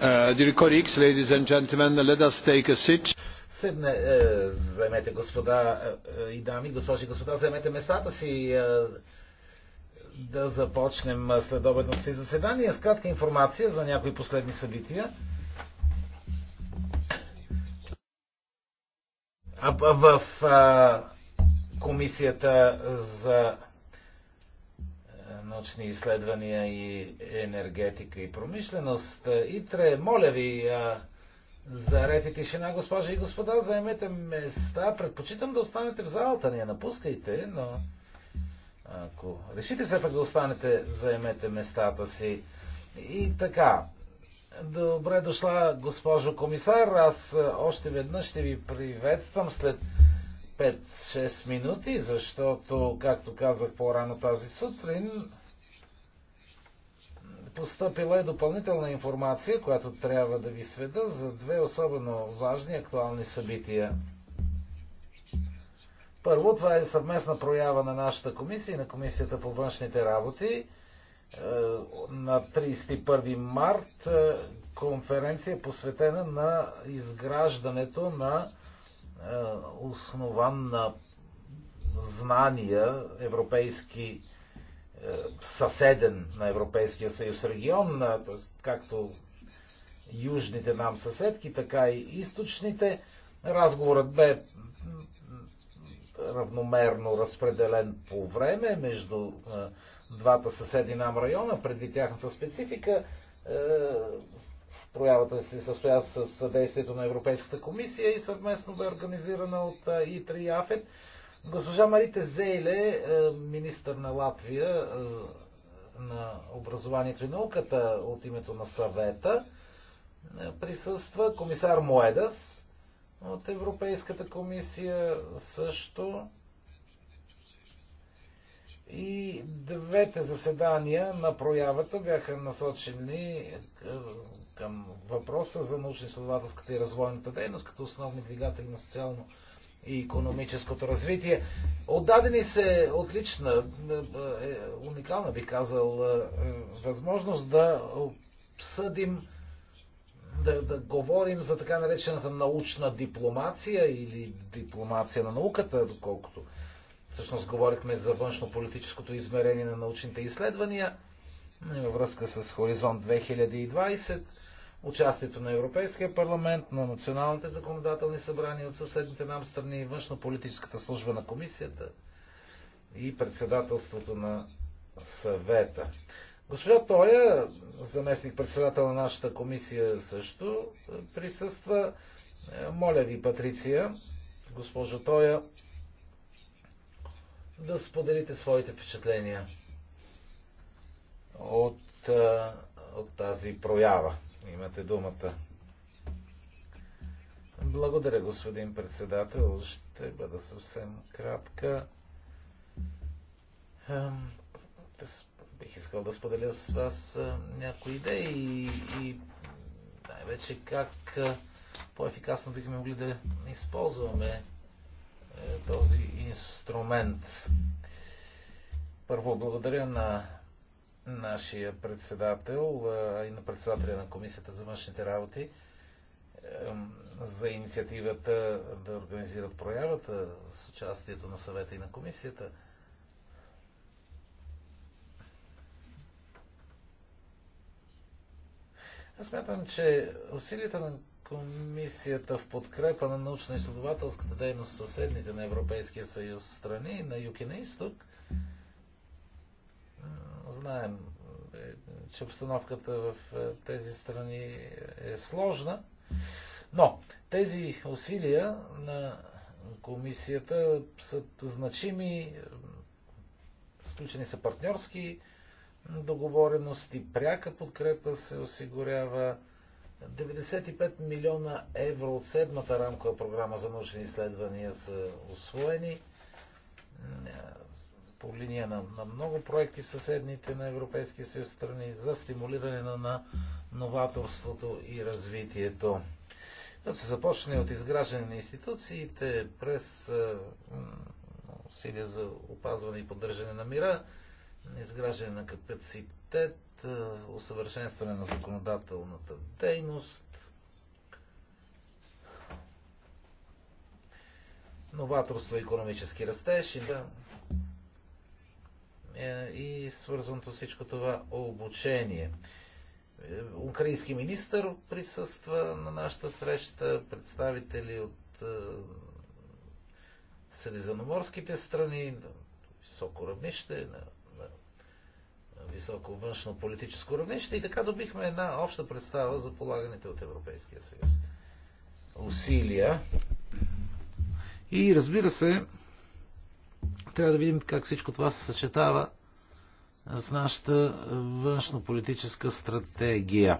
Uh, dear colleagues, ladies and gentlemen, let us take a seat. Седне, е, господа е, е, и дами, госпожи и господа, заемете местата си е, да започнем след обедното си заседание с кратка информация за някои последни събития. А, в а, комисията за научни изследвания и енергетика и промишленост. Итре, моля ви, за ред и тишина, госпожи и господа, заемете места. Предпочитам да останете в залата, не напускайте, но ако решите все пак да останете, заемете местата си. И така, добре дошла, госпожо комисар. Аз още веднъж ще ви приветствам след 5-6 минути, защото, както казах по-рано тази сутрин, Постъпила е допълнителна информация, която трябва да ви сведа за две особено важни актуални събития. Първо, това е съвместна проява на нашата комисия и на Комисията по външните работи. Е, на 31 март е, конференция посветена на изграждането на е, основан на знания европейски е, съседен на Европейския съюз регион, т.е. както южните нам съседки, така и източните. Разговорът бе равномерно разпределен по време между е, двата съседи нам района, преди тяхната специфика. Е, проявата се състоя с съдействието на Европейската комисия и съвместно бе организирана от ИТРИ и АФЕТ. Госпожа Марите Зейле, е, министър на Латвия е, на образованието и науката от името на съвета, е, присъства комисар Моедас от Европейската комисия също. И двете заседания на проявата бяха насочени към въпроса за научно-изследователската и развойната дейност като основни двигатели на социално и економическото развитие. Отдадени се отлична, е, е, уникална би казал, е, възможност да обсъдим, да, да говорим за така наречената научна дипломация или дипломация на науката, доколкото всъщност говорихме за външно-политическото измерение на научните изследвания във връзка с Хоризонт 2020 участието на Европейския парламент, на националните законодателни събрания от съседните нам страни, външно-политическата служба на комисията и председателството на съвета. Госпожа Тоя, заместник председател на нашата комисия, също присъства. Моля ви, Патриция, госпожо Тоя, да споделите своите впечатления от, от тази проява. Имате думата. Благодаря, господин председател. Ще бъда съвсем кратка. Бих искал да споделя с вас някои идеи и най-вече как по-ефикасно бихме могли да използваме е, този инструмент. Първо, благодаря на нашия председател и на председателя на Комисията за външните работи за инициативата да организират проявата с участието на съвета и на комисията. Аз смятам, че усилията на комисията в подкрепа на научно-изследователската дейност в съседните на Европейския съюз страни, на юг и на изток, Знаем, е, че обстановката в е, тези страни е сложна, но тези усилия на комисията са значими, е, сключени са партньорски договорености, пряка подкрепа се осигурява 95 милиона евро от седмата рамкова програма за научни изследвания са освоени по линия на, на много проекти в съседните на Европейския съюз страни за стимулиране на, на новаторството и развитието. Като се започне от изграждане на институциите през е, усилия за опазване и поддържане на мира, изграждане на капацитет, е, усъвършенстване на законодателната дейност, новаторство и економически растеж и да е, и свързаното всичко това обучение. Е, украински министр присъства на нашата среща, представители от е, средиземноморските страни, на високо равнище, на, на високо външно политическо равнище и така добихме една обща представа за полаганите от Европейския съюз усилия. И разбира се, трябва да видим как всичко това се съчетава с нашата външно-политическа стратегия.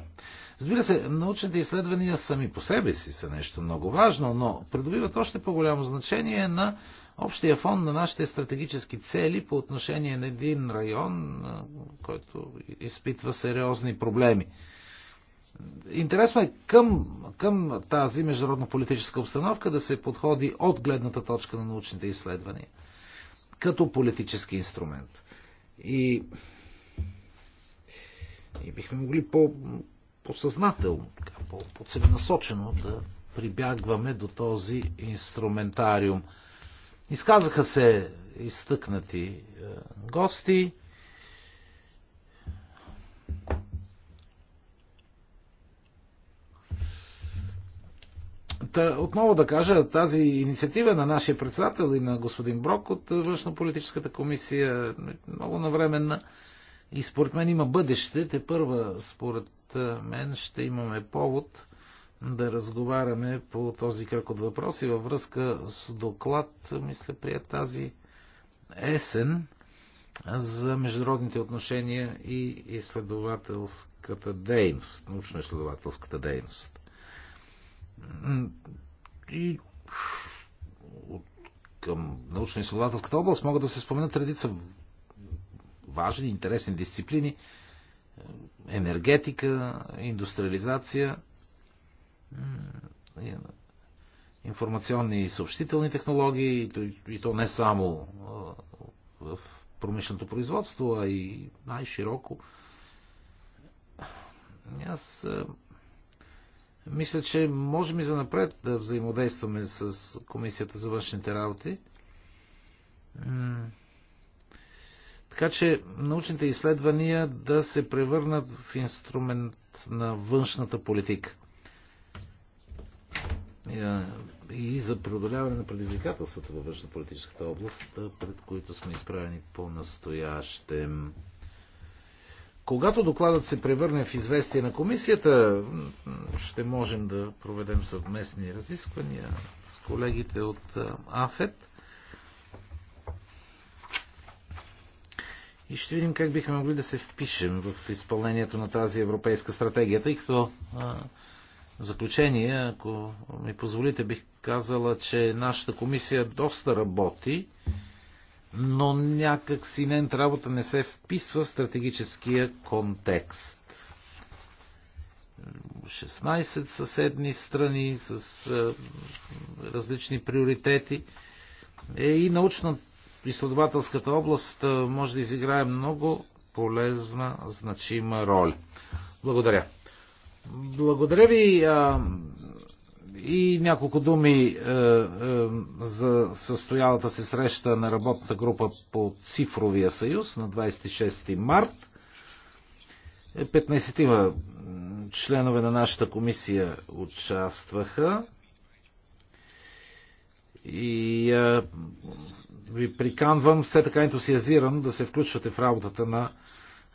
Разбира се, научните изследвания сами по себе си са нещо много важно, но придобиват още по-голямо значение на общия фон на нашите стратегически цели по отношение на един район, който изпитва сериозни проблеми. Интересно е към, към тази международно-политическа обстановка да се подходи от гледната точка на научните изследвания като политически инструмент. И, и бихме могли по, по-съзнателно, по-целенасочено -по да прибягваме до този инструментариум. Изказаха се изтъкнати е, гости. Та, отново да кажа, тази инициатива на нашия председател и на господин Брок от Външно-политическата комисия е много навременна и според мен има бъдеще. Те първа, според мен, ще имаме повод да разговаряме по този кръг от въпроси във връзка с доклад, мисля, при тази есен за международните отношения и изследователската дейност, научно-изследователската дейност. И към научно-изследователската област могат да се споменат редица важни, интересни дисциплини. Енергетика, индустриализация, информационни и съобщителни технологии, и то не само в промишленото производство, а и най-широко. Аз мисля, че можем и за напред да взаимодействаме с Комисията за външните работи. Така че научните изследвания да се превърнат в инструмент на външната политика. И за преодоляване на предизвикателствата във външно-политическата област, пред които сме изправени по-настоящем. Когато докладът се превърне в известие на комисията, ще можем да проведем съвместни разисквания с колегите от АФЕТ. И ще видим как бихме могли да се впишем в изпълнението на тази европейска стратегия, тъй като в заключение, ако ми позволите, бих казала, че нашата комисия доста работи но някак си нейната работа не се вписва в стратегическия контекст. 16 съседни страни с е, различни приоритети. Е, и научно-изследователската област е, може да изиграе много полезна, значима роля. Благодаря. Благодаря ви. Е, и няколко думи е, е, за състоялата се среща на работната група по цифровия съюз на 26 март. 15 е, тима членове на нашата комисия участваха и е, ви приканвам все така ентусиазиран да се включвате в работата на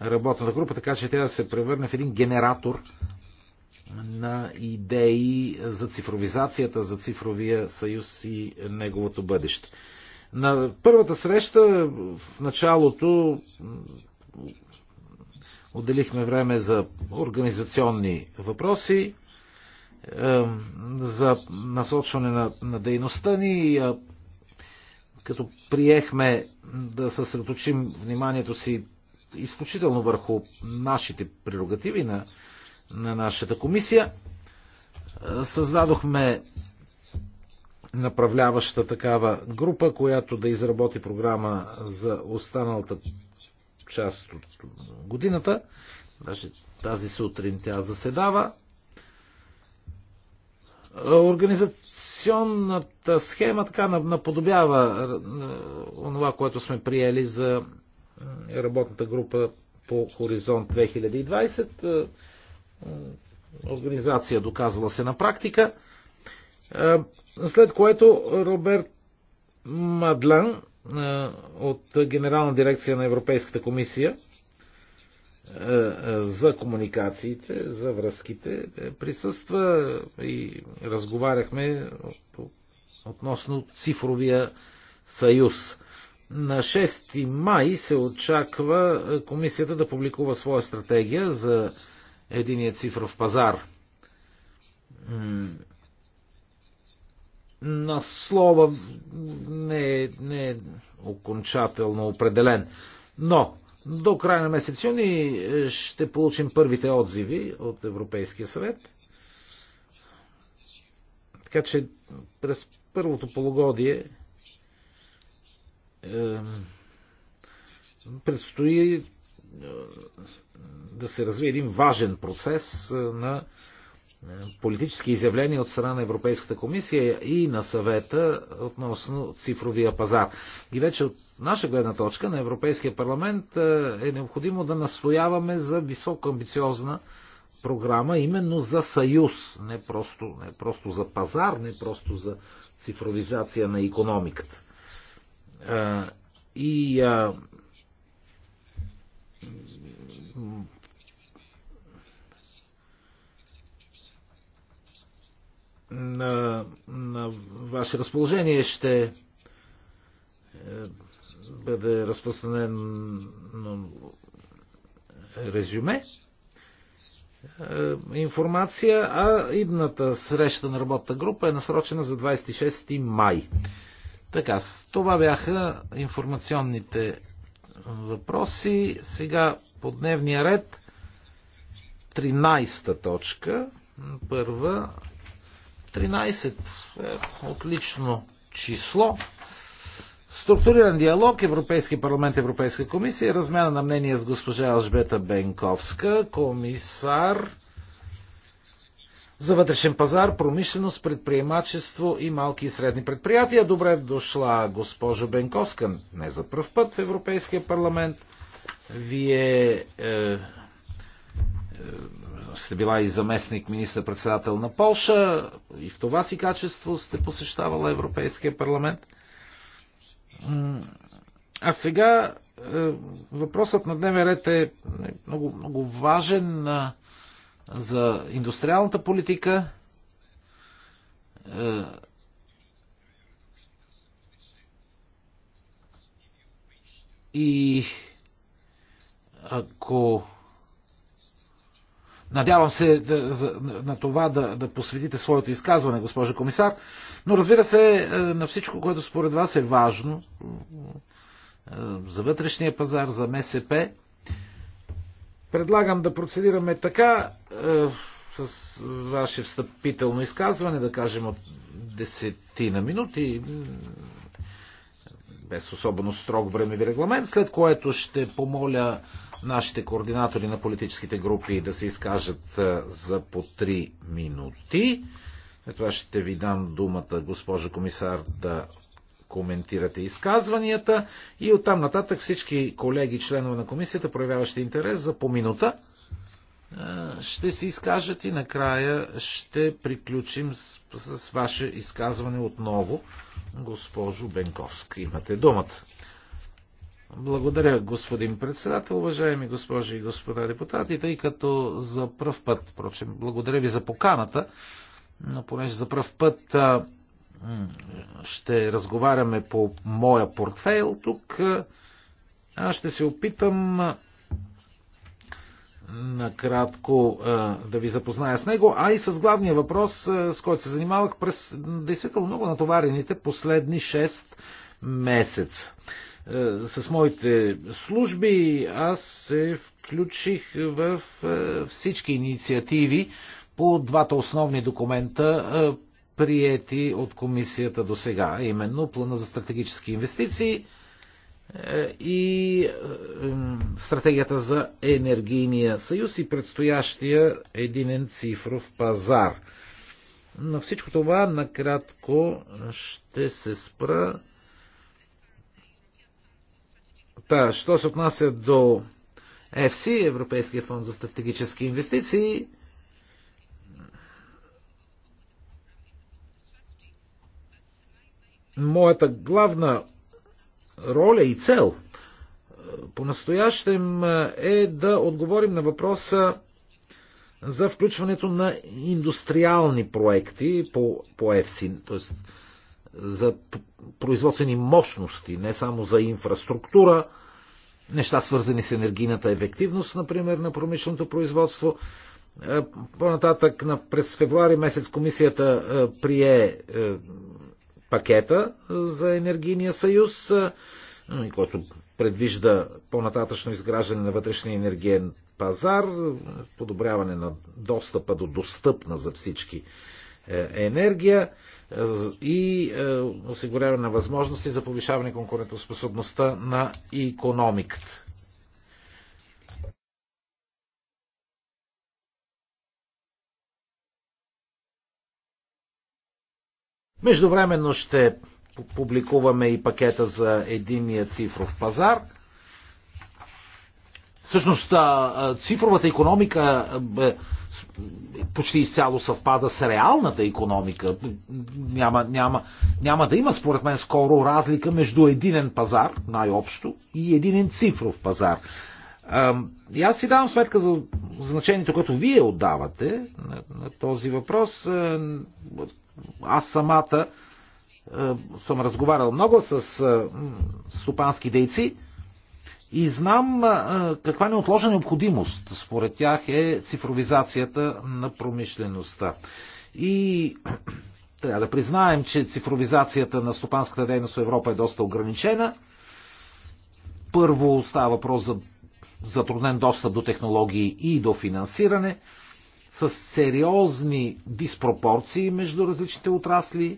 работната група, така че тя да се превърне в един генератор на идеи за цифровизацията, за цифровия съюз и неговото бъдеще. На първата среща в началото отделихме време за организационни въпроси, за насочване на, на дейността ни, като приехме да съсредоточим вниманието си изключително върху нашите прерогативи на на нашата комисия. Създадохме направляваща такава група, която да изработи програма за останалата част от годината. Даже тази сутрин тя заседава. Организационната схема така наподобява това, е, което сме приели за работната група по Хоризонт 2020 организация, доказала се на практика. Е, след което Роберт Мадлен е, от Генерална дирекция на Европейската комисия е, за комуникациите, за връзките, присъства и разговаряхме относно цифровия съюз. На 6 май се очаква комисията да публикува своя стратегия за единия цифров пазар. На слова не е, не е окончателно определен. Но до края на месец юни е, ще получим първите отзиви от Европейския съвет. Така че през първото полугодие е, предстои да се развие един важен процес на политически изявления от страна на Европейската комисия и на съвета относно цифровия пазар. И вече от наша гледна точка на Европейския парламент е необходимо да настояваме за високо амбициозна програма именно за съюз, не просто, не просто за пазар, не просто за цифровизация на економиката. И на, на ваше разположение ще е, бъде разпространено е, резюме, е, информация, а идната среща на работната група е насрочена за 26 май. Така, с това бяха информационните въпроси. Сега по дневния ред 13-та точка. Първа 13 е отлично число. Структуриран диалог Европейски парламент, Европейска комисия и размяна на мнение с госпожа Алжбета Бенковска, комисар за вътрешен пазар, промишленост, предприемачество и малки и средни предприятия. Добре дошла госпожа Бенковска, не за пръв път в Европейския парламент. Вие е, е, сте била и заместник министър-председател на Полша и в това си качество сте посещавала Европейския парламент. А сега е, въпросът на дневен ред е, е много, много важен. на за индустриалната политика. Е, и ако Надявам се да, за, на това да, да посветите своето изказване, госпожа комисар. Но разбира се, е, на всичко, което според вас е важно е, за вътрешния пазар, за МСП, Предлагам да процедираме така е, с ваше встъпително изказване, да кажем от десетина минути, без особено строг времеви регламент, след което ще помоля нашите координатори на политическите групи да се изкажат е, за по три минути. След това ще ви дам думата, госпожа комисар, да коментирате изказванията и оттам нататък всички колеги, членове на комисията, проявяващи интерес за по минута, ще се изкажат и накрая ще приключим с, с ваше изказване отново, госпожо Бенковска. Имате думата. Благодаря, господин председател, уважаеми госпожи и господа депутати, тъй като за пръв път, впрочем, благодаря ви за поканата, но понеже за пръв път а, ще разговаряме по моя портфейл тук. Аз ще се опитам накратко да ви запозная с него, а и с главния въпрос, с който се занимавах през действително много натоварените последни 6 месеца. С моите служби аз се включих в всички инициативи по двата основни документа, приети от комисията до сега, именно плана за стратегически инвестиции е, и е, стратегията за енергийния съюз и предстоящия единен цифров пазар. На всичко това накратко ще се спра. Та, що се отнася до ЕФСИ, Европейския фонд за стратегически инвестиции, моята главна роля и цел е, по-настоящем е, е да отговорим на въпроса за включването на индустриални проекти по, по ЕФСИ, т.е. за производствени мощности, не само за инфраструктура, неща свързани с енергийната ефективност, например, на промишленото производство. Е, по-нататък, през февруари месец комисията прие пакета за енергийния съюз, който предвижда по-нататъчно изграждане на вътрешния енергиен пазар, подобряване на достъпа до достъпна за всички е, енергия и осигуряване на възможности за повишаване конкурентоспособността на икономиката. Междувременно ще публикуваме и пакета за единния цифров пазар. Всъщност, цифровата економика почти изцяло съвпада с реалната економика. Няма, няма, няма да има, според мен, скоро разлика между единен пазар, най-общо, и единен цифров пазар. И аз си давам сметка за значението, което вие отдавате на, на този въпрос. Аз самата е, съм разговарял много с е, стопански дейци и знам е, каква неотложна необходимост според тях е цифровизацията на промишлеността. И трябва да признаем, че цифровизацията на стопанската дейност в Европа е доста ограничена. Първо става въпрос за затруднен достъп до технологии и до финансиране с сериозни диспропорции между различните отрасли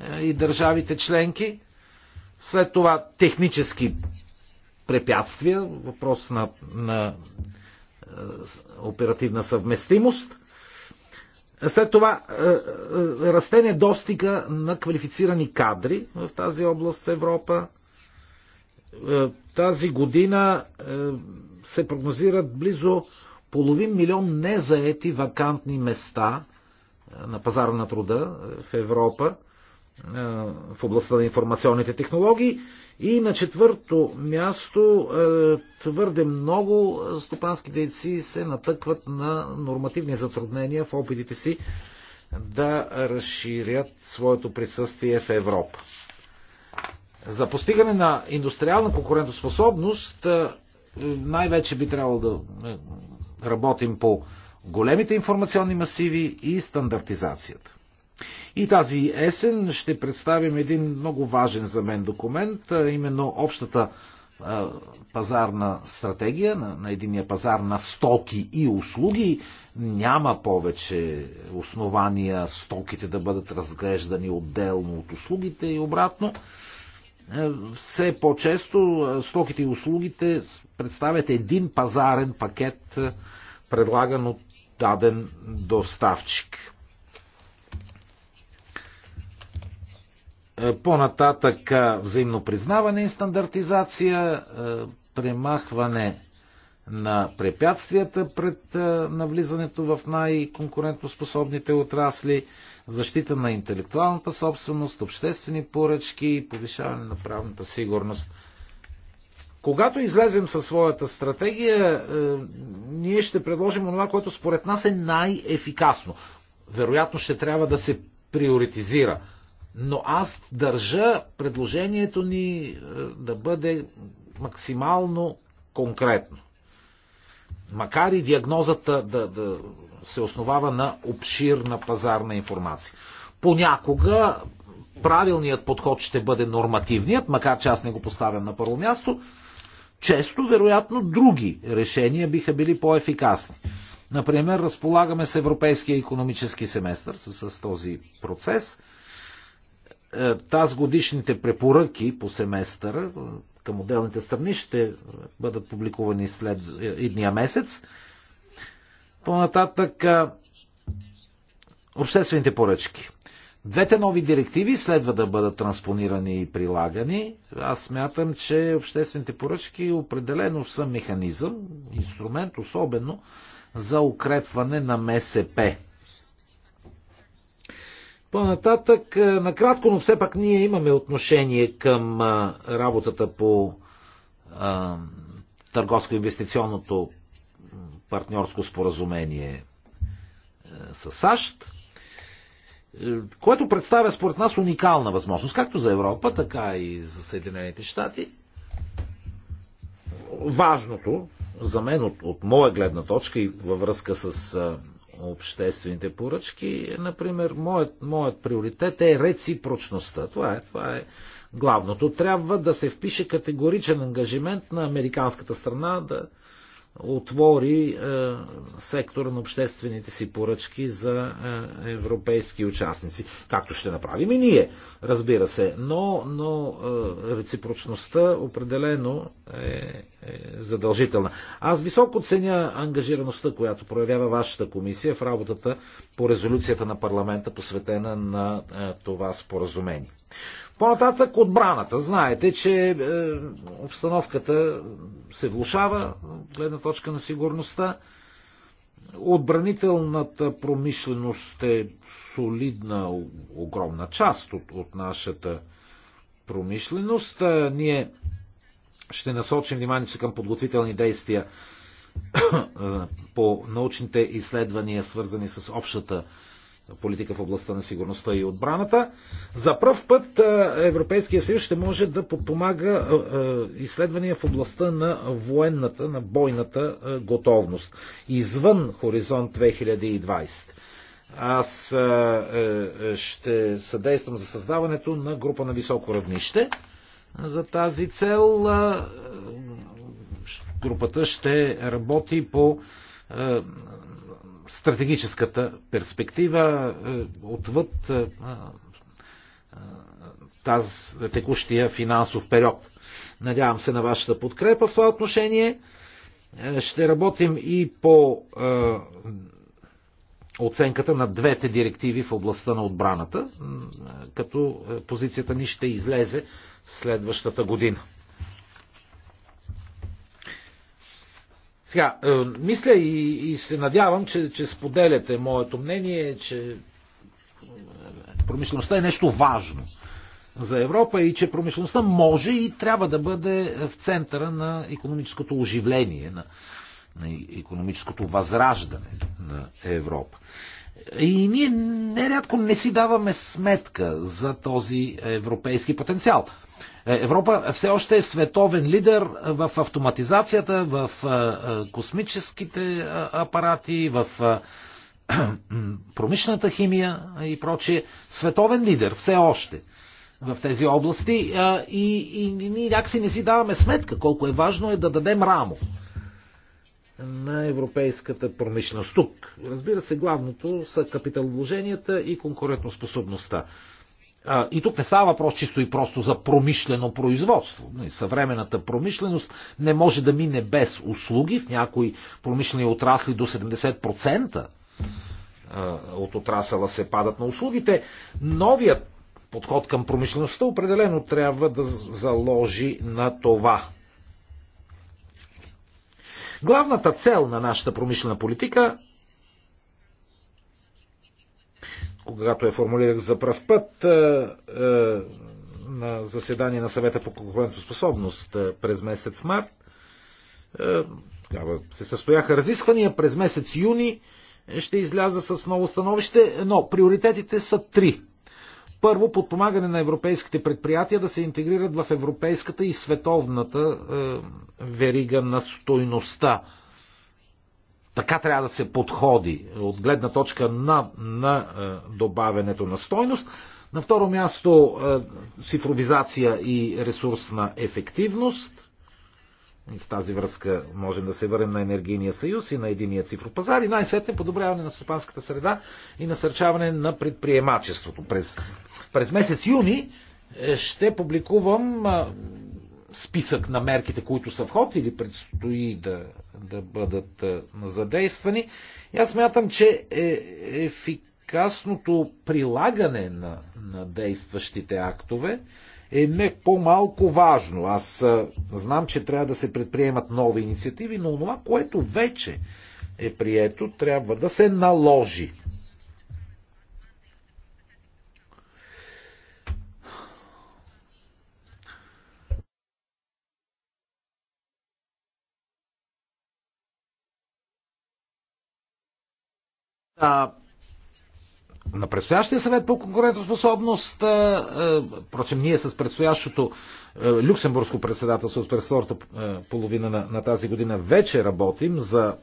е, и държавите членки. След това технически препятствия, въпрос на, на е, оперативна съвместимост. След това е, расте недостига на квалифицирани кадри в тази област в Европа. Тази година се прогнозират близо половин милион незаети вакантни места е, на пазара на труда е, в Европа е, в областта на информационните технологии. И на четвърто място твърде много стопански дейци се натъкват на нормативни затруднения в опитите си да разширят своето присъствие в Европа. За постигане на индустриална конкурентоспособност най-вече би трябвало да Работим по големите информационни масиви и стандартизацията. И тази есен ще представим един много важен за мен документ, именно общата пазарна стратегия, на, на единия пазар на стоки и услуги. Няма повече основания стоките да бъдат разглеждани отделно от услугите и обратно все по-често стоките и услугите представят един пазарен пакет, предлаган от даден доставчик. По-нататък взаимно признаване и стандартизация, премахване на препятствията пред навлизането в най-конкурентоспособните отрасли, защита на интелектуалната собственост, обществени поръчки и повишаване на правната сигурност. Когато излезем със своята стратегия, е, ние ще предложим това, което според нас е най-ефикасно. Вероятно ще трябва да се приоритизира. Но аз държа предложението ни е, да бъде максимално конкретно макар и диагнозата да, да се основава на обширна пазарна информация. Понякога правилният подход ще бъде нормативният, макар че аз не го поставям на първо място. Често, вероятно, други решения биха били по-ефикасни. Например, разполагаме с Европейския економически семестър, с, с този процес. Е, таз годишните препоръки по семестъра, към отделните страни ще бъдат публикувани след е, идния месец. По-нататък обществените поръчки. Двете нови директиви следва да бъдат транспонирани и прилагани. Аз смятам, че обществените поръчки определено са механизъм, инструмент особено за укрепване на МСП. По-нататък, е, накратко, но все пак ние имаме отношение към е, работата по е, търговско-инвестиционното партньорско споразумение с САЩ, което представя според нас уникална възможност, както за Европа, така и за Съединените щати. Важното за мен от, от моя гледна точка и във връзка с обществените поръчки, например, моят, моят приоритет е реципрочността. Това е, това е главното. Трябва да се впише категоричен ангажимент на американската страна да отвори е, сектора на обществените си поръчки за е, европейски участници. Както ще направим и ние, разбира се. Но, но е, реципрочността определено е, е задължителна. Аз високо ценя ангажираността, която проявява вашата комисия в работата по резолюцията на парламента, посветена на е, това споразумение. По-нататък отбраната. Знаете, че е, обстановката се влушава, гледна точка на сигурността. Отбранителната промишленост е солидна, огромна част от, от нашата промишленост. Е, ние ще насочим вниманието към подготвителни действия по научните изследвания, свързани с общата политика в областта на сигурността и отбраната. За пръв път Европейския съюз ще може да подпомага изследвания в областта на военната, на бойната готовност, извън хоризонт 2020. Аз ще съдействам за създаването на група на високо равнище. За тази цел групата ще работи по стратегическата перспектива е, отвъд е, е, тази текущия финансов период. Надявам се на вашата подкрепа в това отношение. Ще работим и по оценката на двете директиви в областта на отбраната, като позицията ни ще излезе следващата година. Сега, е, мисля и, и се надявам, че, че споделяте моето мнение, че е, промишлеността е нещо важно за Европа и че промишлеността може и трябва да бъде в центъра на економическото оживление, на, на економическото възраждане на Европа. И ние нерядко не си даваме сметка за този европейски потенциал. Е, Европа все още е световен лидер в автоматизацията, в е, е, космическите апарати, в промишлената химия и прочие. Световен лидер все още в тези области и, и ние някакси не си даваме сметка колко е важно е да дадем рамо на европейската промишленост. Тук, разбира се, главното са капиталовложенията и конкурентоспособността. И тук не става въпрос чисто и просто за промишлено производство. Нали, съвременната промишленост не може да мине без услуги. В някои промишлени отрасли до 70% от отрасъла се падат на услугите. Новият подход към промишлеността определено трябва да заложи на това. Главната цел на нашата промишлена политика когато я формулирах за прав път е, е, на заседание на съвета по конкурентоспособност е, през месец март, тогава се състояха разисквания през месец юни, ще изляза с ново становище, но приоритетите са три. Първо, подпомагане на европейските предприятия да се интегрират в европейската и световната е, верига на стойността така трябва да се подходи от гледна точка на, на е, добавенето на стойност. На второ място е, цифровизация и ресурсна ефективност. И в тази връзка можем да се върнем на енергийния съюз и на единия цифров пазар и най-сетне подобряване на стопанската среда и насърчаване на предприемачеството. През, през месец юни е, ще публикувам списък на мерките, които са в ход или предстои да, да бъдат е, задействани. И аз мятам, че е, ефикасното прилагане на, на действащите актове е не по-малко важно. Аз е, знам, че трябва да се предприемат нови инициативи, но това, което вече е прието, трябва да се наложи. на предстоящия съвет по конкурентоспособност, впрочем ние с предстоящото люксембургско председателство през втората половина на, на тази година вече работим за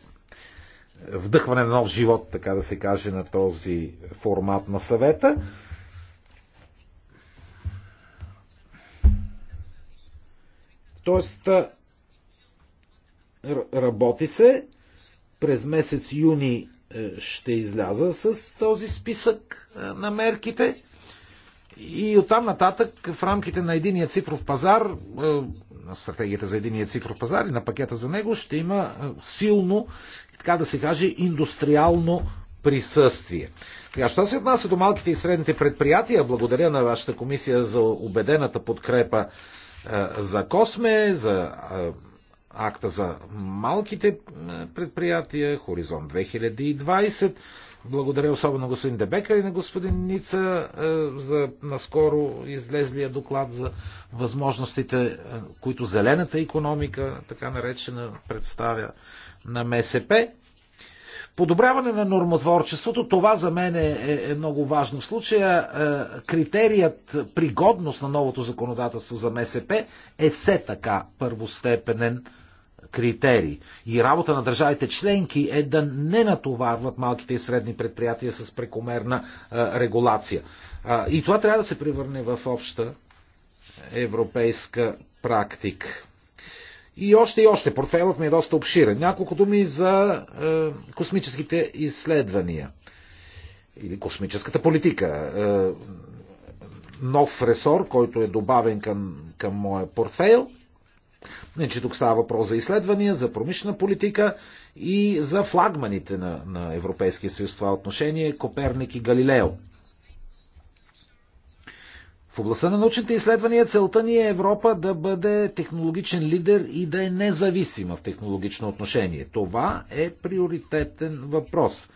вдъхване на нов живот, така да се каже, на този формат на съвета. Тоест, работи се през месец юни е, ще изляза с този списък е, на мерките. И оттам нататък в рамките на единия цифров пазар, е, на стратегията за единия цифров пазар и на пакета за него ще има силно, така да се каже, индустриално присъствие. Така, що се отнася до малките и средните предприятия, благодаря на вашата комисия за убедената подкрепа за Косме, за акта за малките е, предприятия, Хоризонт 2020. Благодаря особено господин Дебека и на господин Ница е, за наскоро излезлия доклад за възможностите, е, които зелената економика, така наречена, представя на МСП. Подобряване на нормотворчеството, това за мен е, е много важно. В случая е, критерият пригодност на новото законодателство за МСП е все така първостепенен критерии. И работа на държавите членки е да не натоварват малките и средни предприятия с прекомерна регулация. И това трябва да се превърне в обща европейска практика. И още и още. Портфейлът ми е доста обширен. Няколко думи за е, космическите изследвания. Или космическата политика. Е, нов ресор, който е добавен към, към моя портфейл. Иначе тук става въпрос за изследвания, за промишлена политика и за флагманите на, на Европейския съюз в това отношение Коперник и Галилео. В областта на научните изследвания целта ни е Европа да бъде технологичен лидер и да е независима в технологично отношение. Това е приоритетен въпрос.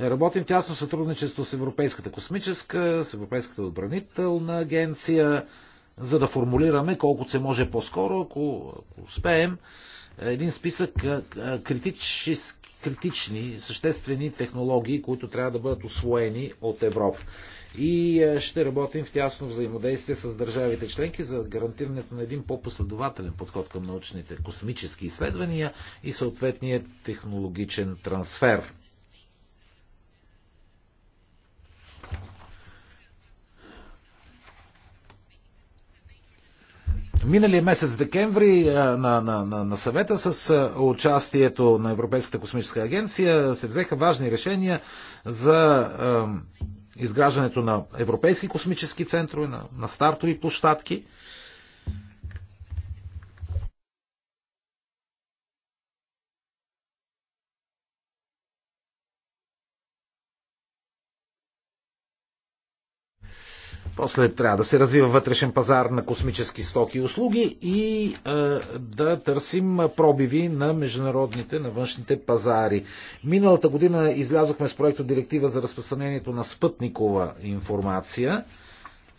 Е, работим тясно сътрудничество с Европейската космическа, с Европейската отбранителна агенция, за да формулираме колкото се може по-скоро, ако успеем, един списък критични, съществени технологии, които трябва да бъдат освоени от Европа. И ще работим в тясно взаимодействие с държавите членки за гарантирането на един по-последователен подход към научните космически изследвания и съответния технологичен трансфер. Миналия месец декември на, на, на, на съвета с участието на Европейската космическа агенция се взеха важни решения за е, изграждането на европейски космически центрове, на, на стартови площадки. Е, После трябва да се развива вътрешен пазар на космически стоки и услуги и е, да търсим пробиви на международните, на външните пазари. Миналата година излязохме с проекто директива за разпространението на спътникова информация.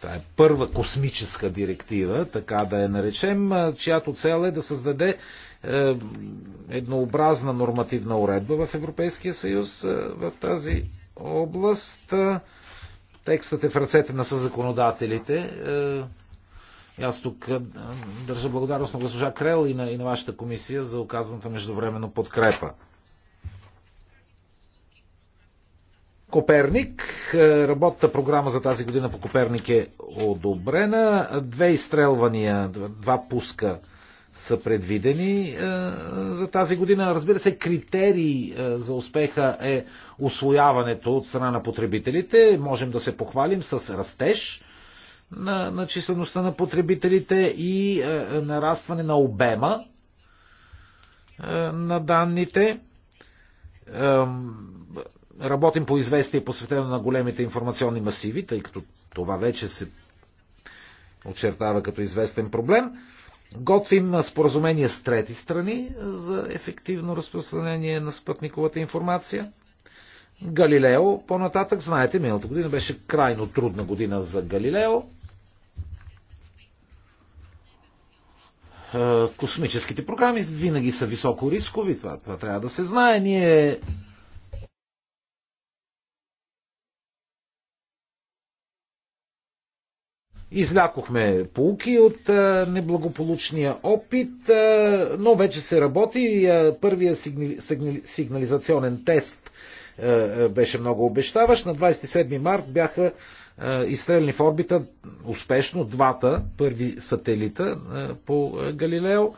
Това е първа космическа директива, така да я наречем, е, чиято цел е да създаде е, еднообразна нормативна уредба в Европейския съюз е, в тази област. Е, Текстът е в ръцете на съзаконодателите. Е, аз тук е, държа благодарност на госпожа Крел и на, и на вашата комисия за оказаната междувременно подкрепа. Коперник. Е, работната програма за тази година по Коперник е одобрена. Две изстрелвания, два пуска са предвидени е, за тази година. Разбира се, критерий е, за успеха е освояването от страна на потребителите. Можем да се похвалим с растеж на, на числеността на потребителите и е, нарастване на обема е, на данните. Е, работим по известие посветено на големите информационни масиви, тъй като това вече се очертава като известен проблем. Готвим споразумение с трети страни за ефективно разпространение на спътниковата информация. Галилео, по-нататък, знаете, миналата година беше крайно трудна година за Галилео. Е, космическите програми винаги са високо рискови, това, това трябва да се знае. Ние Излякохме полуки от неблагополучния опит, но вече се работи. Първия сигнали... сигнализационен тест беше много обещаващ. На 27 март бяха изстрелени в орбита успешно двата първи сателита по Галилео.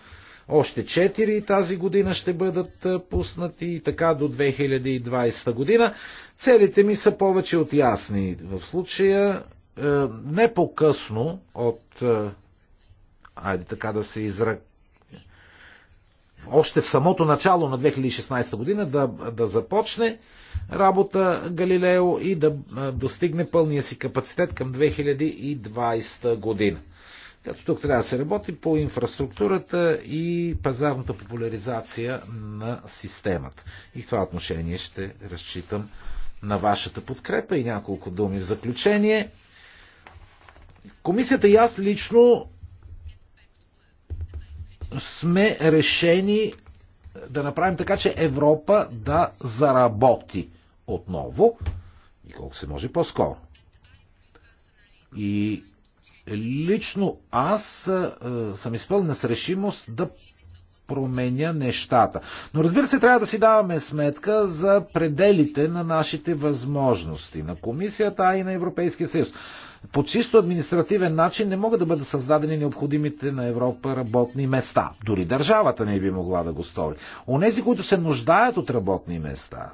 Още 4 тази година ще бъдат пуснати и така до 2020 година. Целите ми са повече от ясни. В случая е, не по-късно от, е, айде така да се изра... още в самото начало на 2016 година да, да започне работа Галилео и да е, достигне пълния си капацитет към 2020 година. Като тук трябва да се работи по инфраструктурата и пазарната популяризация на системата. И в това отношение ще разчитам на вашата подкрепа и няколко думи в заключение. Комисията и аз лично сме решени да направим така, че Европа да заработи отново и колко се може по-скоро. И лично аз е, съм изпълнен с решимост да променя нещата. Но разбира се, трябва да си даваме сметка за пределите на нашите възможности, на комисията, а и на Европейския съюз по чисто административен начин не могат да бъдат създадени необходимите на Европа работни места. Дори държавата не би могла да го стори. Онези, които се нуждаят от работни места,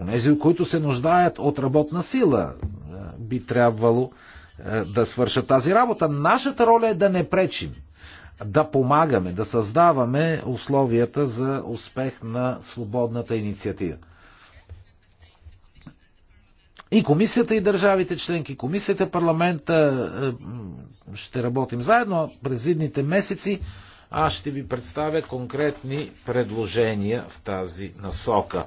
онези, които се нуждаят от работна сила, е, би трябвало е, да свършат тази работа. Нашата роля е да не пречим, да помагаме, да създаваме условията за успех на свободната инициатива. И комисията, и държавите членки, комисията, парламента е, ще работим заедно през идните месеци. Аз ще ви представя конкретни предложения в тази насока.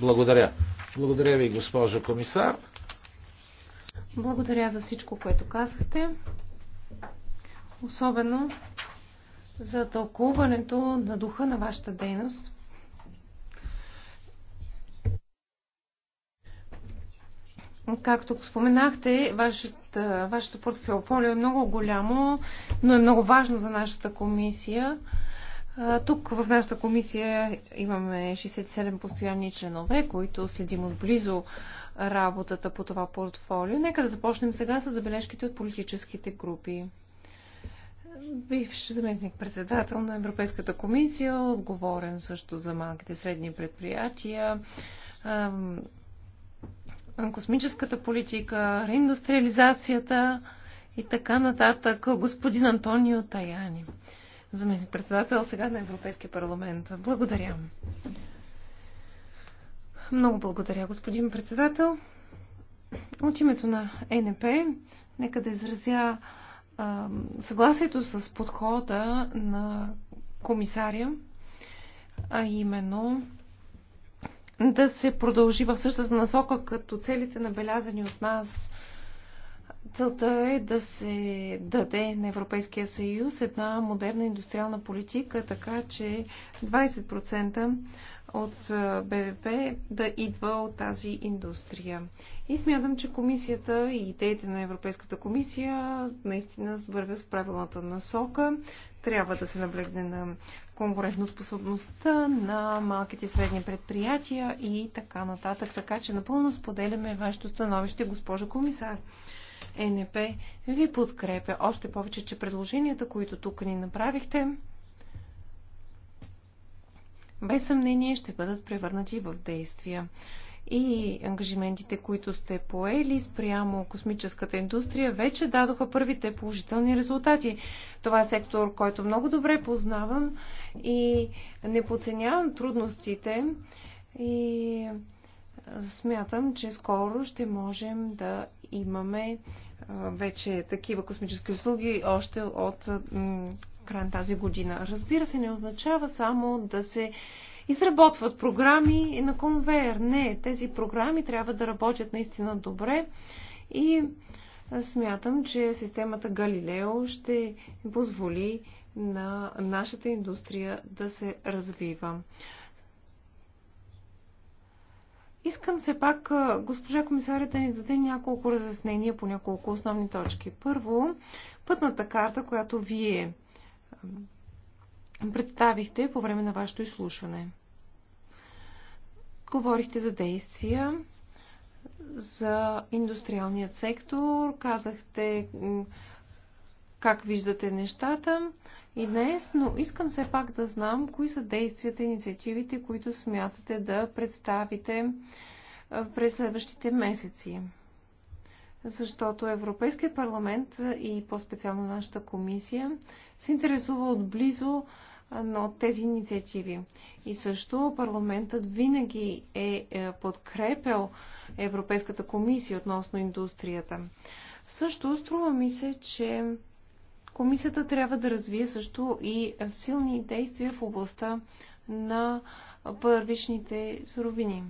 Благодаря. Благодаря ви, госпожо комисар. Благодаря за всичко, което казахте. Особено за тълкуването на духа на вашата дейност. Както споменахте, вашето, вашето портфолио е много голямо, но е много важно за нашата комисия. Тук в нашата комисия имаме 67 постоянни членове, които следим отблизо работата по това портфолио. Нека да започнем сега с забележките от политическите групи. Бивш заместник-председател на Европейската комисия, отговорен също за малките средни предприятия, космическата политика, реиндустриализацията и така нататък. Господин Антонио Таяни, заместник председател сега на Европейския парламент. Благодаря. Много благодаря, господин председател. От името на ЕНП, нека да изразя а, съгласието с подхода на комисаря, а именно да се продължи в същата насока, като целите набелязани от нас. Целта е да се даде на Европейския съюз една модерна индустриална политика, така че 20% от БВП да идва от тази индустрия. И смятам, че комисията и идеите на Европейската комисия наистина вървят в правилната насока. Трябва да се наблегне на конкурентоспособността на малките и средни предприятия и така нататък. Така че напълно споделяме вашето становище, госпожо комисар. Е НП, ви подкрепя. Още повече, че предложенията, които тук ни направихте, без съмнение ще бъдат превърнати в действия. И ангажиментите, които сте поели спрямо космическата индустрия, вече дадоха първите положителни резултати. Това е сектор, който много добре познавам и не подценявам трудностите и смятам, че скоро ще можем да имаме вече такива космически услуги още от края на тази година. Разбира се, не означава само да се изработват програми на конвейер. Не, тези програми трябва да работят наистина добре и смятам, че системата Галилео ще позволи на нашата индустрия да се развива. Искам все пак госпожа комисаря да ни даде няколко разяснения по няколко основни точки. Първо, пътната карта, която вие представихте по време на вашето изслушване. Говорихте за действия, за индустриалният сектор, казахте как виждате нещата и днес, но искам все пак да знам кои са действията и инициативите, които смятате да представите през следващите месеци. Защото Европейския парламент и по-специално нашата комисия се интересува отблизо от тези инициативи. И също парламентът винаги е, е подкрепял Европейската комисия относно индустрията. Също струва ми се, че Комисията трябва да развие също и силни действия в областта на първичните суровини.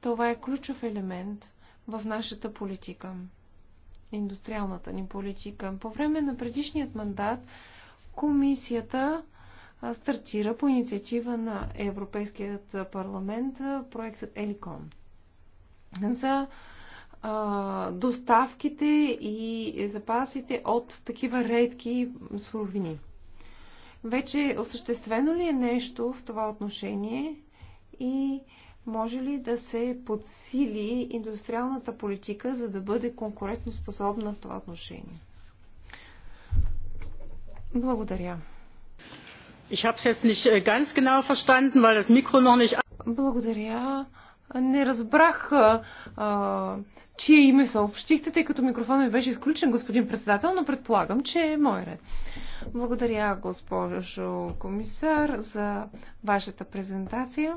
Това е ключов елемент в нашата политика, индустриалната ни политика. По време на предишният мандат комисията стартира по инициатива на Европейският парламент проектът Еликон за доставките и запасите от такива редки суровини. Вече осъществено ли е нещо в това отношение и може ли да се подсили индустриалната политика, за да бъде конкурентно способна в това отношение? Благодаря. Ich habe es jetzt nicht äh, ganz genau verstanden, weil das Mikro noch nicht. Благодаря. Не разбрах а, чие име съобщихте, тъй като микрофонът ми беше изключен, господин председател, но предполагам, че е мой ред. Благодаря, госпожо комисар, за вашата презентация.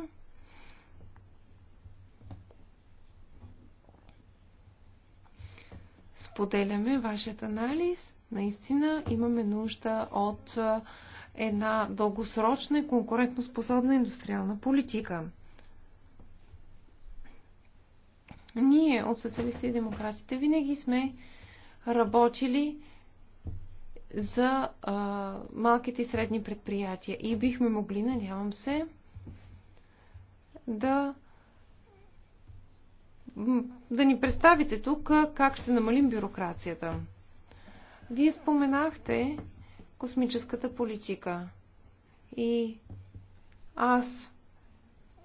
Споделяме вашият анализ. Наистина имаме нужда от една дългосрочна и конкурентоспособна индустриална политика. Ние от социалисти и демократите винаги сме работили за а, малките и средни предприятия и бихме могли, надявам се, да да ни представите тук как ще намалим бюрокрацията. Вие споменахте космическата политика. И аз,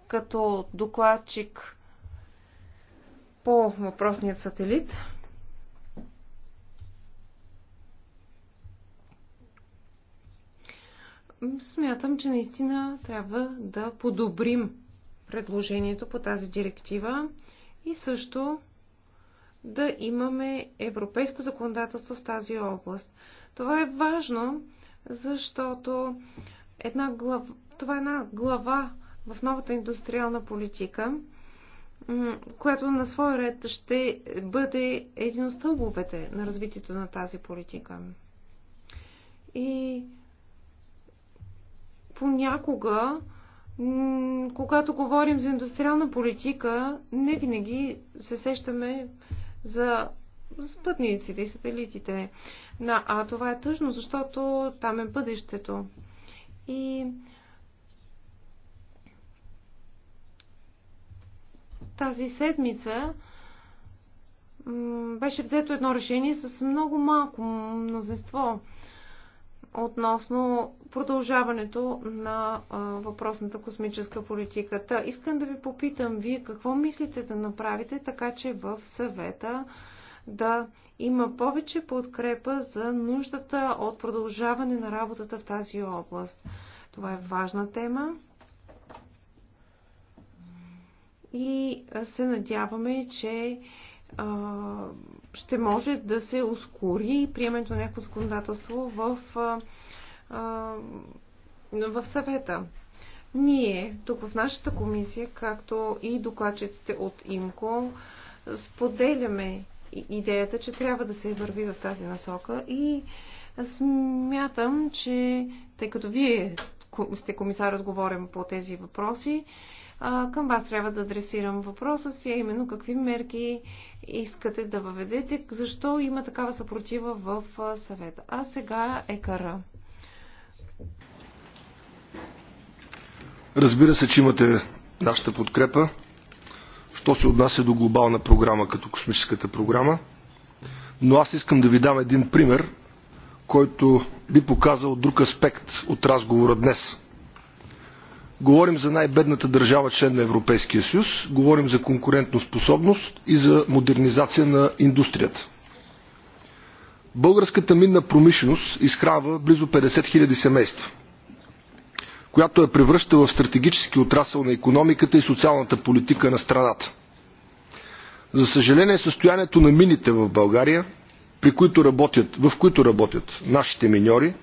като докладчик по въпросният сателит. Смятам, че наистина трябва да подобрим предложението по тази директива и също да имаме европейско законодателство в тази област. Това е важно, защото една глава, това е една глава в новата индустриална политика – която на свой ред ще бъде един от стълбовете на развитието на тази политика. И понякога, когато говорим за индустриална политика, не винаги се сещаме за спътниците и сателитите. А това е тъжно, защото там е бъдещето. И тази седмица беше взето едно решение с много малко мнозинство относно продължаването на а, въпросната космическа политика. Та, искам да ви попитам, вие какво мислите да направите така, че в съвета да има повече подкрепа за нуждата от продължаване на работата в тази област? Това е важна тема и се надяваме, че ще може да се ускори приемането на някакво законодателство в, в съвета. Ние, тук в нашата комисия, както и докладчиците от ИМКО, споделяме идеята, че трябва да се върви в тази насока и смятам, че тъй като вие сте комисар отговорен по тези въпроси, а, към вас трябва да адресирам въпроса си, а именно какви мерки искате да въведете, защо има такава съпротива в съвета. А сега екара. Разбира се, че имате нашата подкрепа. Що се отнася до глобална програма, като космическата програма. Но аз искам да ви дам един пример, който би показал друг аспект от разговора днес – Говорим за най-бедната държава член на Европейския съюз, говорим за конкурентноспособност и за модернизация на индустрията. Българската минна промишленост изхранва близо 50 000 семейства, която е превръща в стратегически отрасъл на економиката и социалната политика на страната. За съжаление, състоянието на мините в България, при които работят, в които работят нашите миньори,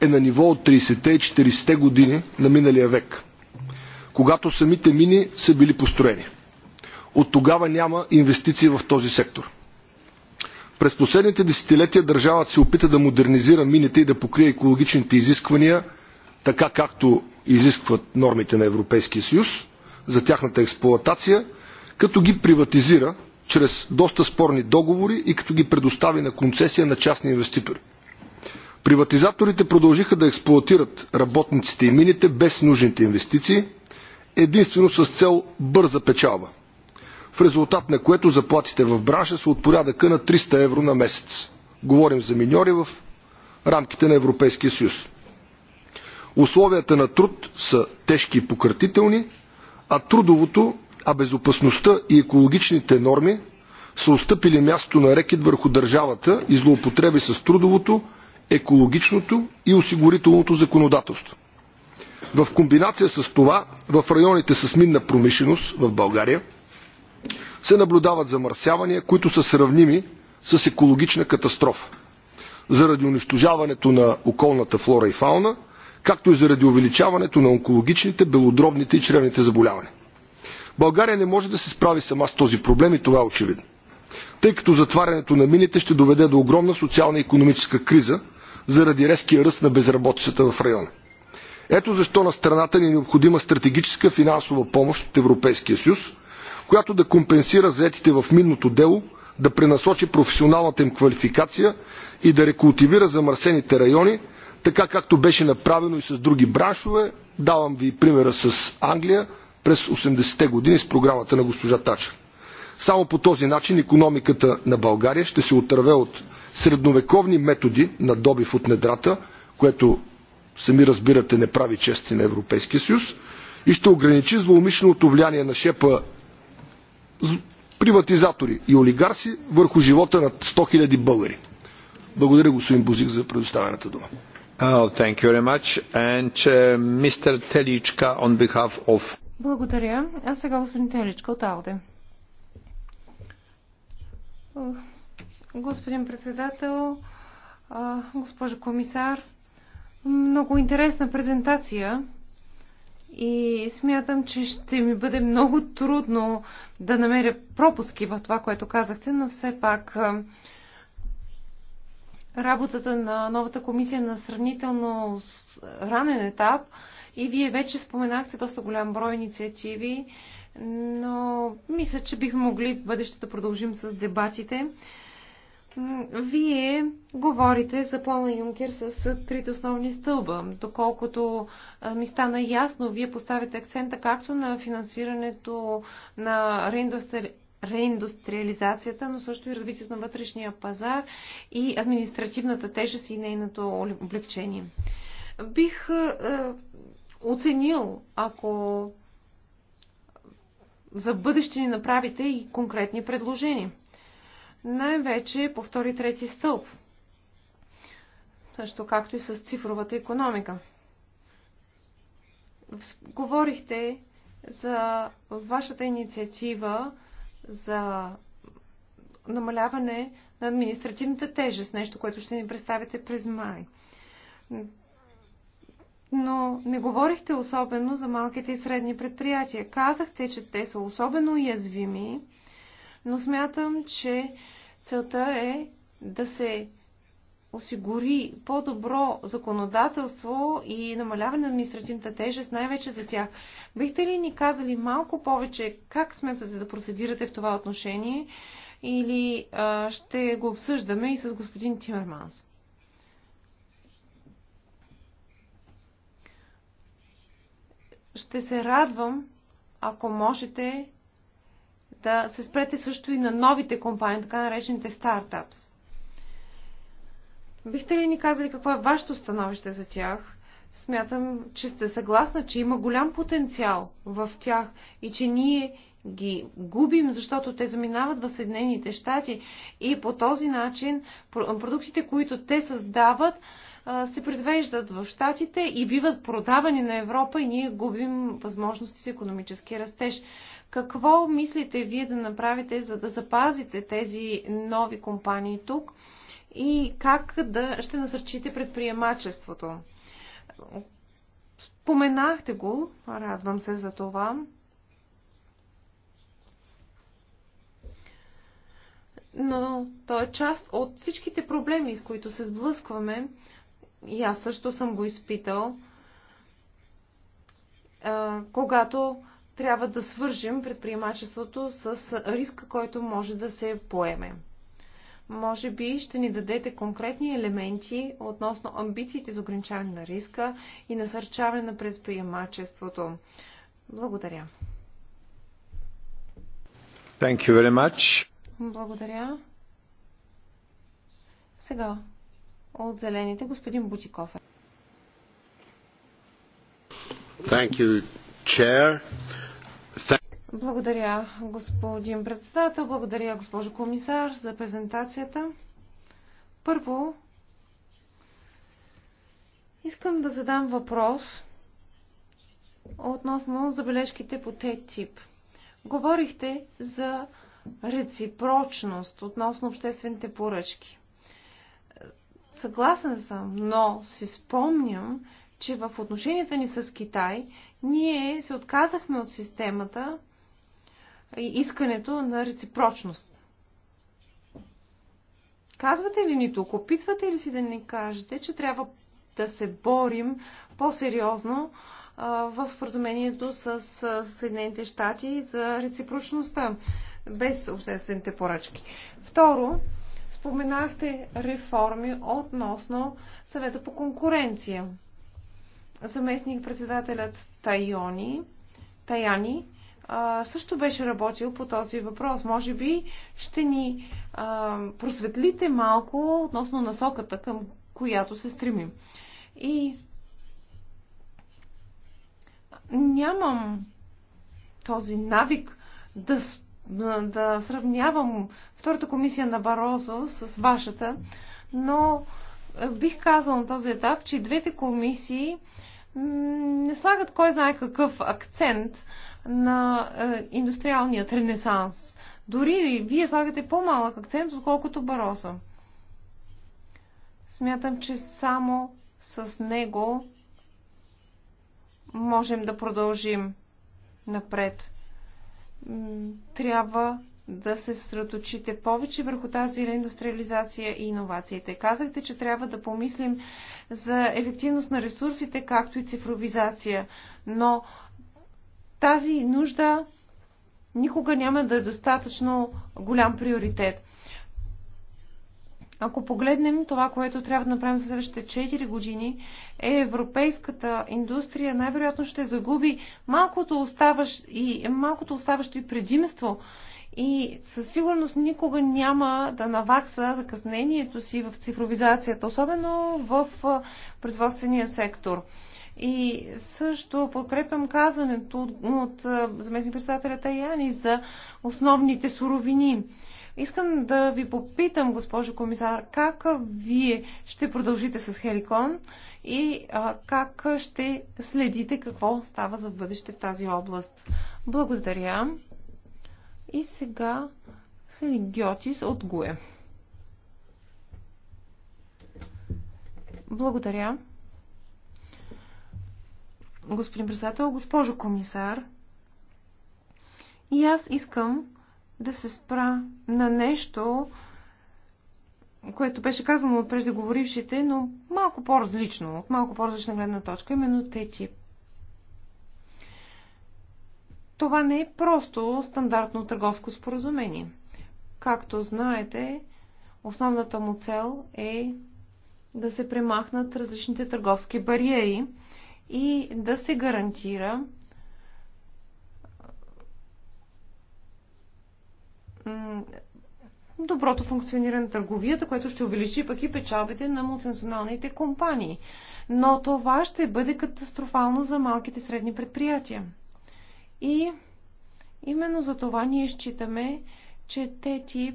е на ниво от 30-те и 40-те години на миналия век когато самите мини са били построени. От тогава няма инвестиции в този сектор. През последните десетилетия държавата се опита да модернизира мините и да покрие екологичните изисквания, така както изискват нормите на Европейския съюз за тяхната експлоатация, като ги приватизира чрез доста спорни договори и като ги предостави на концесия на частни инвеститори. Приватизаторите продължиха да експлоатират работниците и мините без нужните инвестиции, единствено с цел бърза печалба, в резултат на което заплатите в бранша са от порядъка на 300 евро на месец. Говорим за миньори в рамките на Европейския съюз. Условията на труд са тежки и пократителни, а трудовото, а безопасността и екологичните норми са отстъпили място на рекет върху държавата и злоупотреби с трудовото, екологичното и осигурителното законодателство. В комбинация с това в районите с минна промишленост в България се наблюдават замърсявания, които са сравними с екологична катастрофа. Заради унищожаването на околната флора и фауна, както и заради увеличаването на онкологичните, белодробните и чревните заболявания. България не може да се справи сама с този проблем и това е очевидно. Тъй като затварянето на мините ще доведе до огромна социална и економическа криза заради резкия ръст на безработицата в района. Ето защо на страната ни е необходима стратегическа финансова помощ от Европейския съюз, която да компенсира заетите в минното дело, да пренасочи професионалната им квалификация и да рекултивира замърсените райони, така както беше направено и с други браншове. Давам ви примера с Англия през 80-те години с програмата на госпожа Тача. Само по този начин економиката на България ще се отърве от средновековни методи на добив от недрата, което сами разбирате, не прави чести на Европейския съюз и ще ограничи злоумишленото влияние на шепа приватизатори и олигарси върху живота на 100 000 българи. Благодаря господин Бузик за предоставената дума. Oh, uh, Благодаря. А сега господин Теличка от Алде. Господин председател, госпожо комисар, много интересна презентация и смятам, че ще ми бъде много трудно да намеря пропуски в това, което казахте, но все пак работата на новата комисия е на сравнително ранен етап и вие вече споменахте доста голям брой инициативи, но мисля, че бихме могли в бъдеще да продължим с дебатите. Вие говорите за плана Юнкер с трите основни стълба. Доколкото ми стана ясно, вие поставите акцента както на финансирането на реиндустриализацията, но също и развитието на вътрешния пазар и административната тежест и нейното облегчение. Бих е, оценил, ако за бъдеще ни направите и конкретни предложения най-вече по втори трети стълб, също както и с цифровата економика. Говорихте за вашата инициатива за намаляване на административната тежест, нещо, което ще ни представите през май. Но не говорихте особено за малките и средни предприятия. Казахте, че те са особено уязвими но смятам, че целта е да се осигури по-добро законодателство и намаляване на административната тежест, най-вече за тях. Бихте ли ни казали малко повече как смятате да процедирате в това отношение или а, ще го обсъждаме и с господин Тимерманс? Ще се радвам, ако можете да се спрете също и на новите компании, така наречените стартапс. Бихте ли ни казали какво е вашето становище за тях? Смятам, че сте съгласна, че има голям потенциал в тях и че ние ги губим, защото те заминават в Съединените щати и по този начин продуктите, които те създават, се произвеждат в щатите и биват продавани на Европа и ние губим възможности за економически растеж. Какво мислите вие да направите, за да запазите тези нови компании тук и как да ще насърчите предприемачеството? Споменахте го, радвам се за това. но то е част от всичките проблеми, с които се сблъскваме. И аз също съм го изпитал, когато трябва да свържем предприемачеството с риска, който може да се поеме. Може би ще ни дадете конкретни елементи относно амбициите за ограничаване на риска и насърчаване на предприемачеството. Благодаря. Thank you very much. Благодаря. Сега от зелените господин Бутиков. Thank you, Chair. Благодаря, господин председател. Благодаря, госпожо комисар, за презентацията. Първо, искам да задам въпрос относно забележките по Т-тип. Говорихте за реципрочност относно обществените поръчки. Съгласен съм, но си спомням, че в отношенията ни с Китай – ние се отказахме от системата и искането на реципрочност. Казвате ли ни тук, опитвате ли си да ни кажете, че трябва да се борим по-сериозно в споразумението с Съединените щати за реципрочността без обществените поръчки? Второ, споменахте реформи относно съвета по конкуренция. Заместник председателят Тайони, Таяни а, също беше работил по този въпрос. Може би ще ни а, просветлите малко относно насоката, към която се стремим. И нямам този навик да, да сравнявам втората комисия на Барозо с вашата, но бих казал на този етап, че двете комисии не слагат кой знае какъв акцент на е, индустриалният ренесанс. Дори вие слагате по-малък акцент, отколкото бароса. Смятам, че само с него можем да продължим напред. Трябва да се съсредоточите повече върху тази реиндустриализация и иновациите. Казахте, че трябва да помислим за ефективност на ресурсите, както и цифровизация, но тази нужда никога няма да е достатъчно голям приоритет. Ако погледнем това, което трябва да направим за следващите 4 години, е европейската индустрия най-вероятно ще загуби малкото, и, малкото оставащо и предимство, и със сигурност никога няма да навакса закъснението си в цифровизацията, особено в производствения сектор. И също подкрепям казането от, от заместник председателя Таяни за основните суровини. Искам да ви попитам, госпожо комисар, как вие ще продължите с Хеликон и а, как ще следите какво става за бъдеще в тази област. Благодаря. И сега Селигиотис от Гуе. Благодаря. Господин председател, госпожо комисар, и аз искам да се спра на нещо, което беше казано от преждеговорившите, но малко по-различно, от малко по-различна гледна точка, именно те тип това не е просто стандартно търговско споразумение. Както знаете, основната му цел е да се премахнат различните търговски бариери и да се гарантира доброто функциониране на търговията, което ще увеличи пък и печалбите на мултинационалните компании. Но това ще бъде катастрофално за малките средни предприятия. И именно за това ние считаме, че ТИП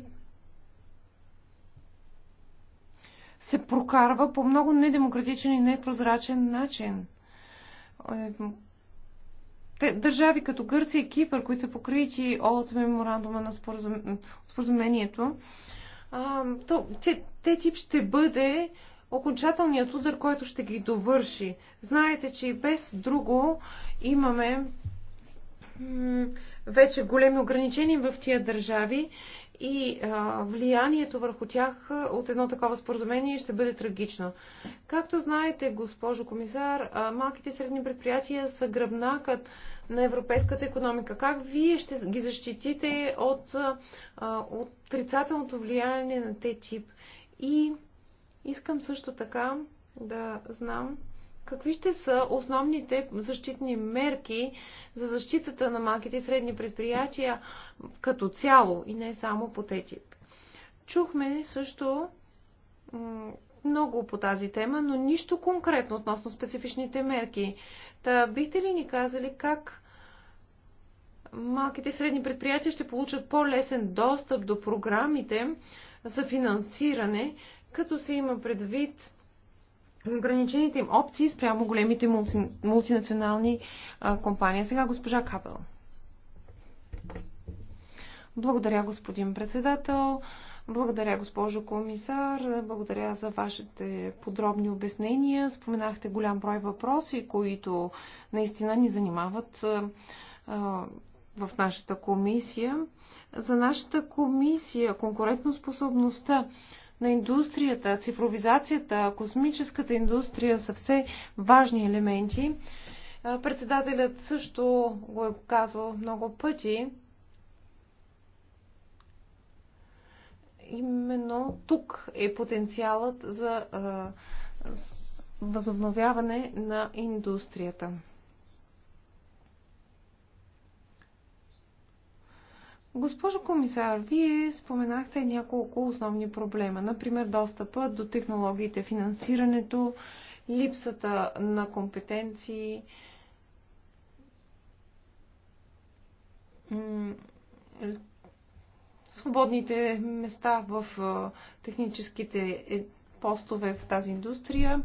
се прокарва по много недемократичен и непрозрачен начин. Държави като Гърция и Кипър, които са покрити от меморандума на споразум... споразумението, то, те, те тип ще бъде окончателният удар, който ще ги довърши. Знаете, че и без друго имаме вече големи ограничения в тия държави и а, влиянието върху тях от едно такова споразумение ще бъде трагично. Както знаете, госпожо комисар, а, малките и средни предприятия са гръбнакът на европейската економика. Как вие ще ги защитите от а, отрицателното влияние на те тип? И искам също така да знам Какви ще са основните защитни мерки за защитата на малките и средни предприятия като цяло и не само по ТЕТИП? Чухме също много по тази тема, но нищо конкретно относно специфичните мерки. Та бихте ли ни казали как малките и средни предприятия ще получат по-лесен достъп до програмите за финансиране, като се има предвид ограничените им опции спрямо големите мулти, мултинационални а, компании. Сега госпожа Капел. Благодаря, господин председател. Благодаря, госпожо комисар. Благодаря за вашите подробни обяснения. Споменахте голям брой въпроси, които наистина ни занимават а, в нашата комисия. За нашата комисия конкурентоспособността способността на индустрията, цифровизацията, космическата индустрия са все важни елементи. Председателят също го е казвал много пъти. Именно тук е потенциалът за възобновяване на индустрията. Госпожо комисар, вие споменахте няколко основни проблема, например достъпа до технологиите, финансирането, липсата на компетенции, свободните места в техническите е, постове в тази индустрия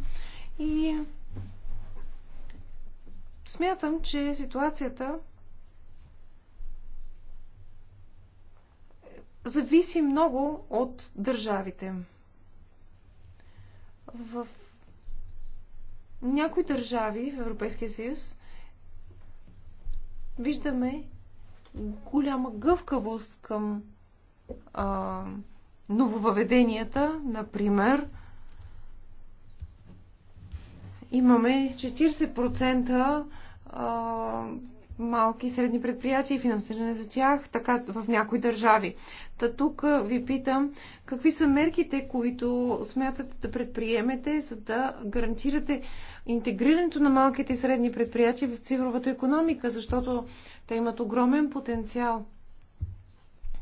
и смятам, че ситуацията зависи много от държавите. В някои държави в Европейския съюз виждаме голяма гъвкавост към а, нововъведенията, например, имаме 40% а, малки и средни предприятия и финансиране за тях, така в някои държави. Та тук ви питам, какви са мерките, които смятате да предприемете, за да гарантирате интегрирането на малките и средни предприятия в цифровата економика, защото те имат огромен потенциал.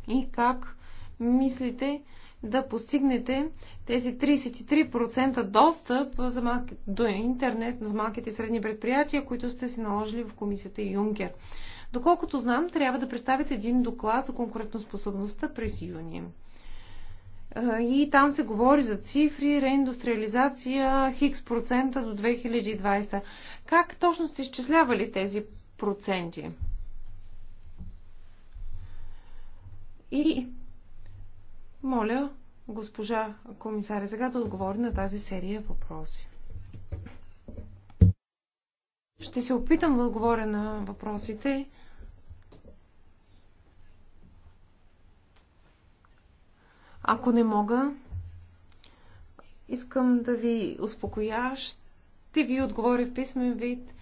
И как мислите, да постигнете тези 33% достъп за малки, до интернет за малките и средни предприятия, които сте си наложили в комисията Юнкер. Доколкото знам, трябва да представите един доклад за конкурентоспособността през юни. И там се говори за цифри, реиндустриализация, хикс процента до 2020. Как точно сте изчислявали тези проценти? И моля госпожа комисаря сега да отговори на тази серия въпроси. Ще се опитам да отговоря на въпросите. Ако не мога, искам да ви успокоя. Ще ви отговоря в писмен вид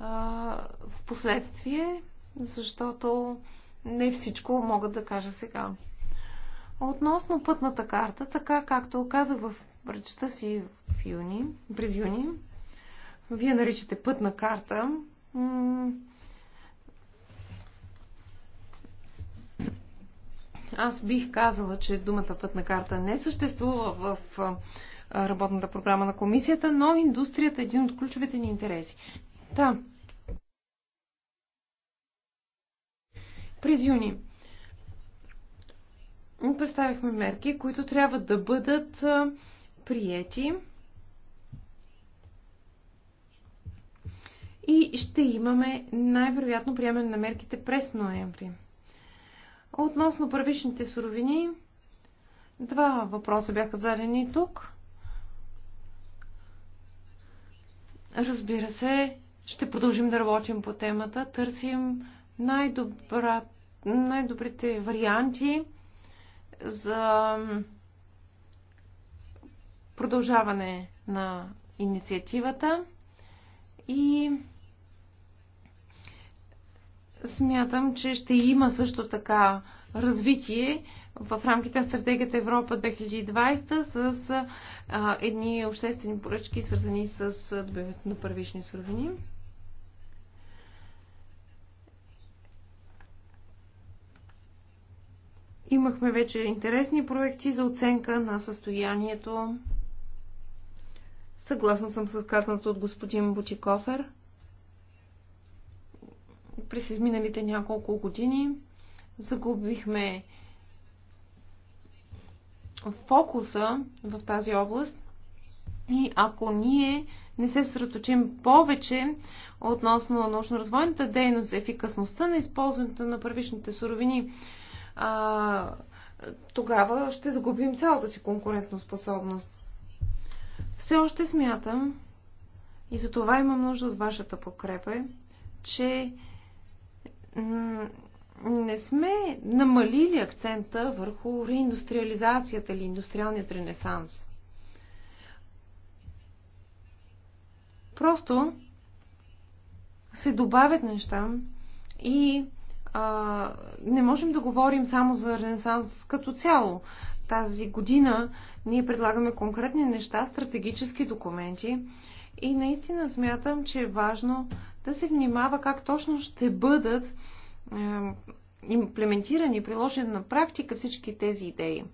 а, в последствие, защото не всичко мога да кажа сега. Относно пътната карта, така както казах в речета си в юни, през юни, вие наричате пътна карта. Аз бих казала, че думата пътна карта не съществува в работната програма на комисията, но индустрията е един от ключовите ни интереси. Да. През юни представихме мерки, които трябва да бъдат приети и ще имаме най-вероятно приемане на мерките през ноември. Относно първичните суровини, два въпроса бяха зададени тук. Разбира се, ще продължим да работим по темата, търсим най-добрите най варианти за продължаване на инициативата и смятам, че ще има също така развитие в рамките на стратегията Европа 2020 с а, едни обществени поръчки, свързани с добиването на първични суровини. Имахме вече интересни проекти за оценка на състоянието. Съгласна съм с казаното от господин Бутикофер. През изминалите няколко години загубихме фокуса в тази област и ако ние не се сръточим повече относно научно-развойната дейност, ефикасността на използването на първичните суровини, а, тогава ще загубим цялата си конкурентоспособност. Все още смятам, и за това имам нужда от вашата покрепа, че не сме намалили акцента върху реиндустриализацията или индустриалният ренесанс. Просто се добавят неща и а, не можем да говорим само за Ренесанс като цяло. Тази година ние предлагаме конкретни неща, стратегически документи и наистина смятам, че е важно да се внимава как точно ще бъдат е, имплементирани, приложени на практика всички тези идеи.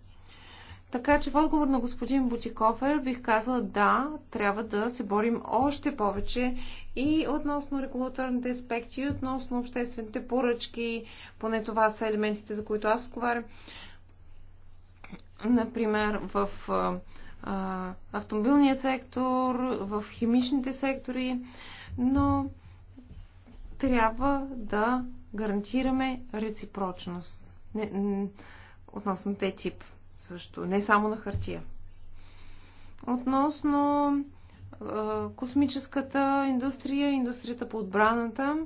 Така че в отговор на господин Бутикофер бих казала да, трябва да се борим още повече и относно регулаторните аспекти, и относно обществените поръчки, поне това са елементите, за които аз отговарям. Например, в а, а, автомобилния сектор, в химичните сектори, но трябва да гарантираме реципрочност не, не, относно те тип също, не само на хартия. Относно е, космическата индустрия, индустрията по отбраната,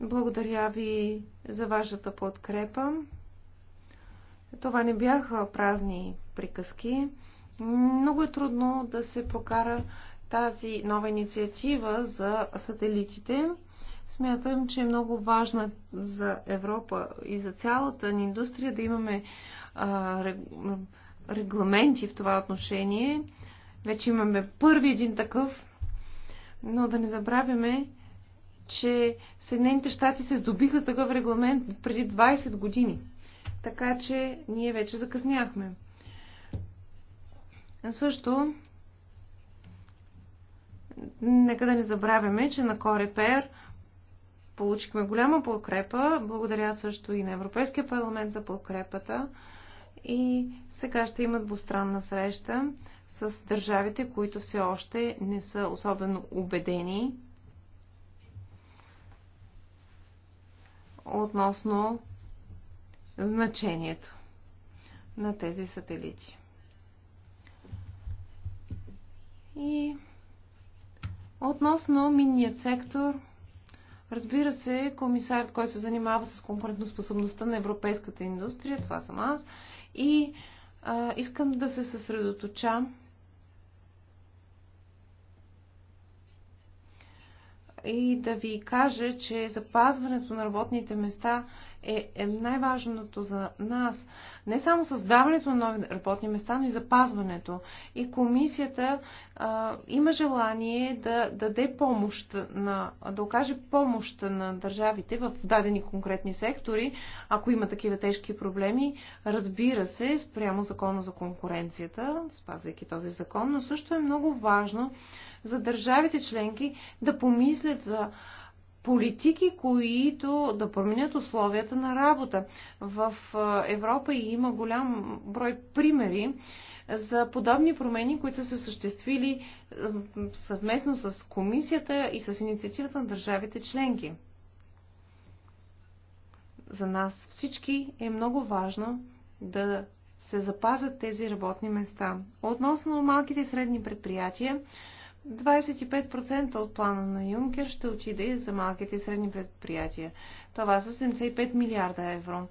благодаря ви за вашата подкрепа. Това не бяха празни приказки. Много е трудно да се прокара тази нова инициатива за сателитите. Смятам, че е много важна за Европа и за цялата ни индустрия да имаме регламенти в това отношение. Вече имаме първи един такъв, но да не забравяме, че Съединените щати се здобиха с такъв регламент преди 20 години. Така че ние вече закъсняхме. Също, нека да не забравяме, че на Корепер – Получихме голяма подкрепа. Благодаря също и на Европейския парламент за подкрепата. И сега ще има двустранна среща с държавите, които все още не са особено убедени относно значението на тези сателити. И относно минният сектор – Разбира се, комисарът, който се занимава с конкурентоспособността на европейската индустрия, това съм аз, и а, искам да се съсредоточа и да ви кажа, че запазването на работните места е, е най-важното за нас. Не само създаването на нови работни места, но и запазването. И комисията а, има желание да, да даде помощ, на, да окаже помощ на държавите в дадени конкретни сектори, ако има такива тежки проблеми. Разбира се, спрямо закона за конкуренцията, спазвайки този закон, но също е много важно за държавите членки да помислят за политики, които да променят условията на работа. В Европа има голям брой примери за подобни промени, които са се осъществили съвместно с комисията и с инициативата на държавите членки. За нас всички е много важно да се запазят тези работни места. Относно малките и средни предприятия, 25% от плана на Юнкер ще отиде за малките и средни предприятия. Това са 75 милиарда евро.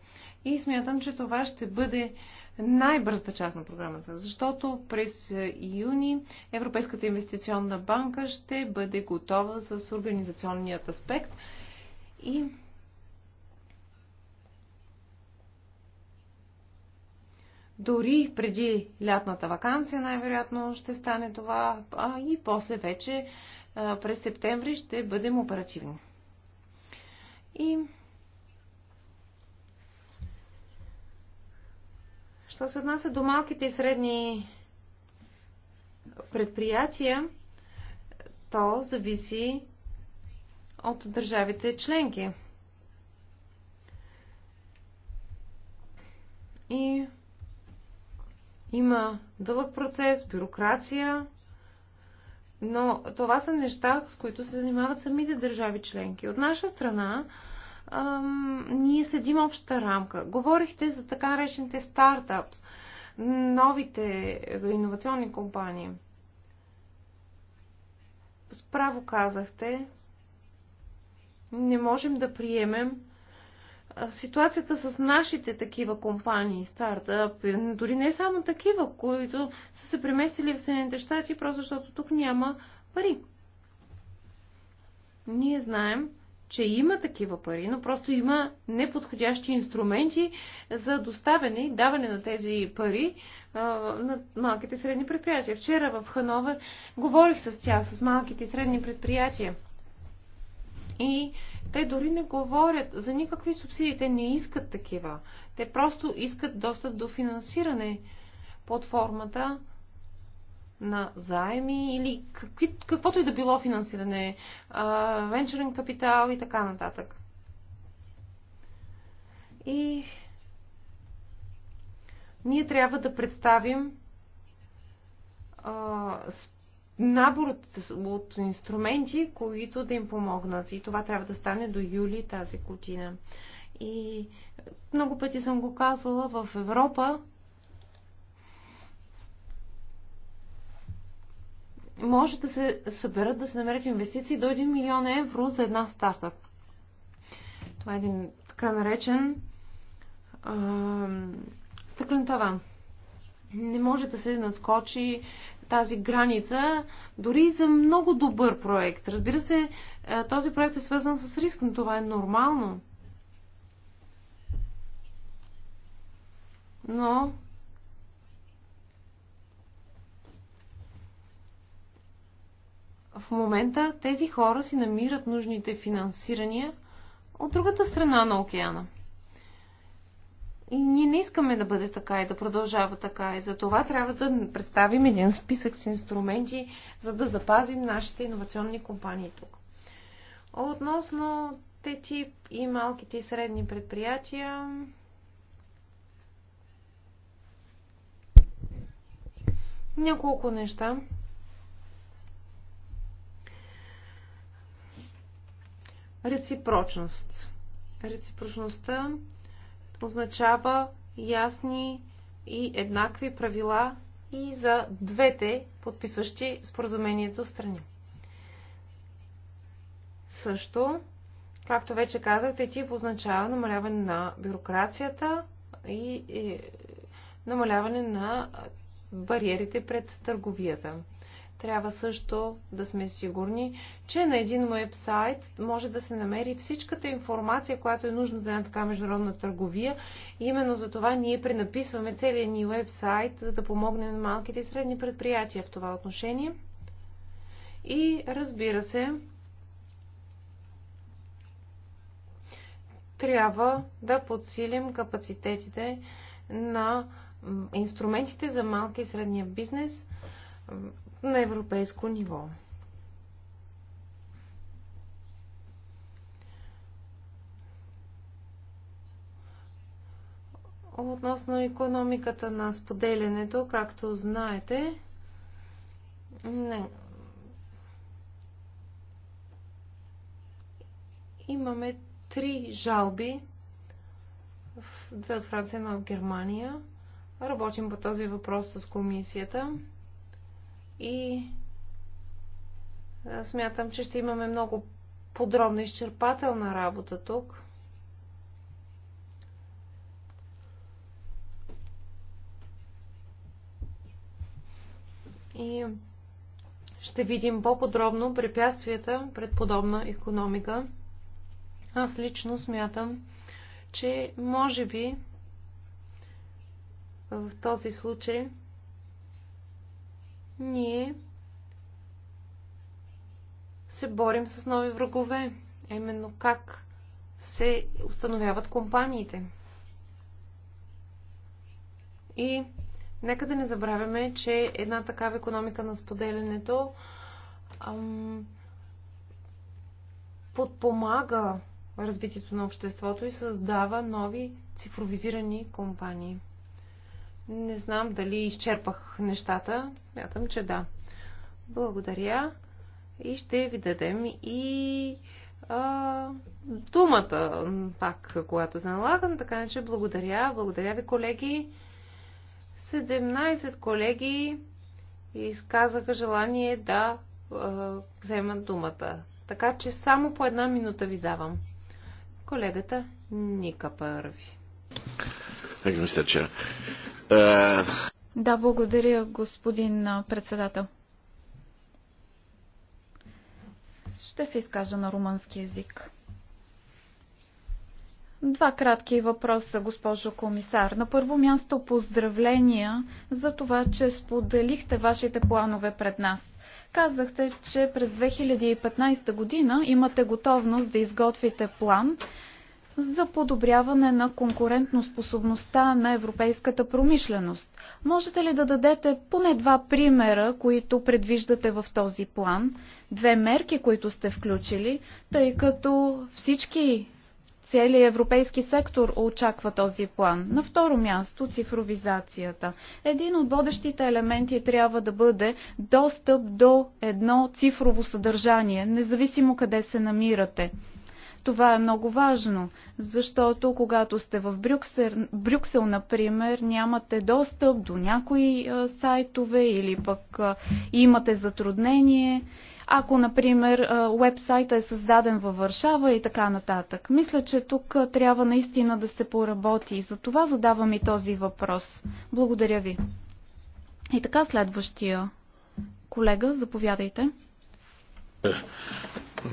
И смятам, че това ще бъде най-бързата част на програмата, защото през юни Европейската инвестиционна банка ще бъде готова с организационният аспект и Дори преди лятната вакансия най-вероятно ще стане това, а и после вече през септември ще бъдем оперативни. И що се отнася до малките и средни предприятия, то зависи от държавите членки. И има дълъг процес, бюрокрация, но това са неща, с които се занимават самите държави членки. От наша страна, ам, ние следим общата рамка. Говорихте за така наречените стартапс, новите иновационни компании. Справо казахте, не можем да приемем ситуацията с нашите такива компании, стартъпи, е, дори не само такива, които са се преместили в Съединените щати, просто защото тук няма пари. Ние знаем, че има такива пари, но просто има неподходящи инструменти за доставяне и даване на тези пари а, на малките и средни предприятия. Вчера в Хановер говорих с тях, с малките и средни предприятия. И те дори не говорят за никакви субсидии, те не искат такива. Те просто искат достъп до финансиране под формата на заеми или какви, каквото и да било финансиране, венчурен капитал и така нататък. И ние трябва да представим а, набор от, от инструменти, които да им помогнат. И това трябва да стане до юли тази година. И много пъти съм го казвала в Европа. Може да се съберат, да се намерят инвестиции до 1 милион евро за една стартап. Това е един така наречен а, стъклен таван. Не може да се наскочи тази граница, дори за много добър проект. Разбира се, е, този проект е свързан с риск, но това е нормално. Но в момента тези хора си намират нужните финансирания от другата страна на океана – и ние не искаме да бъде така и да продължава така. И за това трябва да представим един списък с инструменти, за да запазим нашите иновационни компании тук. Относно ТТИП и малките и средни предприятия, няколко неща. Реципрочност. Реципрочността означава ясни и еднакви правила и за двете подписващи споразумението страни. Също, както вече казахте, тип означава намаляване на бюрокрацията и, и намаляване на бариерите пред търговията. Трябва също да сме сигурни, че на един уебсайт може да се намери всичката информация, която е нужна за една така международна търговия. И именно за това ние пренаписваме целия ни уебсайт, за да помогнем на малките и средни предприятия в това отношение. И разбира се, трябва да подсилим капацитетите на инструментите за малки и средния бизнес на европейско ниво. Относно економиката на споделянето, както знаете, не. имаме три жалби, две от Франция, една от Германия. Работим по този въпрос с комисията и смятам, че ще имаме много подробна изчерпателна работа тук. И ще видим по-подробно препятствията пред подобна економика. Аз лично смятам, че може би в този случай ние се борим с нови врагове, именно как се установяват компаниите. И нека да не забравяме, че една такава економика на споделянето ам, подпомага развитието на обществото и създава нови цифровизирани компании. Не знам дали изчерпах нещата. Мятам, че да. Благодаря. И ще ви дадем и а, думата пак, която се налагам. Така че благодаря. Благодаря ви, колеги. 17 колеги изказаха желание да а, вземат думата. Така че само по една минута ви давам. Колегата Ника първи. Thank мистер, Mr. Е. Да, благодаря, господин председател. Ще се изкажа на румънски язик. Два кратки въпроса, госпожо комисар. На първо място поздравления за това, че споделихте вашите планове пред нас. Казахте, че през 2015 година имате готовност да изготвите план за подобряване на конкурентноспособността на европейската промишленост. Можете ли да дадете поне два примера, които предвиждате в този план, две мерки, които сте включили, тъй като всички Целият европейски сектор очаква този план. На второ място цифровизацията. Един от водещите елементи трябва да бъде достъп до едно цифрово съдържание, независимо къде се намирате. Това е много важно, защото когато сте в Брюксел, Брюксел например, нямате достъп до някои сайтове или пък имате затруднение ако, например, уебсайта е създаден във Варшава и така нататък. Мисля, че тук трябва наистина да се поработи и за това задавам и този въпрос. Благодаря ви. И така, следващия колега, заповядайте.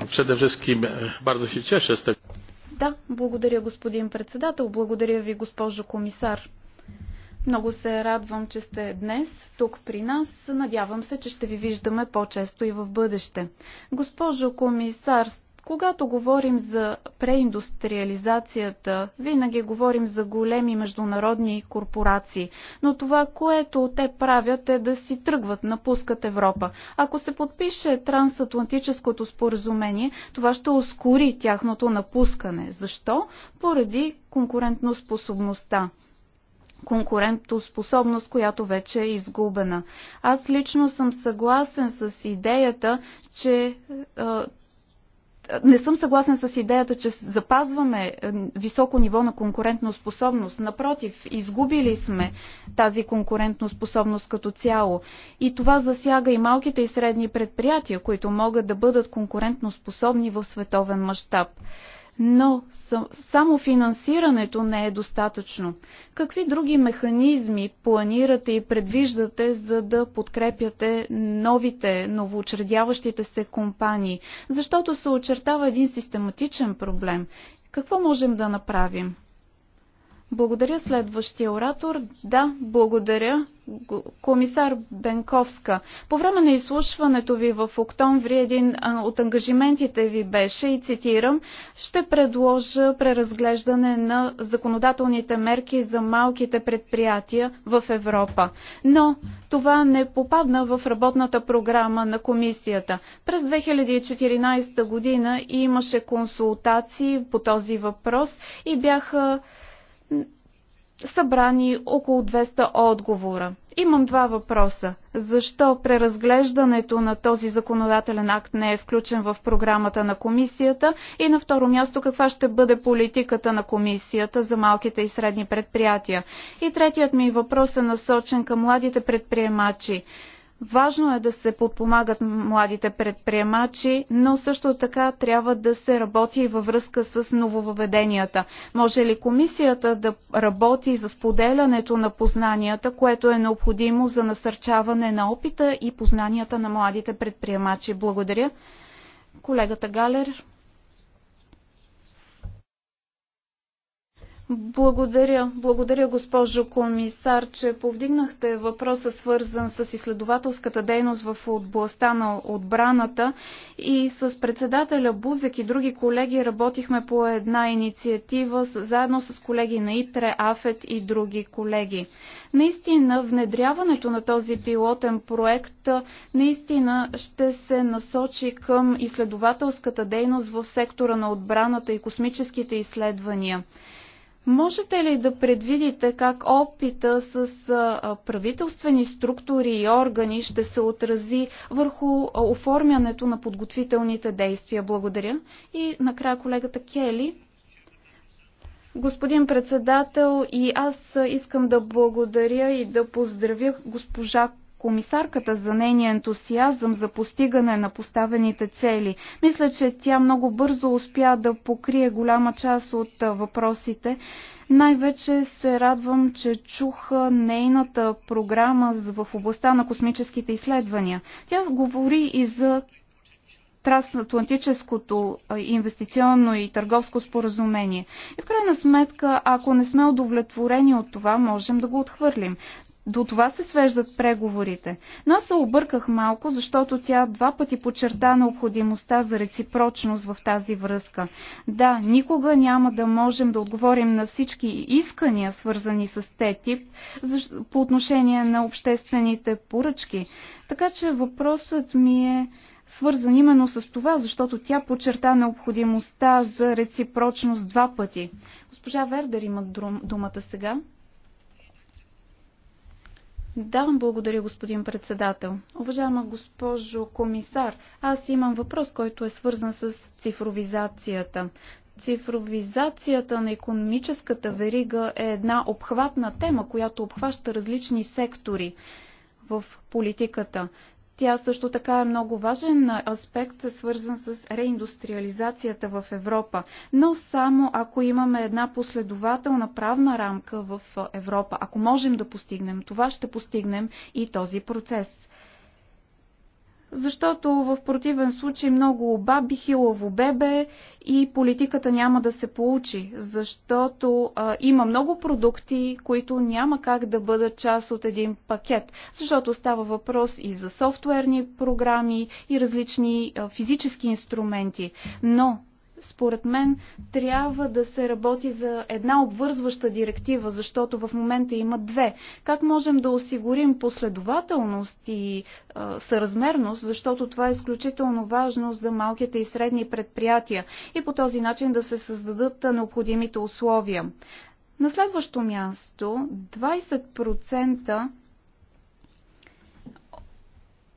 Przede wszystkim e, bardzo się cieszę z tego. Да, благодаря господин председател, благодаря ви госпожо комисар. Много се радвам, че сте днес тук при нас. Надявам се, че ще ви виждаме по-често и в бъдеще. Госпожо комисар, когато говорим за преиндустриализацията, винаги говорим за големи международни корпорации, но това, което те правят е да си тръгват, напускат Европа. Ако се подпише трансатлантическото споразумение, това ще ускори тяхното напускане. Защо? Поради конкурентноспособността конкурентоспособност, която вече е изгубена. Аз лично съм съгласен с идеята, че е, не съм съгласен с идеята, че запазваме е, високо ниво на конкурентно способност. Напротив, изгубили сме тази конкурентно способност като цяло. И това засяга и малките и средни предприятия, които могат да бъдат конкурентно способни в световен мащаб но само финансирането не е достатъчно. Какви други механизми планирате и предвиждате, за да подкрепяте новите, новоочредяващите се компании? Защото се очертава един систематичен проблем. Какво можем да направим? Благодаря следващия оратор. Да, благодаря. Комисар Бенковска, по време на изслушването ви в октомври един от ангажиментите ви беше и цитирам, ще предложа преразглеждане на законодателните мерки за малките предприятия в Европа. Но това не попадна в работната програма на комисията. През 2014 година имаше консултации по този въпрос и бяха събрани около 200 отговора. Имам два въпроса. Защо преразглеждането на този законодателен акт не е включен в програмата на комисията? И на второ място, каква ще бъде политиката на комисията за малките и средни предприятия? И третият ми въпрос е насочен към младите предприемачи. Важно е да се подпомагат младите предприемачи, но също така трябва да се работи и във връзка с нововъведенията. Може ли комисията да работи за споделянето на познанията, което е необходимо за насърчаване на опита и познанията на младите предприемачи? Благодаря. Колегата Галер. Благодаря. Благодаря, госпожо комисар, че повдигнахте въпроса, свързан с изследователската дейност в областта на отбраната. И с председателя Бузек и други колеги работихме по една инициатива, заедно с колеги на ИТРЕ, АФЕТ и други колеги. Наистина, внедряването на този пилотен проект наистина ще се насочи към изследователската дейност в сектора на отбраната и космическите изследвания. Можете ли да предвидите как опита с правителствени структури и органи ще се отрази върху оформянето на подготвителните действия? Благодаря. И накрая колегата Кели. Господин председател, и аз искам да благодаря и да поздравя госпожа комисарката за нейния ентусиазъм за постигане на поставените цели. Мисля, че тя много бързо успя да покрие голяма част от въпросите. Най-вече се радвам, че чух нейната програма в областта на космическите изследвания. Тя говори и за трансатлантическото инвестиционно и търговско споразумение. И в крайна сметка, ако не сме удовлетворени от това, можем да го отхвърлим. До това се свеждат преговорите. Но аз се обърках малко, защото тя два пъти подчерта необходимостта за реципрочност в тази връзка. Да, никога няма да можем да отговорим на всички искания, свързани с ТЕТИП, по отношение на обществените поръчки. Така че въпросът ми е свързан именно с това, защото тя подчерта необходимостта за реципрочност два пъти. Госпожа Вердер има думата сега. Да, благодаря, господин председател. Уважаема госпожо комисар, аз имам въпрос, който е свързан с цифровизацията. Цифровизацията на економическата верига е една обхватна тема, която обхваща различни сектори в политиката. Тя също така е много важен аспект, свързан с реиндустриализацията в Европа. Но само ако имаме една последователна правна рамка в Европа, ако можем да постигнем това, ще постигнем и този процес защото в противен случай много баби, хилаво бебе и политиката няма да се получи, защото а, има много продукти, които няма как да бъдат част от един пакет, защото става въпрос и за софтуерни програми и различни а, физически инструменти. Но според мен трябва да се работи за една обвързваща директива, защото в момента има две. Как можем да осигурим последователност и а, съразмерност, защото това е изключително важно за малките и средни предприятия и по този начин да се създадат необходимите условия. На следващо място 20%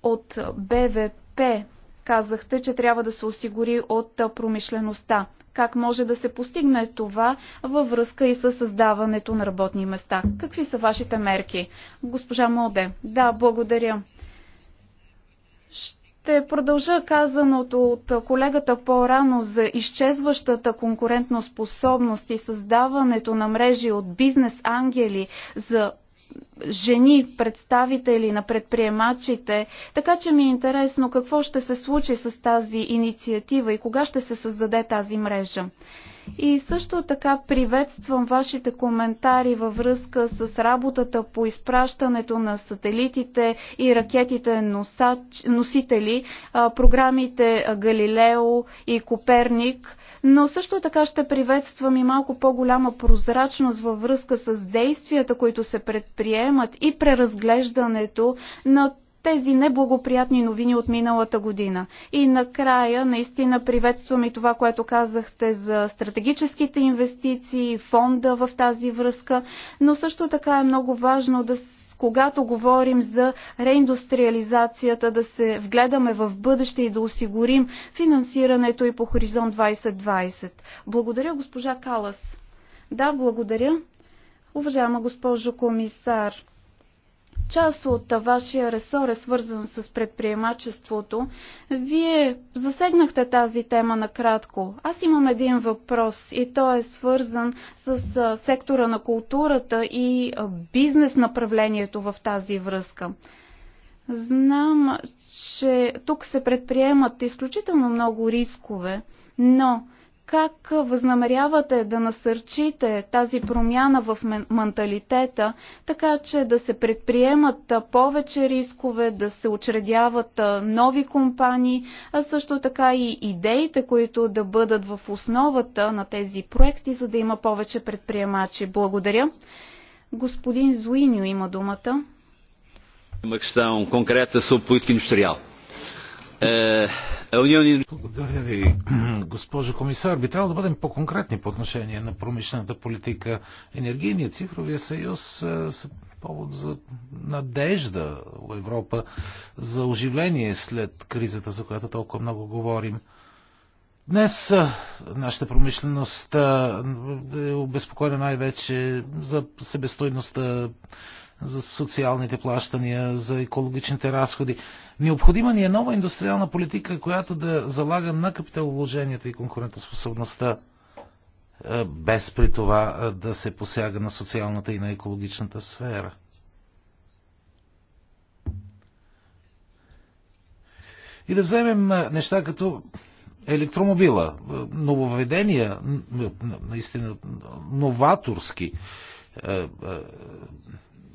от БВП Казахте, че трябва да се осигури от промишлеността. Как може да се постигне това във връзка и с създаването на работни места? Какви са вашите мерки? Госпожа Моде. Да, благодаря. Ще продължа казаното от колегата по-рано за изчезващата конкурентна способност и създаването на мрежи от бизнес ангели за жени, представители на предприемачите. Така че ми е интересно какво ще се случи с тази инициатива и кога ще се създаде тази мрежа. И също така приветствам вашите коментари във връзка с работата по изпращането на сателитите и ракетите носач, носители, програмите Галилео и Коперник но също така ще приветствам и малко по-голяма прозрачност във връзка с действията, които се предприемат и преразглеждането на тези неблагоприятни новини от миналата година. И накрая, наистина приветствам и това, което казахте за стратегическите инвестиции, фонда в тази връзка, но също така е много важно да когато говорим за реиндустриализацията, да се вгледаме в бъдеще и да осигурим финансирането и по Хоризонт 2020. Благодаря, госпожа Калас. Да, благодаря. Уважаема госпожо комисар, Част от вашия ресор е свързан с предприемачеството. Вие засегнахте тази тема накратко. Аз имам един въпрос и той е свързан с сектора на културата и бизнес направлението в тази връзка. Знам, че тук се предприемат изключително много рискове, но как възнамерявате да насърчите тази промяна в менталитета, така че да се предприемат повече рискове, да се учредяват нови компании, а също така и идеите, които да бъдат в основата на тези проекти, за да има повече предприемачи? Благодаря. Господин Зуиньо има думата. Uma конкретно са sobre política е, е, Благодаря ви, госпожо комисар. Би трябвало да бъдем по-конкретни по отношение на промишлената политика. Енергийният цифровия съюз е, са повод за надежда в Европа, за оживление след кризата, за която толкова много говорим. Днес нашата промишленост е обезпокоена най-вече за себестойността, за социалните плащания, за екологичните разходи. Необходима ни е нова индустриална политика, която да залага на капиталовложенията и конкурентоспособността, е, без при това е, да се посяга на социалната и на екологичната сфера. И да вземем е, неща като електромобила, нововведения, наистина новаторски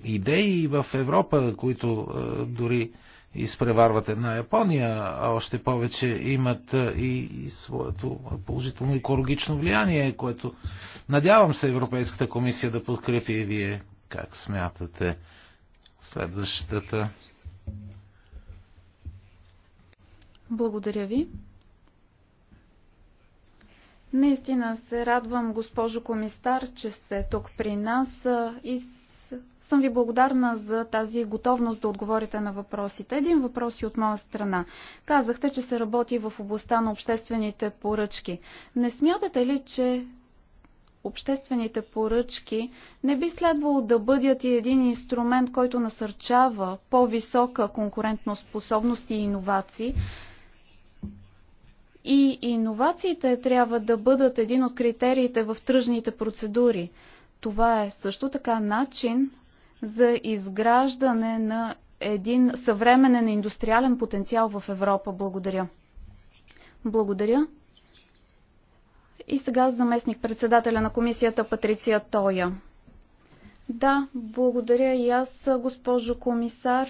идеи в Европа, които е, дори изпреварват една Япония, а още повече имат е, и, и своето положително екологично влияние, което надявам се Европейската комисия да подкрепи и вие. Как смятате? Следващата. Благодаря ви. Наистина се радвам, госпожо комистар, че сте тук при нас и съм ви благодарна за тази готовност да отговорите на въпросите. Един въпрос и от моя страна. Казахте, че се работи в областта на обществените поръчки. Не смятате ли, че обществените поръчки не би следвало да бъдат и един инструмент, който насърчава по-висока конкурентноспособност и иновации, и иновациите трябва да бъдат един от критериите в тръжните процедури. Това е също така начин, за изграждане на един съвременен индустриален потенциал в Европа. Благодаря. Благодаря. И сега заместник председателя на комисията Патриция Тоя. Да, благодаря и аз, госпожо комисар.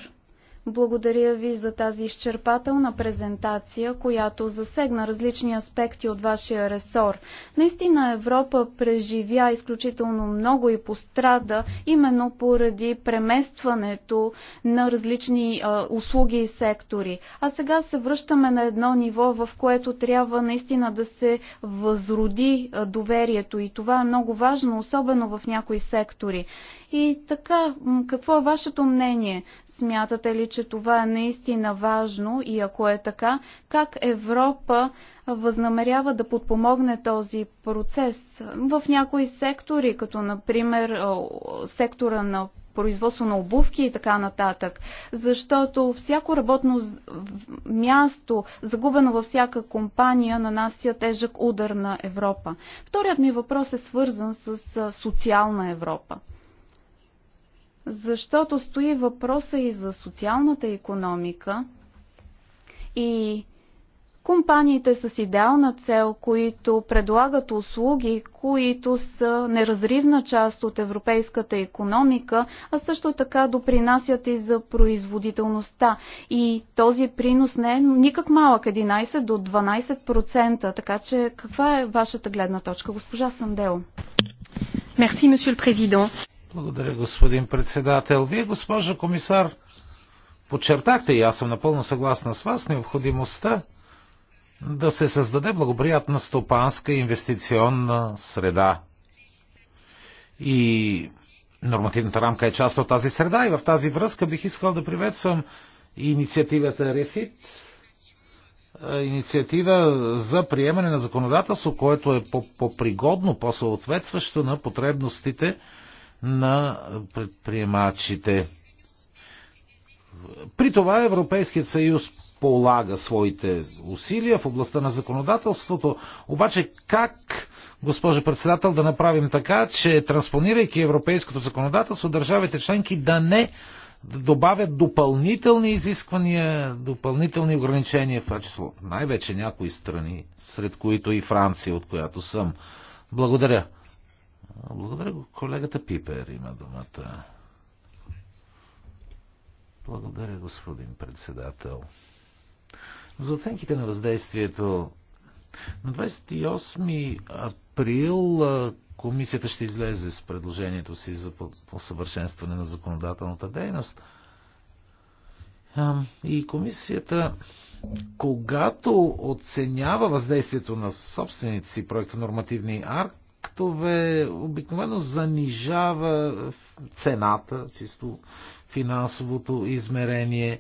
Благодаря ви за тази изчерпателна презентация, която засегна различни аспекти от вашия ресор. Наистина Европа преживя изключително много и пострада именно поради преместването на различни а, услуги и сектори. А сега се връщаме на едно ниво, в което трябва наистина да се възроди а, доверието и това е много важно, особено в някои сектори. И така, какво е вашето мнение? Смятате ли, че това е наистина важно и ако е така, как Европа възнамерява да подпомогне този процес в някои сектори, като например сектора на производство на обувки и така нататък. Защото всяко работно място, загубено във всяка компания, нанася тежък удар на Европа. Вторият ми въпрос е свързан с социална Европа защото стои въпроса и за социалната економика и компаниите с идеална цел, които предлагат услуги, които са неразривна част от европейската економика, а също така допринасят и за производителността. И този принос не е никак малък, 11 до 12%. Така че каква е вашата гледна точка, госпожа Сандел? Мерси, месье президент. Благодаря, господин председател. Вие, госпожо комисар, подчертахте, и аз съм напълно съгласна с вас, необходимостта да се създаде благоприятна стопанска инвестиционна среда. И нормативната рамка е част от тази среда и в тази връзка бих искал да приветствам инициативата Рефит, инициатива за приемане на законодателство, което е по-пригодно, по-съответстващо на потребностите на предприемачите. При това Европейският съюз полага своите усилия в областта на законодателството, обаче как госпожо председател, да направим така, че транспонирайки европейското законодателство, държавите членки да не добавят допълнителни изисквания, допълнителни ограничения, в това число най-вече някои страни, сред които и Франция, от която съм. Благодаря. Благодаря го. Колегата Пипер има думата. Благодаря, господин председател. За оценките на въздействието на 28 април комисията ще излезе с предложението си за усъвършенстване на законодателната дейност. И комисията, когато оценява въздействието на собствените си проекта нормативни актове обикновено занижава цената, чисто финансовото измерение,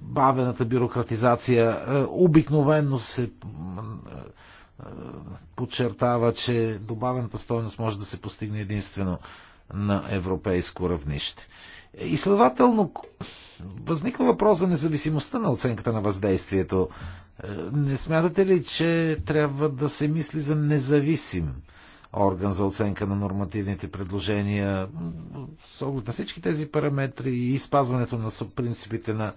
бавената бюрократизация. Е, обикновено се е, е, подчертава, че добавената стоеност може да се постигне единствено на европейско равнище. И следователно, Възниква въпрос за независимостта на оценката на въздействието. Е, не смятате ли, че трябва да се мисли за независим орган за оценка на нормативните предложения с оглед на всички тези параметри и изпазването на принципите на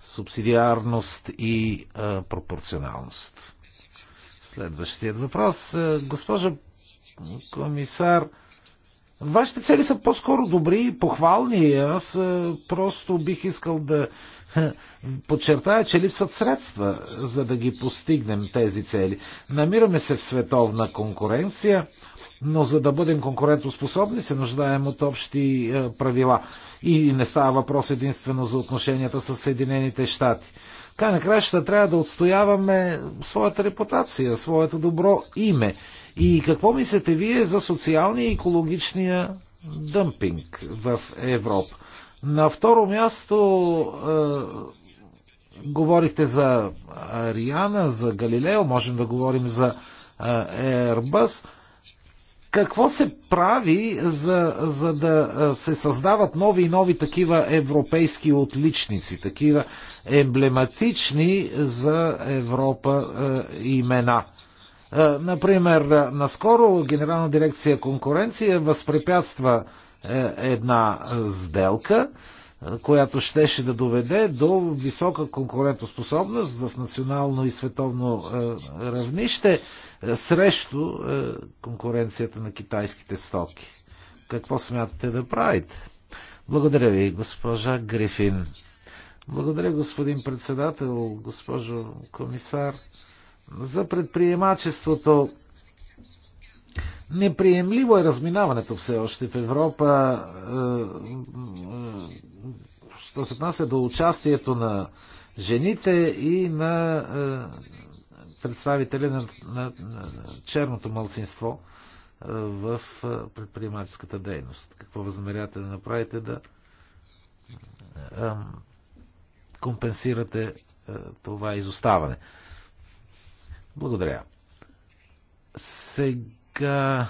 субсидиарност и а, е, пропорционалност? Следващият въпрос. Е, Госпожа комисар, Вашите цели са по-скоро добри и похвални. Аз е, просто бих искал да е, подчертая, че липсват средства, за да ги постигнем тези цели. Намираме се в световна конкуренция, но за да бъдем конкурентоспособни се нуждаем от общи е, правила. И не става въпрос единствено за отношенията с Съединените щати. Край на краща трябва да отстояваме своята репутация, своето добро име и какво мислите вие за социалния и екологичния дъмпинг в Европа? На второ място е, говорихте за Ариана, за Галилео, можем да говорим за е, Airbus. Какво се прави, за, за да е, се създават нови и нови такива европейски отличници, такива емблематични за Европа е, имена? Е, например, наскоро Генерална дирекция конкуренция възпрепятства е, една сделка, е, която щеше да доведе до висока конкурентоспособност в национално и световно равнище срещу конкуренцията на китайските стоки. Какво смятате да правите? Благодаря ви, госпожа Грифин. Благодаря, господин председател, госпожо комисар за предприемачеството. Неприемливо е разминаването все още в Европа, е, е, що се отнася до участието на жените и на е, представители на, на, на черното мълцинство в предприемаческата дейност. Какво възнамерявате да направите да компенсирате това изоставане? Благодаря. Сега.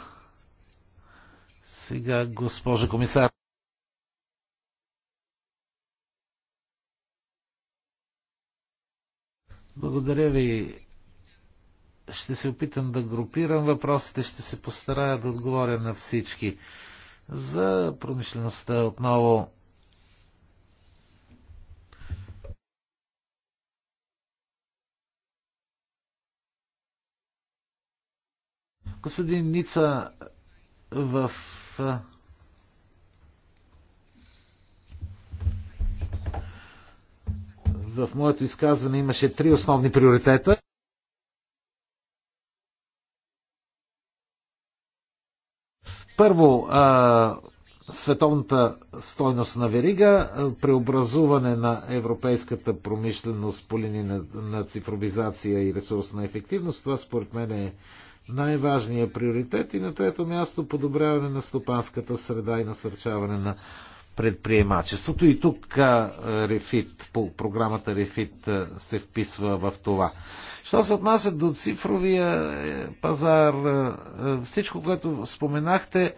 Сега, госпожа комисар. Благодаря ви. Ще се опитам да групирам въпросите, ще се постарая да отговоря на всички. За промишлеността отново Господин Ница в в моето изказване имаше три основни приоритета. Първо, световната стойност на верига, преобразуване на европейската промишленост по линия на, на цифровизация и ресурсна ефективност. Това според мен е най-важния приоритет и на трето място подобряване на стопанската среда и насърчаване на предприемачеството. И тук Рефит, по програмата Рефит се вписва в това. Що се отнася до цифровия е, пазар, всичко, което споменахте,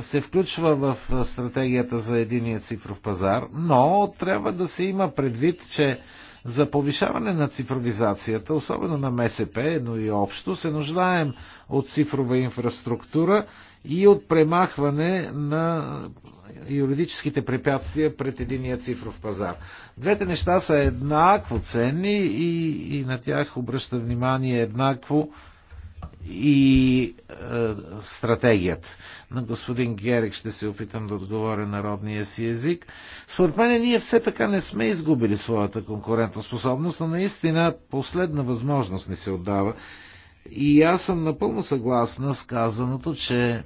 се включва в стратегията за единия цифров пазар, но трябва да се има предвид, че за повишаване на цифровизацията, особено на МСП, но и общо, се нуждаем от цифрова инфраструктура и от премахване на юридическите препятствия пред единия цифров пазар. Двете неща са еднакво ценни и, и на тях обръща внимание еднакво и е, стратегията. На господин Герик ще се опитам да отговоря народния си език. Според мен ние все така не сме изгубили своята конкурентоспособност, но наистина последна възможност ни се отдава. И аз съм напълно съгласна с казаното, че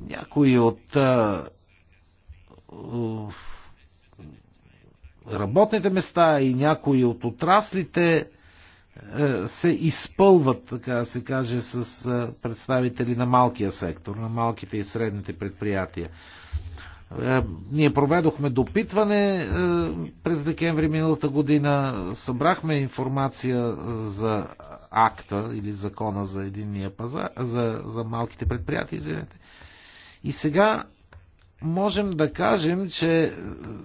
някои от а, е, работните места и някои от отраслите е, се изпълват, така да се каже, с е, представители на малкия сектор, на малките и средните предприятия. Е, ние проведохме допитване през декември миналата година, събрахме информация за акта или закона за единния пазар, за, за малките предприятия, извинете. И сега можем да кажем, че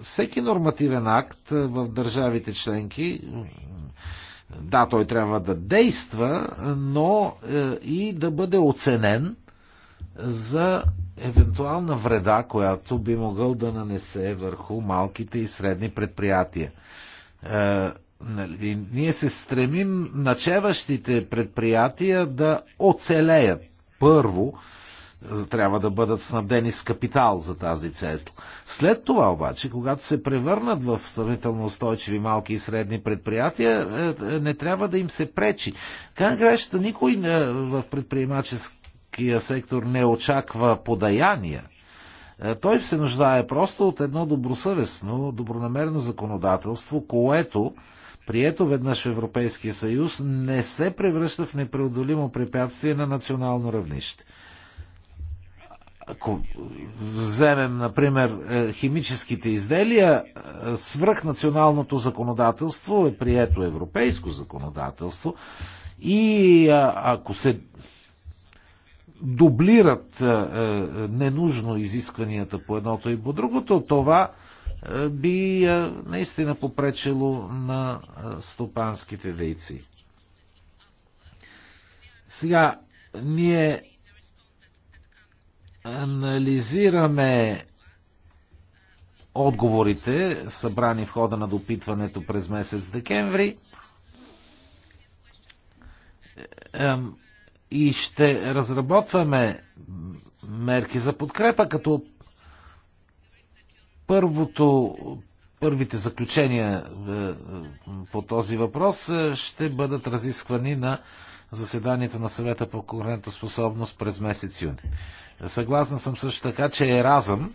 всеки нормативен акт в държавите членки да, той трябва да действа, но е, и да бъде оценен за евентуална вреда, която би могъл да нанесе върху малките и средни предприятия. Е, нали, ние се стремим начеващите предприятия да оцелеят първо, трябва да бъдат снабдени с капитал за тази цел. След това обаче, когато се превърнат в сравнително устойчиви малки и средни предприятия, е, е, не трябва да им се пречи. Как грешта никой е, в предприемаческия сектор не очаква подаяния. Той се нуждае просто от едно добросъвестно, добронамерено законодателство, което прието веднъж в Европейския съюз, не се превръща в непреодолимо препятствие на национално равнище. Ако вземем, например, е, химическите изделия, е, свръхнационалното законодателство е прието европейско законодателство и ако се дублират е, ненужно изискванията по едното и по другото, това би наистина попречило на стопанските дейци. Сега, ние анализираме отговорите, събрани в хода на допитването през месец декември, и ще разработваме мерки за подкрепа, като първото, първите заключения е, е, по този въпрос е, ще бъдат разисквани на заседанието на съвета по конкурентоспособност през месец юни. Съгласна съм също така, че еразъм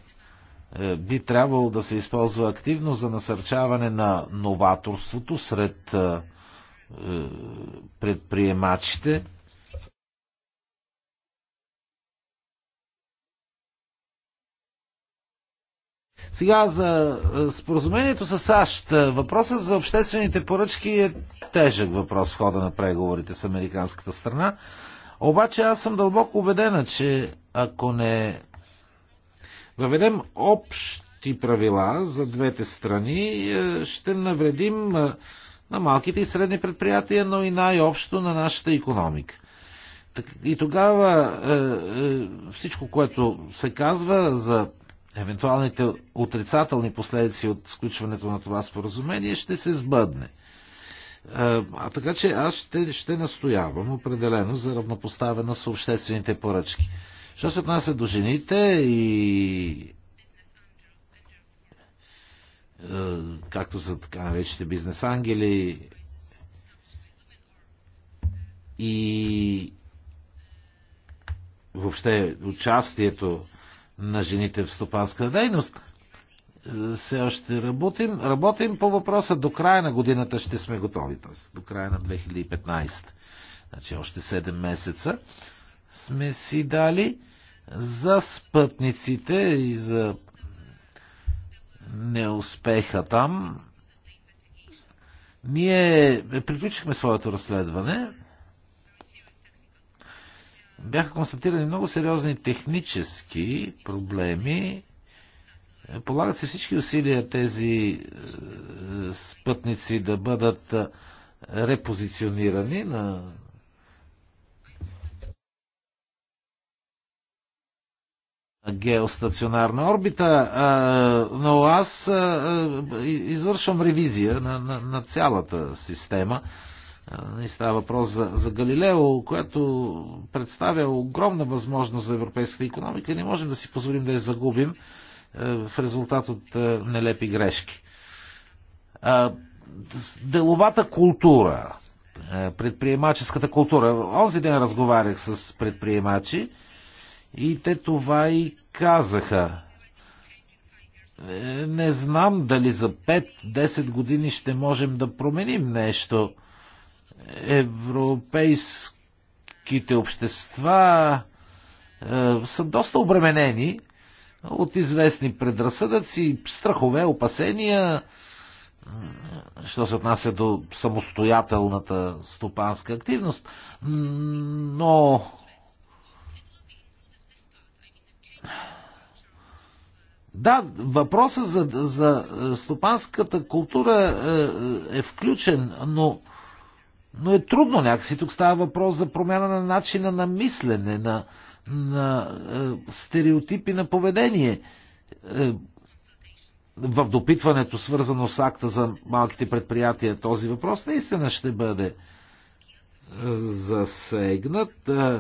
е, би трябвало да се използва активно за насърчаване на новаторството сред е, е, предприемачите, Сега за е, споразумението с САЩ. Е, въпросът за обществените поръчки е тежък въпрос в хода на преговорите с американската страна. Обаче аз съм дълбоко убедена, че ако не въведем общи правила за двете страни, е, ще навредим на малките и средни предприятия, но и най-общо на нашата економика. И тогава всичко, което се казва за евентуалните отрицателни последици от сключването на това споразумение ще се сбъдне. А така че аз ще, ще настоявам определено за равнопоставена с обществените поръчки. Що се отнася до жените и е, както за така наречените бизнес ангели и въобще участието на жените в стопанска дейност. Все още работим. Работим по въпроса. До края на годината ще сме готови. Т.е. до края на 2015. Значи още 7 месеца сме си дали за спътниците и за неуспеха там. Ние приключихме своето разследване бяха констатирани много сериозни технически проблеми. Полагат се всички усилия тези е, спътници да бъдат е, репозиционирани на геостационарна орбита, е, но аз извършвам ревизия на, на, на цялата система не става въпрос за, за Галилео, което представя огромна възможност за европейската економика. Не можем да си позволим да я загубим е, в резултат от е, нелепи грешки. Деловата култура, е, предприемаческата култура. Онзи ден разговарях с предприемачи и те това и казаха. Не знам дали за 5-10 години ще можем да променим нещо европейските общества е, са доста обременени от известни предразсъдъци, страхове, опасения, що се отнася до самостоятелната стопанска активност, но Да, въпросът за, за стопанската култура е, е, е включен, но но е трудно някакси. Тук става въпрос за промяна на начина на мислене, на, на е, стереотипи на поведение. Е, в допитването, свързано с акта за малките предприятия, този въпрос наистина ще бъде е, засегнат, е,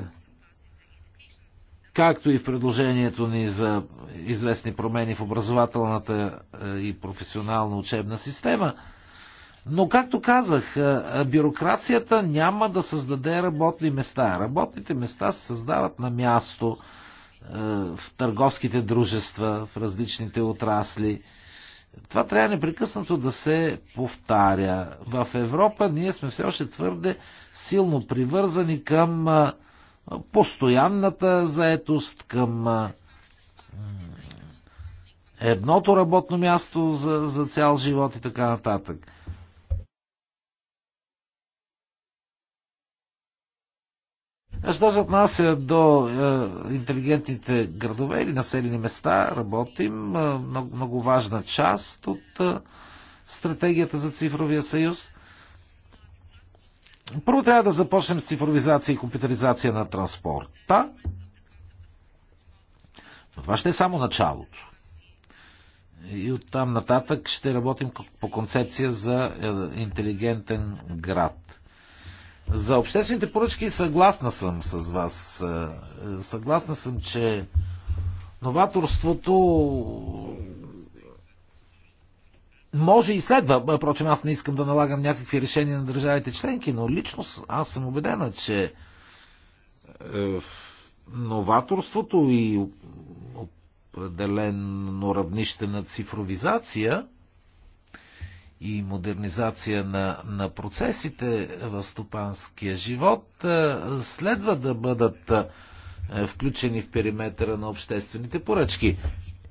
както и в предложението ни за известни промени в образователната е, и професионална учебна система – но, както казах, е, е, бюрокрацията няма да създаде работни места. Работните места се създават на място е, в търговските дружества, в различните отрасли. Това трябва непрекъснато да се повтаря. В Европа ние сме все още твърде силно привързани към постоянната заетост, към едното работно място за, за цял живот и така нататък. А що се отнася до е, интелигентните градове или населени места, работим. Е, много, много важна част от е, стратегията за цифровия съюз. Първо трябва да започнем с цифровизация и компютъризация на транспорта. Но това ще е само началото. И оттам нататък ще работим по концепция за е, интелигентен град. За обществените поръчки съгласна съм с вас. Е, съгласна съм, че новаторството може и следва. Впрочем, аз не искам да налагам някакви решения на държавите членки, но лично аз съм убедена, че е, новаторството и определено равнище на цифровизация – и модернизация на, на процесите в стопанския живот следва да бъдат включени в периметъра на обществените поръчки.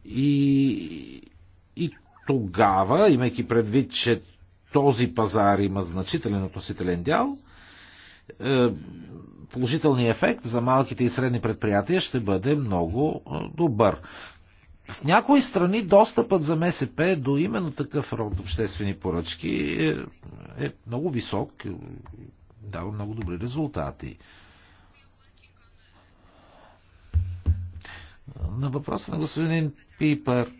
И, и тогава, имайки предвид, че този пазар има значителен относителен дял, е, положителният ефект за малките и средни предприятия ще бъде много добър. В някои страни достъпът за МСП до именно такъв род обществени поръчки е, е много висок, и дава много добри резултати. На въпроса на господин Пипер.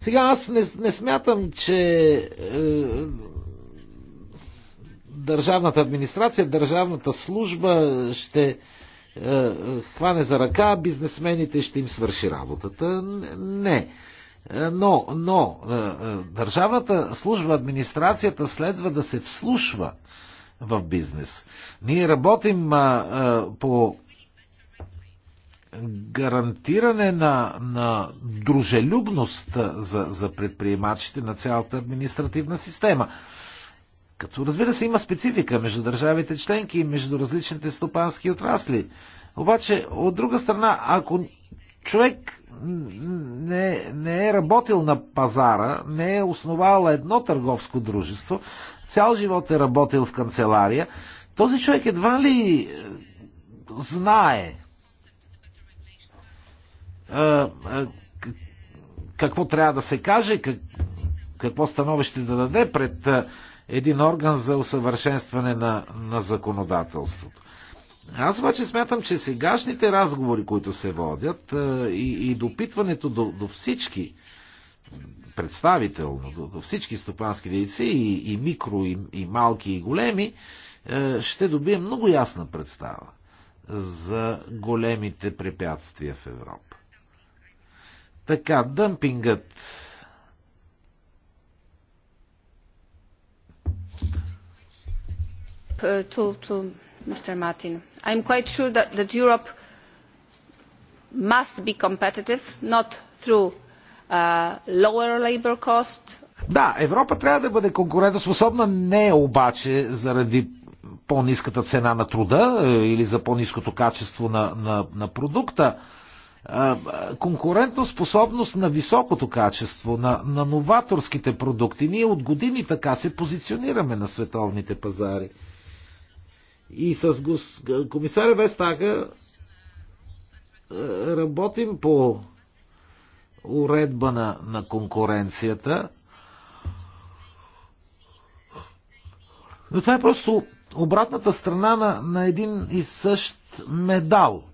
Сега аз не, не смятам, че е, държавната администрация, държавната служба ще е, хване за ръка, бизнесмените ще им свърши работата. Не. Е, но, но е, е, държавната служба, администрацията следва да се вслушва в бизнес. Ние работим е, е по гарантиране на, на дружелюбност за, за предприемачите на цялата административна система. Като разбира се има специфика между държавите членки и между различните стопански отрасли. Обаче, от друга страна, ако човек не, не е работил на пазара, не е основал едно търговско дружество, цял живот е работил в канцелария, този човек едва ли е, знае какво трябва да се каже, какво становище да даде пред един орган за усъвършенстване на, на законодателството. Аз обаче смятам, че сегашните разговори, които се водят и, и допитването до, до всички представително, до, до всички стопански дейци, и, и микро, и, и малки, и големи, ще добие много ясна представа за големите препятствия в Европа. Така, дъмпингът. Uh, to, to Mr. Martin. I'm quite sure that, that Europe must be competitive, not through uh, lower labor cost. Да, Европа трябва да бъде конкурентоспособна, не обаче заради по-низката цена на труда е, или за по-низкото качество на, на, на продукта конкурентоспособност на високото качество, на, на новаторските продукти. Ние от години така се позиционираме на световните пазари. И с гос... комисаря Вестага работим по уредба на, на конкуренцията. Но това е просто обратната страна на, на един и същ медал –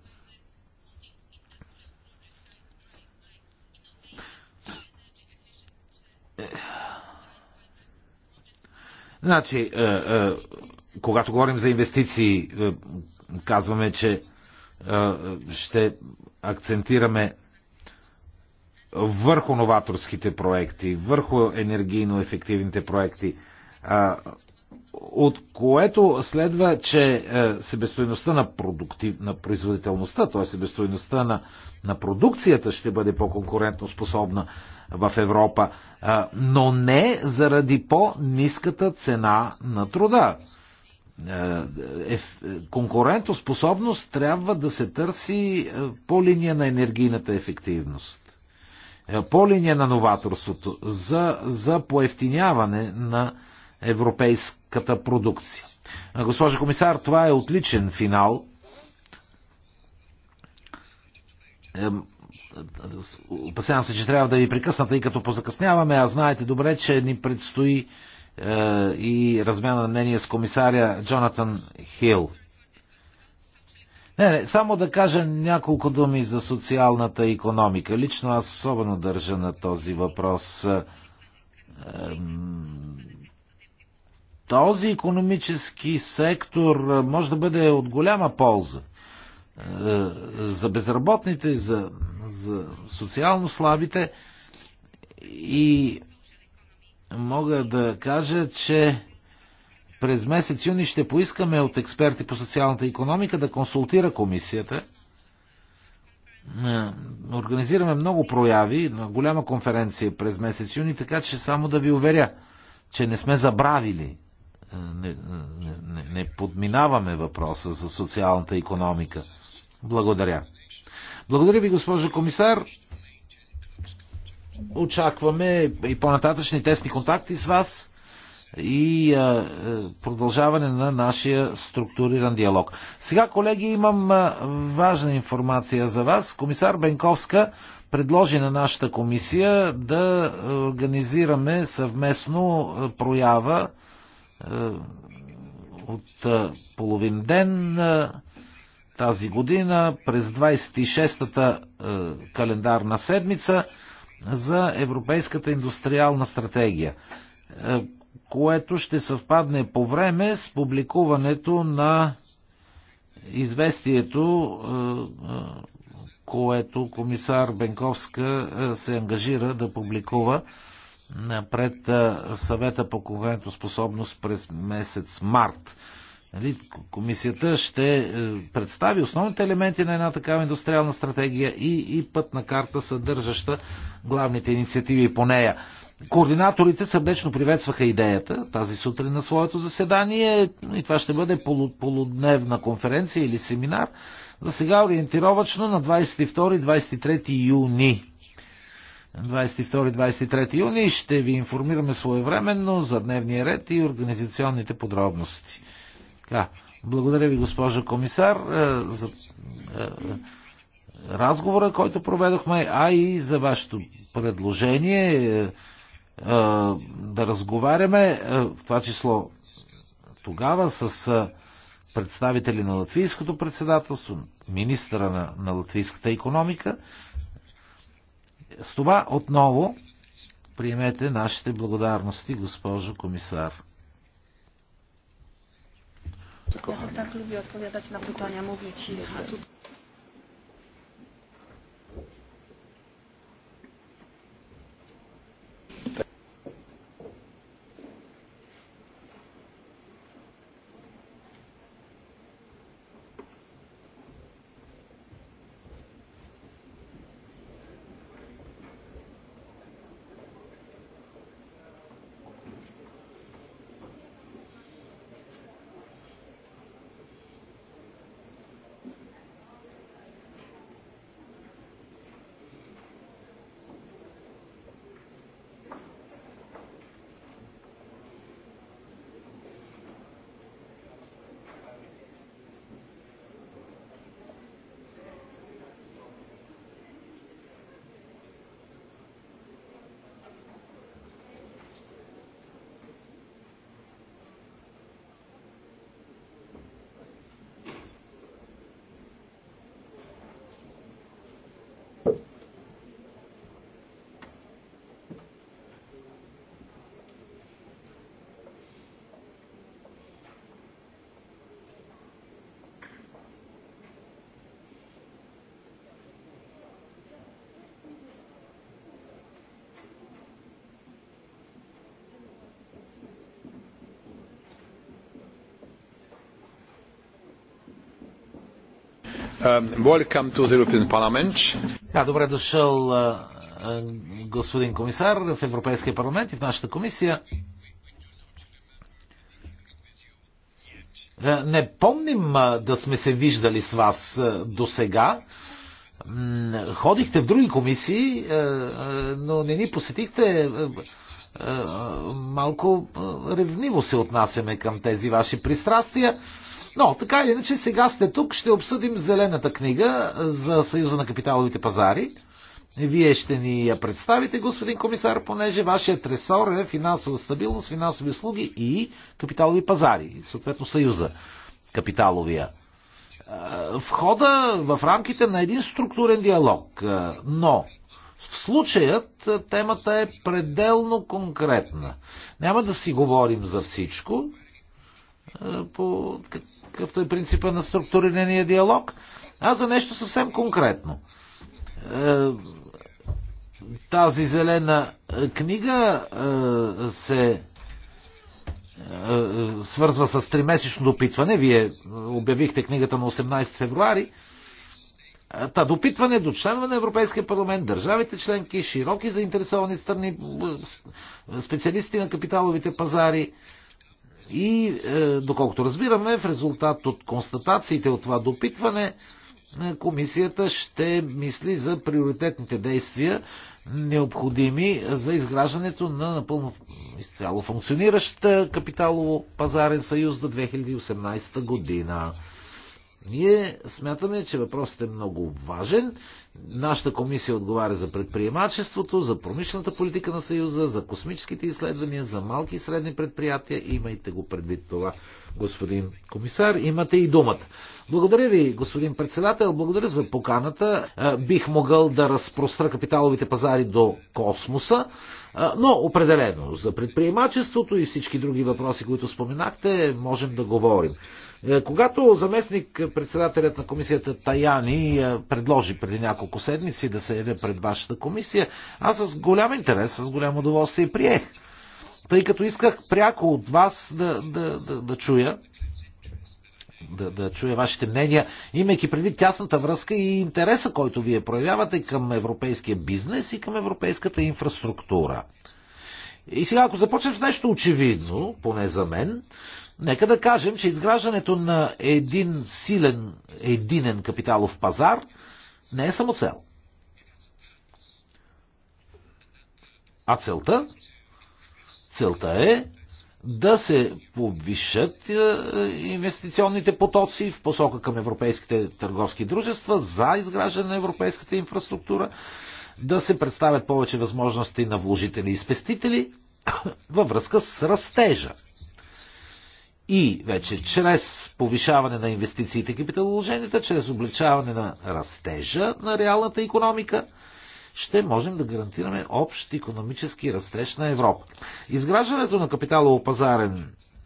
Значи, е, е, когато говорим за инвестиции, е, казваме, че е, ще акцентираме върху новаторските проекти, върху енергийно ефективните проекти, е, от което следва, че е, себестоиността на, продуктив, на производителността, т.е. себестоиността на, на продукцията ще бъде по-конкурентно способна в Европа, но не заради по-низката цена на труда. Е, е, конкурентоспособност трябва да се търси по линия на енергийната ефективност по линия на новаторството, за, за поевтиняване на европейската продукция. Госпожа комисар, това е отличен финал. Опасявам се, че трябва да ви прекъсна, тъй като позакъсняваме, а знаете добре, че ни предстои е, и размяна на мнение с комисаря Джонатан Хил. Не, не, само да кажа няколко думи за социалната економика. Лично аз особено държа на този въпрос. Този економически сектор е, може да бъде от голяма полза е, за безработните, за, за социално слабите и мога да кажа, че през месец юни ще поискаме от експерти по социалната економика да консултира комисията. Е, организираме много прояви, голяма конференция през месец юни, така че само да ви уверя, че не сме забравили, е, не, не, не подминаваме въпроса за социалната економика. Благодаря. Благодаря ви, госпожо комисар. Очакваме и по-нататъчни тесни контакти с вас и а, продължаване на нашия структуриран диалог. Сега, колеги, имам а, важна информация за вас. Комисар Бенковска предложи на нашата комисия да организираме съвместно проява а, от а, половин ден. А, тази година през 26-та е, календарна седмица за Европейската индустриална стратегия, е, което ще съвпадне по време с публикуването на известието, е, е което комисар Бенковска е, се ангажира да публикува е, пред съвета по конкурентоспособност през месец март. Нали, комисията ще е, представи основните елементи на една такава индустриална стратегия и, и пътна карта, съдържаща главните инициативи по нея. Координаторите сърдечно приветстваха идеята тази сутрин на своето заседание и това ще бъде полудневна конференция или семинар. За сега ориентировачно на 22-23 юни. 22-23 юни ще ви информираме своевременно за дневния ред и организационните подробности. Така, благодаря ви, госпожо комисар, е, за е, разговора, който проведохме, а и за вашето предложение е, да разговаряме, в това число тогава с представители на латвийското председателство, министра на, на латвийската економика. С това отново приемете нашите благодарности, госпожо комисар. Tak lubię odpowiadać na pytania, mówię cicho. Um, welcome to the European Parliament. Да, добре дошъл господин комисар в Европейския парламент и в нашата комисия. Е, не помним да сме се виждали с вас до сега. Ходихте в други комисии, но не ни посетихте. Малко ревниво се отнасяме към тези ваши пристрастия. Но, така или иначе, сега сте тук, ще обсъдим зелената книга за Съюза на капиталовите пазари. Вие ще ни я представите, господин комисар, понеже вашият ресор е финансова стабилност, финансови услуги и капиталови пазари, съответно Съюза капиталовия. В хода в рамките на един структурен диалог, но в случаят темата е пределно конкретна. Няма да си говорим за всичко, по какъвто е принципа на структурирания диалог, а за нещо съвсем конкретно. Тази зелена книга се свързва с тримесечно допитване. Вие обявихте книгата на 18 февруари. Та допитване до членове на Европейския парламент, държавите членки, широки заинтересовани страни, специалисти на капиталовите пазари, и, е, доколкото разбираме, в резултат от констатациите от това допитване, е, комисията ще мисли за приоритетните действия, необходими за изграждането на напълно изцяло функциониращ е, капиталово-пазарен съюз до 2018 година. Ние смятаме, че въпросът е много важен Нашата комисия отговаря за предприемачеството, за промишлената политика на Съюза, за космическите изследвания, за малки и средни предприятия. Имайте го предвид това, господин комисар. Имате и думата. Благодаря ви, господин председател. Благодаря за поканата. Бих могъл да разпростра капиталовите пазари до космоса, но определено за предприемачеството и всички други въпроси, които споменахте, можем да говорим. Когато заместник председателят на комисията Таяни предложи преди няколко няколко седмици да се явя пред вашата комисия, аз с голям интерес, с голямо удоволствие приех. Тъй като исках пряко от вас да, да, да, да чуя да, да чуя вашите мнения, имайки предвид тясната връзка и интереса, който вие проявявате към европейския бизнес и към европейската инфраструктура. И сега, ако започнем с нещо очевидно, поне за мен, нека да кажем, че изграждането на един силен, единен капиталов пазар – не е само цел. А целта? Целта е да се повишат е, е, инвестиционните потоци в посока към европейските търговски дружества за изграждане на европейската инфраструктура, да се представят повече възможности на вложители и спестители във връзка с растежа и вече чрез повишаване на инвестициите и капиталоложенията, чрез обличаване на растежа на реалната економика, ще можем да гарантираме общ економически растеж на Европа. Изграждането на капиталово-пазарен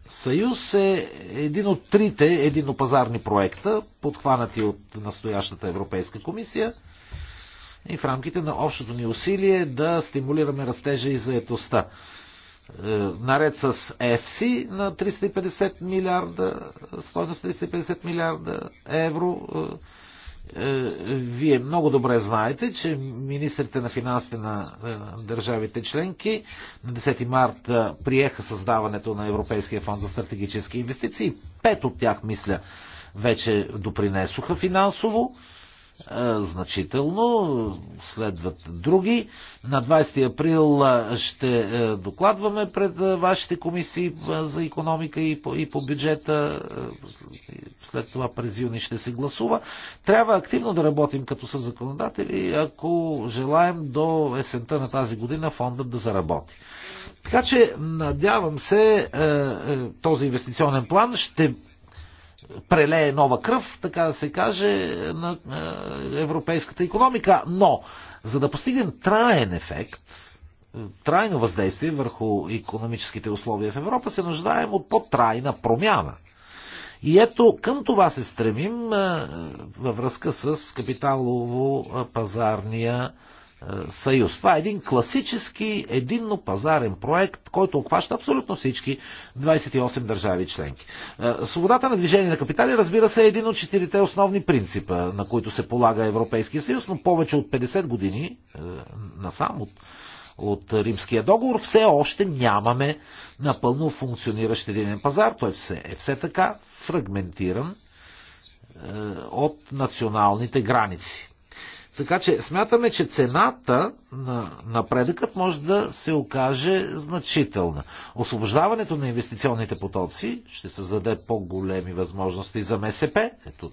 съюз е един от трите единопазарни проекта, подхванати от настоящата Европейска комисия и в рамките на общото ни усилие е да стимулираме растежа и заетостта. Е, наред с FC на 350 милиарда, стойност 350 милиарда евро. Е, е, вие много добре знаете, че министрите на финансите на държавите членки на 10 март приеха създаването на Европейския фонд за стратегически инвестиции. Пет от тях, мисля, вече допринесоха финансово. Е, значително, следват други. На 20 април е, ще е, докладваме пред вашите комисии за економика и по, и по бюджета, след това през юни ще се гласува. Трябва активно да работим като са законодатели, ако желаем до есента на тази година фондът да заработи. Така че надявам се този инвестиционен план ще прелее нова кръв, така да се каже, на е, европейската економика. Но, за да постигнем траен ефект, трайно въздействие върху економическите условия в Европа, се нуждаем от по-трайна промяна. И ето към това се стремим е, във връзка с капиталово-пазарния е, съюз. Това е един класически единно пазарен проект, който обхваща абсолютно всички 28 държави членки. Е, свободата на движение на капитали, разбира се, е един от четирите основни принципа, на които се полага Европейския съюз, но повече от 50 години е, насам от от Римския договор, все още нямаме напълно функциониращ единен пазар. Той все, е все така фрагментиран е, от националните граници. Така че смятаме, че цената на напредъкът може да се окаже значителна. Освобождаването на инвестиционните потоци ще създаде по-големи възможности за МСП. Ето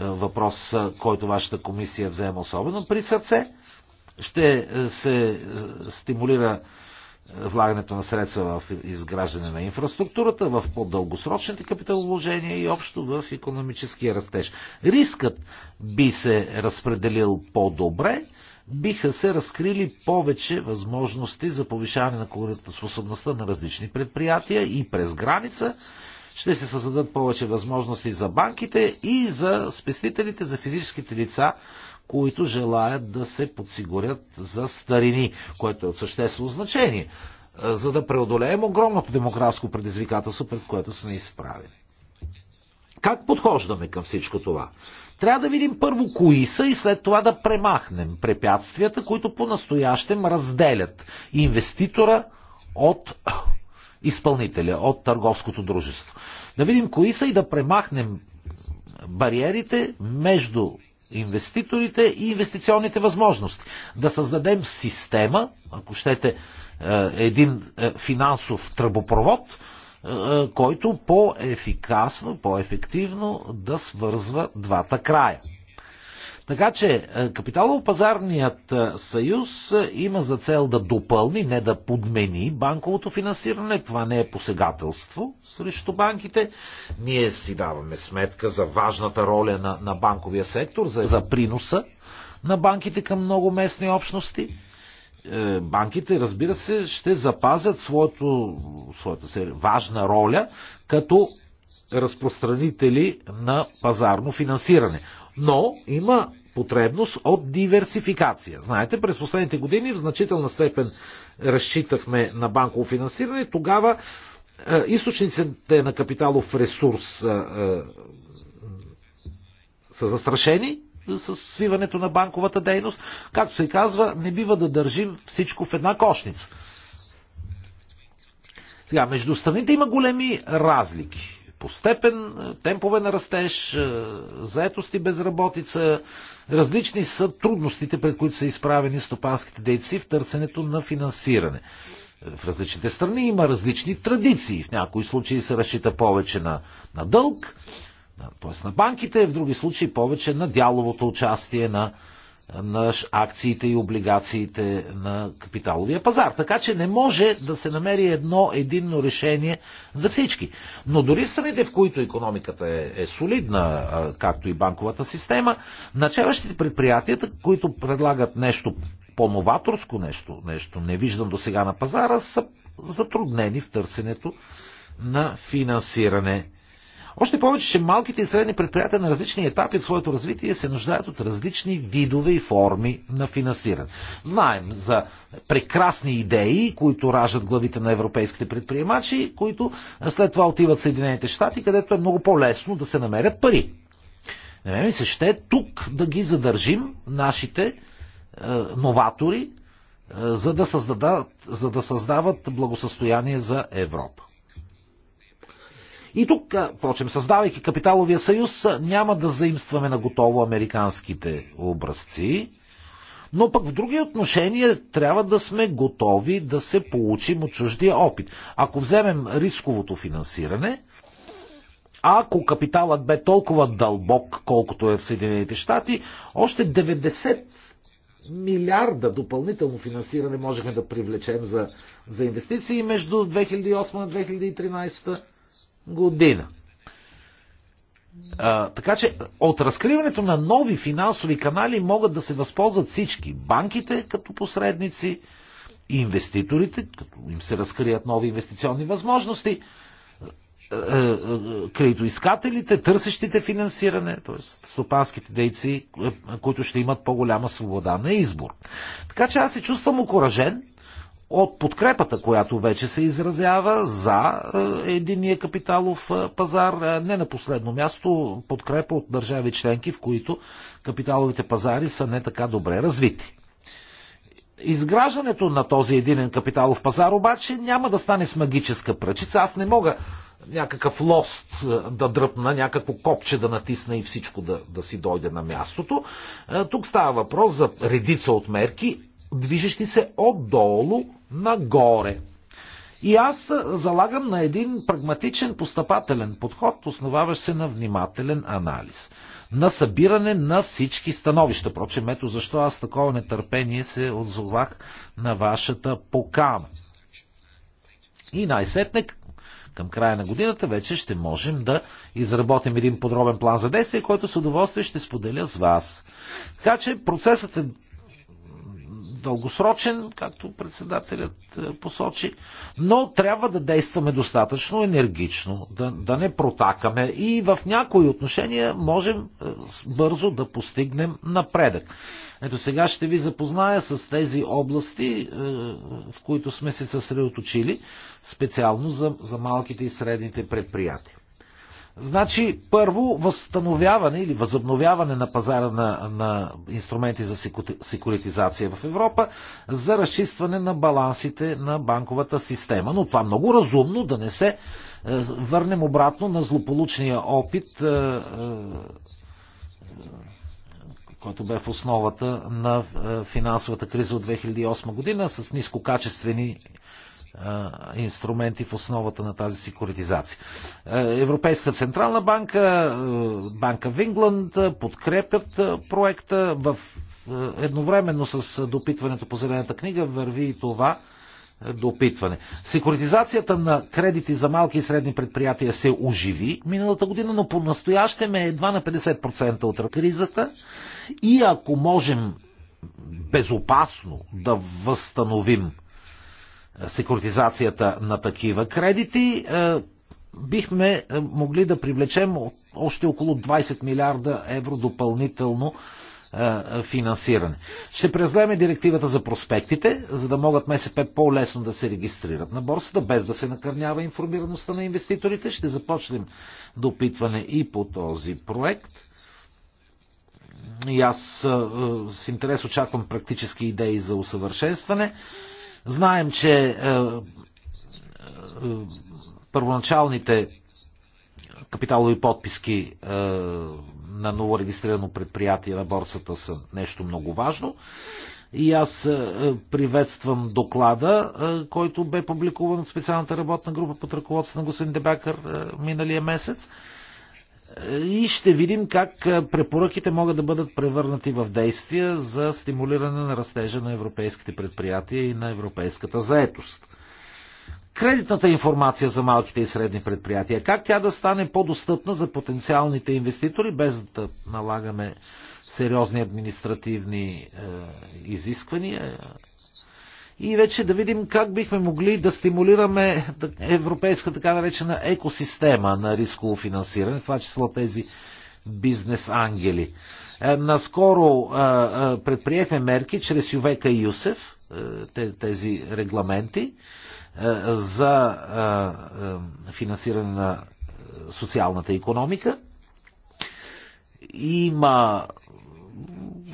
е, въпрос, е, който вашата комисия взема особено при сърце. Ще е, се стимулира влагането на средства в изграждане на инфраструктурата, в по-дългосрочните капиталовложения и общо в економическия растеж. Рискът би се разпределил по-добре, биха се разкрили повече възможности за повишаване на конкурентоспособността на различни предприятия и през граница ще се създадат повече възможности за банките и за спестителите, за физическите лица които желаят да се подсигурят за старини, което е от съществено значение, е, за да преодолеем огромното демографско предизвикателство, пред което сме изправени. Как подхождаме към всичко това? Трябва да видим първо кои са и след това да премахнем препятствията, които по-настоящем разделят инвеститора от изпълнителя, от търговското дружество. Да видим кои са и да премахнем бариерите между инвеститорите и инвестиционните възможности. Да създадем система, ако щете, е, един е, финансов тръбопровод, е, който по-ефикасно, по-ефективно да свързва двата края. Така че е, капиталово-пазарният е, съюз е, има за цел да допълни, не да подмени банковото финансиране. Това не е посегателство срещу банките. Ние си даваме сметка за важната роля на, на банковия сектор, за, за приноса на банките към много местни общности банките, разбира се, ще запазят своето, своята важна роля като разпространители на пазарно финансиране но има потребност от диверсификация. Знаете, през последните години в значителна степен разчитахме на банково финансиране. Тогава е, източниците на капиталов ресурс е, е, са застрашени с свиването на банковата дейност. Както се казва, не бива да държим всичко в една кошница. Сега, между страните има големи разлики постепен, темпове на растеж, е, заетост и безработица. Различни са трудностите, пред които са изправени стопанските дейци в търсенето на финансиране. В различните страни има различни традиции. В някои случаи се разчита повече на, на дълг, т.е. на банките, в други случаи повече на дяловото участие на на акциите и облигациите на капиталовия пазар. Така че не може да се намери едно единно решение за всички. Но дори в страните, в които економиката е, е солидна, както и банковата система, начаващите предприятията, които предлагат нещо по-новаторско, нещо, нещо виждам до сега на пазара, са затруднени в търсенето на финансиране. Още повече, че малките и средни предприятия на различни етапи от своето развитие се нуждаят от различни видове и форми на финансиране. Знаем за прекрасни идеи, които ражат главите на европейските предприемачи, които след това отиват в Съединените щати, където е много по-лесно да се намерят пари. Не ми се ще е тук да ги задържим, нашите е, новатори, е, за, да създадат, за да създават благосъстояние за Европа. И тук, впрочем, създавайки капиталовия съюз, няма да заимстваме на готово американските образци, но пък в други отношения трябва да сме готови да се получим от чуждия опит. Ако вземем рисковото финансиране, ако капиталът бе толкова дълбок, колкото е в Съединените щати, още 90 милиарда допълнително финансиране можехме да привлечем за, за инвестиции между 2008 и 2013 година. А, така че от разкриването на нови финансови канали могат да се възползват всички. Банките като посредници, инвеститорите, като им се разкрият нови инвестиционни възможности, е, е, е, кредитоискателите, търсещите финансиране, т.е. стопанските дейци, които ще имат по-голяма свобода на избор. Така че аз се чувствам окоръжен от подкрепата, която вече се изразява за е, единия капиталов е, пазар, е, не на последно място подкрепа от държави членки, в които капиталовите пазари са не така добре развити. Изграждането на този единен капиталов пазар обаче няма да стане с магическа пръчица. Аз не мога някакъв лост да дръпна, някакво копче да натисна и всичко да, да си дойде на мястото. Тук става въпрос за редица от мерки, движещи се отдолу нагоре. И аз залагам на един прагматичен постъпателен подход, основаващ се на внимателен анализ, на събиране на всички становища. Впрочем, ето защо аз такова нетърпение се отзовах на вашата покана. И най-сетне към края на годината вече ще можем да изработим един подробен план за действие, който с удоволствие ще споделя с вас. Така че процесът е дългосрочен, както председателят е, посочи, но трябва да действаме достатъчно енергично, да, да не протакаме и в някои отношения можем е, бързо да постигнем напредък. Ето сега ще ви запозная с тези области, е, в които сме се съсредоточили, специално за, за малките и средните предприятия. Значи, първо, възстановяване или възобновяване на пазара на, на инструменти за секуритизация в Европа за разчистване на балансите на банковата система. Но това е много разумно да не се е, върнем обратно на злополучния опит, е, който бе в основата на финансовата криза от 2008 година с нискокачествени инструменти в основата на тази секуритизация. Е, Европейска централна банка, е, банка в Ингланд е, подкрепят проекта. В, едновременно с допитването по зелената книга върви и това допитване. Секуритизацията на кредити за малки и средни предприятия се оживи миналата година, но по-настоящем е едва на 50% от кризата и ако можем безопасно да възстановим секуритизацията на такива кредити, е, бихме е, могли да привлечем още около 20 милиарда евро допълнително е, финансиране. Ще презлеме директивата за проспектите, за да могат МСП по-лесно да се регистрират на борсата, без да се накърнява информираността на инвеститорите. Ще започнем допитване и по този проект. И аз с интерес очаквам практически идеи за усъвършенстване. Знаем, че е, е, първоначалните капиталови подписки е, на новорегистрирано предприятие на борсата са нещо много важно. И аз е, е, приветствам доклада, е, който бе публикуван от специалната работна група под ръководство на господин Дебакър миналия месец и ще видим как препоръките могат да бъдат превърнати в действия за стимулиране на растежа на европейските предприятия и на европейската заетост. Кредитната информация за малките и средни предприятия. Как тя да стане по-достъпна за потенциалните инвеститори, без да налагаме сериозни административни е, изисквания? и вече да видим как бихме могли да стимулираме европейска така наречена екосистема на рисково финансиране, това число тези бизнес ангели. Е, наскоро е, е, предприехме мерки чрез Ювека и Юсеф, тези регламенти, за финансиране на социалната економика. Има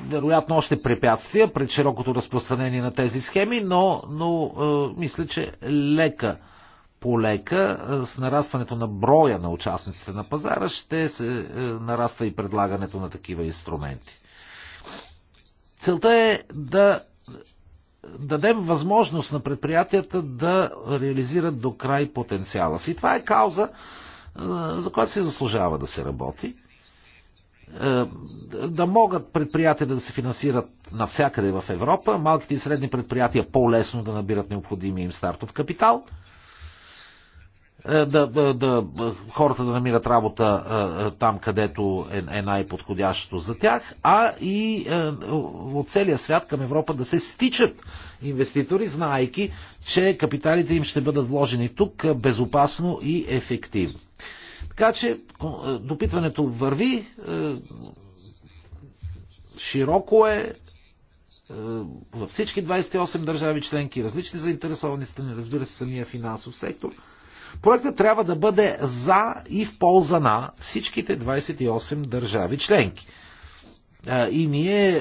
вероятно още препятствия пред широкото разпространение на тези схеми, но, но е, мисля, че лека по лека е, с нарастването на броя на участниците на пазара ще се е, нараства и предлагането на такива инструменти. Целта е да дадем възможност на предприятията да реализират до край потенциала си. Това е кауза, е, за която се заслужава да се работи. Е, да могат предприятията да се финансират навсякъде в Европа, малките и средни предприятия по-лесно да набират необходимия им стартов капитал, е, да, да, да, хората да намират работа е, там, където е, е най-подходящо за тях, а и от целия свят към Европа да се стичат инвеститори, знаейки, че капиталите им ще бъдат вложени тук безопасно и ефективно. Така че е, допитването върви, е, широко е, е, във всички 28 държави членки, различни заинтересовани страни, разбира се, самия финансов сектор. Проектът трябва да бъде за и в полза на всичките 28 държави членки. И ние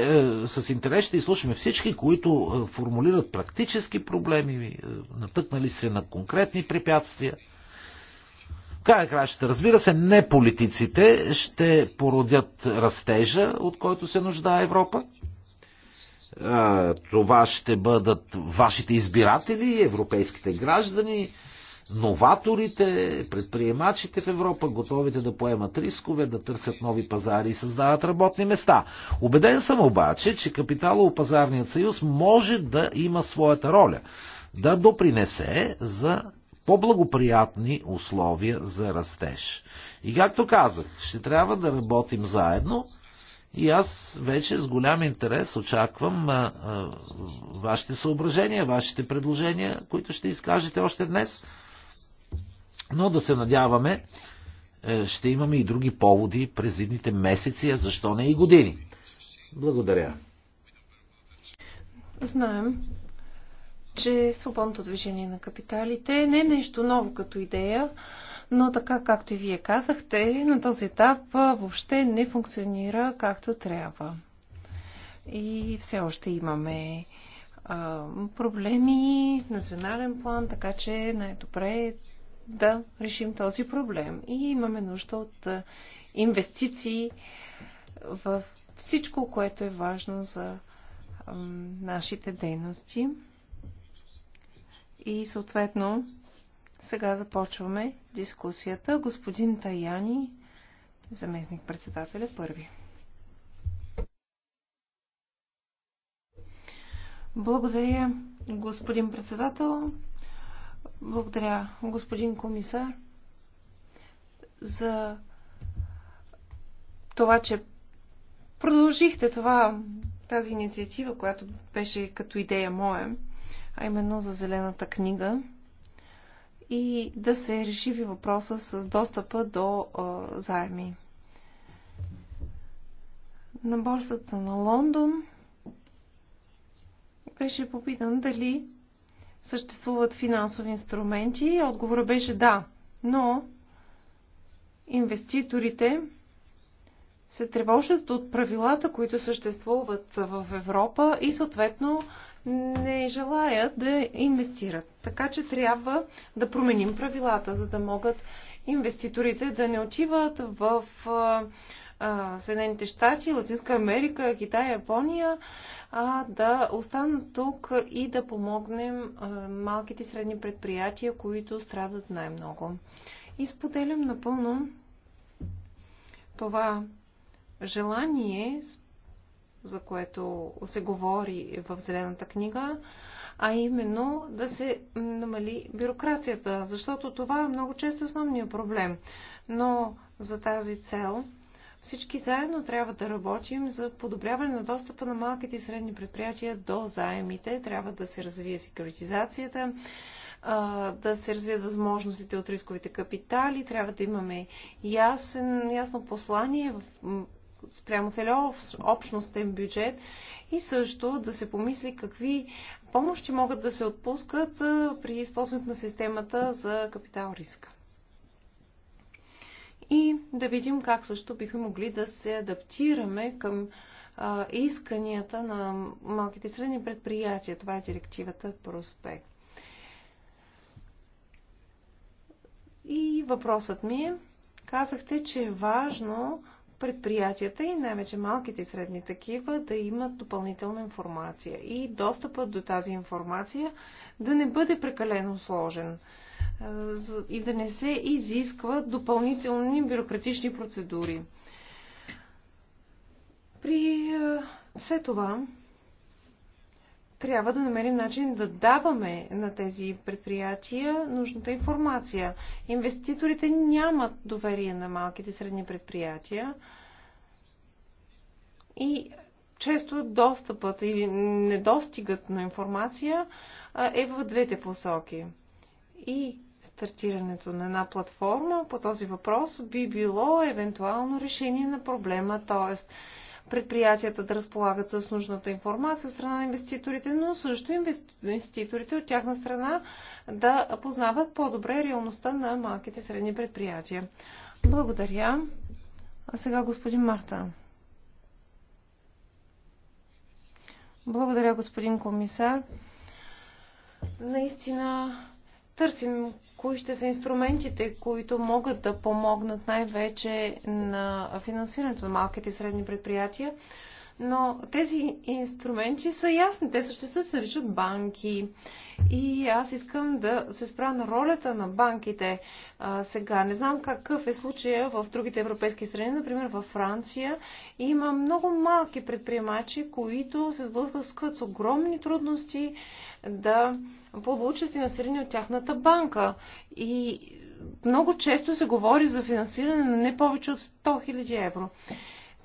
с интерес ще изслушаме всички, които формулират практически проблеми, натъкнали се на конкретни препятствия – Края кращата, разбира се, не политиците ще породят растежа, от който се нуждае Европа. Това ще бъдат вашите избиратели, европейските граждани, новаторите, предприемачите в Европа, готовите да поемат рискове, да търсят нови пазари и създават работни места. Обеден съм обаче, че капиталово-пазарният съюз може да има своята роля да допринесе за по-благоприятни условия за растеж. И както казах, ще трябва да работим заедно и аз вече с голям интерес очаквам а, а, вашите съображения, вашите предложения, които ще изкажете още днес. Но да се надяваме, е, ще имаме и други поводи през едните месеци, а защо не и години. Благодаря. Знаем, че свободното движение на капиталите не е нещо ново като идея, но така както и вие казахте, на този етап въобще не функционира както трябва. И все още имаме а, проблеми национален план, така че най-добре е да решим този проблем. И имаме нужда от инвестиции в всичко, което е важно за нашите дейности. И съответно, сега започваме дискусията. Господин Таяни, заместник председателя, първи. Благодаря, господин председател. Благодаря, господин комисар, за това, че продължихте това, тази инициатива, която беше като идея моя а именно за Зелената книга и да се реши ви въпроса с достъпа до а, заеми. На борсата на Лондон беше попитан дали съществуват финансови инструменти. Отговорът беше да, но инвеститорите се тревожат от правилата, които съществуват в Европа и съответно не желаят да инвестират. Така че трябва да променим правилата, за да могат инвеститорите да не отиват в Съединените щати, Латинска Америка, Китай, Япония, а да останат тук и да помогнем малките и средни предприятия, които страдат най-много. И споделям напълно това желание, за което се говори в Зелената книга, а именно да се намали бюрокрацията, защото това е много често основният проблем. Но за тази цел всички заедно трябва да работим за подобряване на достъпа на малките и средни предприятия до заемите. Трябва да се развие секюритизацията, да се развият възможностите от рисковите капитали. Трябва да имаме ясен, ясно послание в спрямо целия общностен бюджет и също да се помисли какви помощи могат да се отпускат при използването на системата за капитал риска. И да видим как също бихме могли да се адаптираме към исканията на малките и средни предприятия. Това е директивата Проспект. И въпросът ми е, казахте, че е важно предприятията и най-вече малките и средни такива да имат допълнителна информация и достъпът до тази информация да не бъде прекалено сложен и да не се изискват допълнителни бюрократични процедури. При все това, трябва да намерим начин да даваме на тези предприятия нужната информация. Инвеститорите нямат доверие на малките и средни предприятия и често достъпът или недостигът на информация е в двете посоки. И стартирането на една платформа по този въпрос би било евентуално решение на проблема, т.е предприятията да разполагат с нужната информация от страна на инвеститорите, но също инвеститорите от тяхна страна да познават по-добре реалността на малките и средни предприятия. Благодаря. А сега господин Марта. Благодаря, господин комисар. Наистина търсим кои ще са инструментите, които могат да помогнат най-вече на финансирането на малките и средни предприятия. Но тези инструменти са ясни. Те съществуват, се наричат банки. И аз искам да се спра на ролята на банките а, сега. Не знам какъв е случая в другите европейски страни. Например, във Франция има много малки предприемачи, които се сблъскват с огромни трудности да получат финансиране от тяхната банка. И много често се говори за финансиране на не повече от 100 000 евро.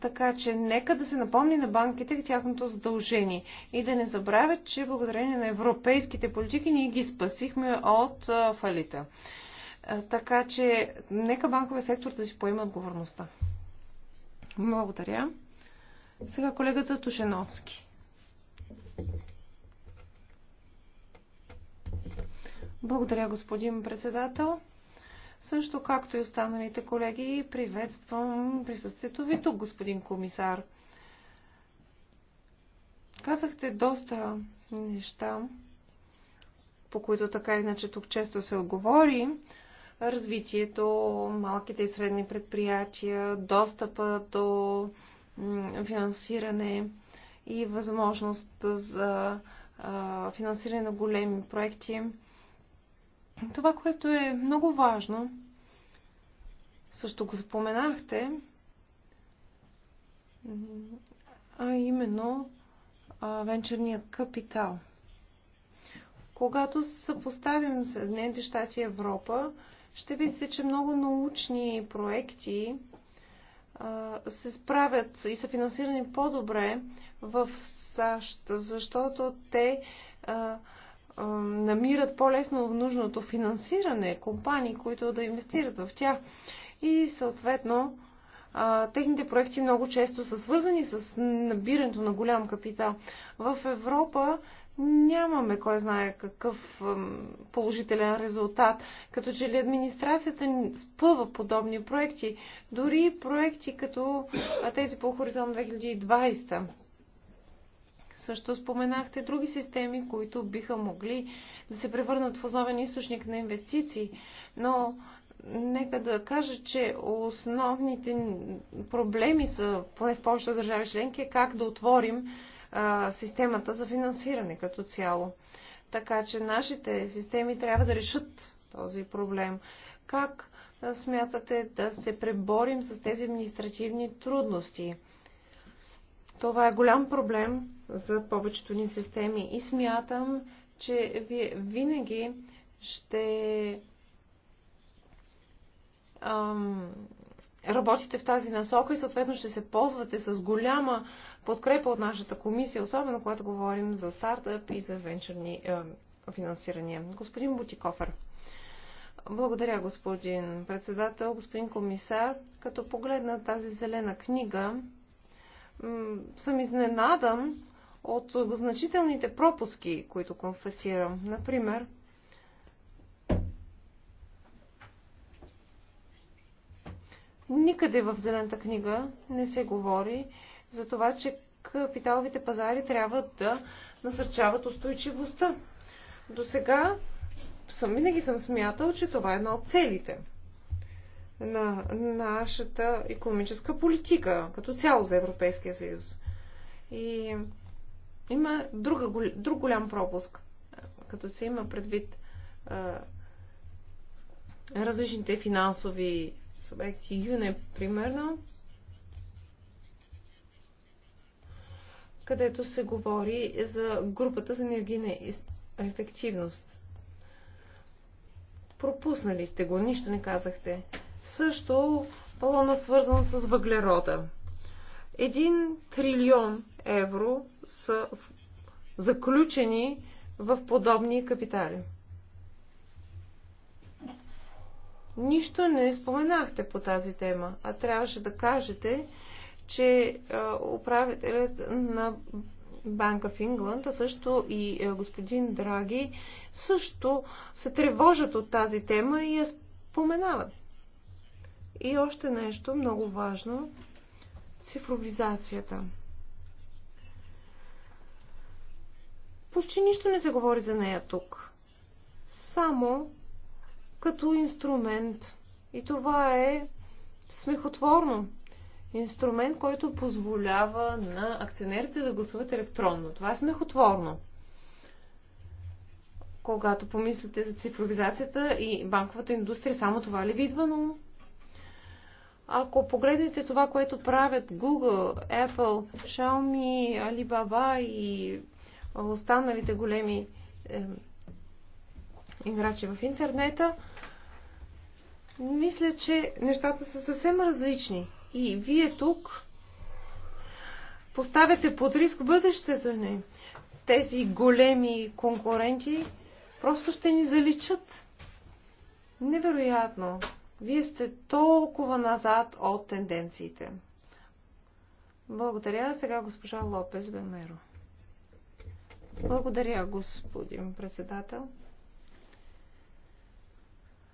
Така че нека да се напомни на банките тяхното задължение и да не забравят, че благодарение на европейските политики ние ги спасихме от фалита. Така че нека банковия сектор да си поема отговорността. Благодаря. Сега колегата Тушеновски. Благодаря, господин председател. Също както и останалите колеги, приветствам присъствието ви тук, господин комисар. Казахте доста неща, по които така иначе тук често се отговори. Развитието, малките и средни предприятия, достъпа до финансиране и възможност за финансиране на големи проекти. Това, което е много важно, също го споменахте, а именно а, венчерният капитал. Когато съпоставим Съединените щати и Европа, ще видите, че много научни проекти а, се справят и са финансирани по-добре в САЩ, защото те а, намират по-лесно в нужното финансиране, компании, които да инвестират в тях. И съответно, техните проекти много често са свързани с набирането на голям капитал. В Европа нямаме кой знае какъв положителен резултат, като че ли администрацията ни спъва подобни проекти, дори проекти като тези по Хоризонт 2020. Също споменахте други системи, които биха могли да се превърнат в основен източник на инвестиции, но нека да кажа, че основните проблеми са, поне в повечето държави членки, е как да отворим а, системата за финансиране като цяло. Така че нашите системи трябва да решат този проблем. Как смятате да се преборим с тези административни трудности? Това е голям проблем за повечето ни системи. И смятам, че вие винаги ще ам, работите в тази насока и съответно ще се ползвате с голяма подкрепа от нашата комисия, особено когато говорим за стартъп и за венчурни финансирания. Господин Бутикофер. Благодаря, господин председател, господин комисар. Като погледна тази зелена книга, съм изненадан от значителните пропуски, които констатирам. Например, никъде в Зелената книга не се говори за това, че капиталовите пазари трябва да насърчават устойчивостта. До сега съм, винаги съм смятал, че това е една от целите на нашата економическа политика, като цяло за Европейския съюз. И има друга, друг голям пропуск, като се има предвид а, различните финансови субекти, ЮНЕ, примерно, където се говори за групата за енергийна ефективност. Пропуснали сте го, нищо не казахте. Също балона свързан с въглерода. Един трилион евро са заключени в подобни капитали. Нищо не споменахте по тази тема, а трябваше да кажете, че управителят на Банка в Ингланд, а също и господин Драги, също се тревожат от тази тема и я споменават. И още нещо много важно цифровизацията. Почти нищо не се говори за нея тук. Само като инструмент. И това е смехотворно. Инструмент, който позволява на акционерите да гласуват електронно. Това е смехотворно. Когато помислите за цифровизацията и банковата индустрия, само това ли ви идва на ум? Ако погледнете това, което правят Google, Apple, Xiaomi, Alibaba и останалите големи е, играчи в интернета, мисля, че нещата са съвсем различни. И вие тук поставяте под риск бъдещето ни. Тези големи конкуренти просто ще ни заличат. Невероятно. Вие сте толкова назад от тенденциите. Благодаря. Сега госпожа Лопес Бемеро. Благодаря, господин председател.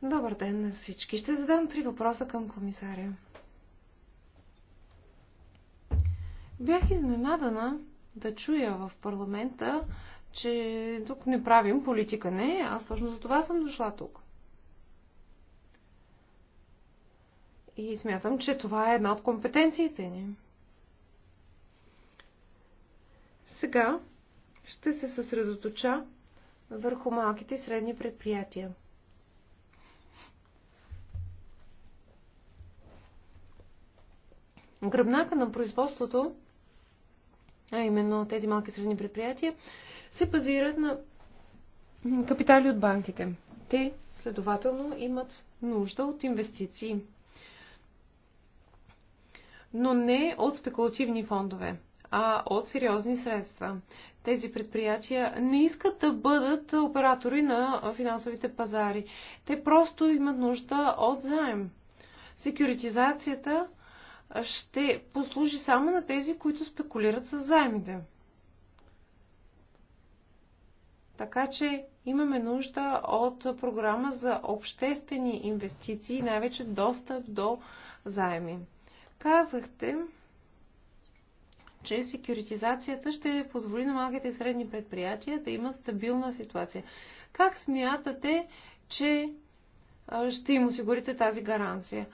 Добър ден на всички. Ще задам три въпроса към комисаря. Бях изненадана да чуя в парламента, че тук не правим политика. Не, аз точно за това съм дошла тук. И смятам, че това е една от компетенциите ни. Сега ще се съсредоточа върху малките и средни предприятия. Гръбнака на производството, а именно тези малки и средни предприятия, се базират на капитали от банките. Те, следователно, имат нужда от инвестиции, но не от спекулативни фондове, а от сериозни средства тези предприятия не искат да бъдат оператори на финансовите пазари. Те просто имат нужда от заем. Секюритизацията ще послужи само на тези, които спекулират с заемите. Така че имаме нужда от програма за обществени инвестиции, най-вече достъп до заеми. Казахте, че секюритизацията ще позволи на малките и средни предприятия да имат стабилна ситуация. Как смятате, че ще им осигурите тази гаранция?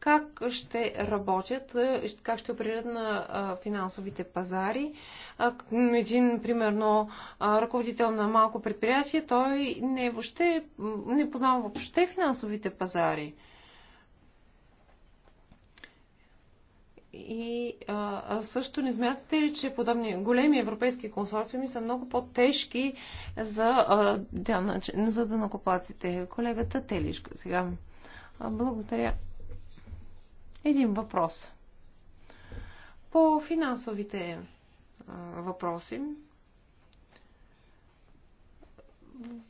Как ще работят, как ще оперират на финансовите пазари? Един, примерно, ръководител на малко предприятие, той не, въобще, не познава въобще финансовите пазари. И а, също не смятате ли, че подобни големи европейски консорциуми са много по-тежки за, а, да, за данакоплаците? Колегата Телишка сега. А, благодаря. Един въпрос. По финансовите а, въпроси.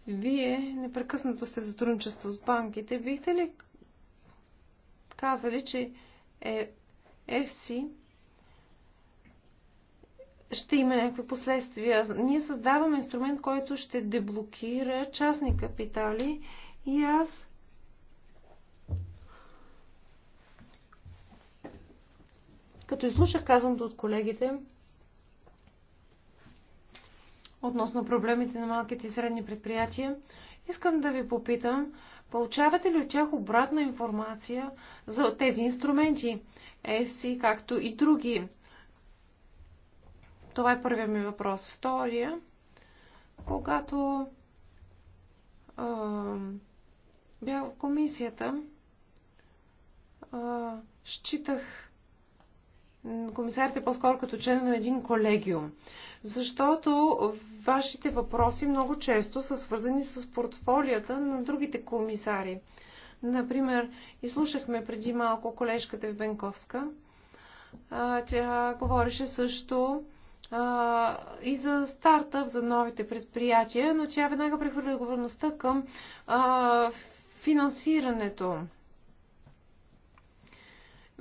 Вие непрекъснато сте сътрудничество с банките. Бихте ли казали, че е FC ще има някакви последствия. Ние създаваме инструмент, който ще деблокира частни капитали и аз като изслушах казаното от колегите относно проблемите на малките и средни предприятия, искам да ви попитам, получавате ли от тях обратна информация за тези инструменти? ЕСИ, както и други. Това е първият ми въпрос. Втория, когато а, бях в комисията, а, считах комисарите по-скоро като член на един колегиум, защото вашите въпроси много често са свързани с портфолията на другите комисари. Например, изслушахме преди малко колежката в Бенковска. Тя говореше също и за стартъп, за новите предприятия, но тя веднага прехвърля отговорността към финансирането.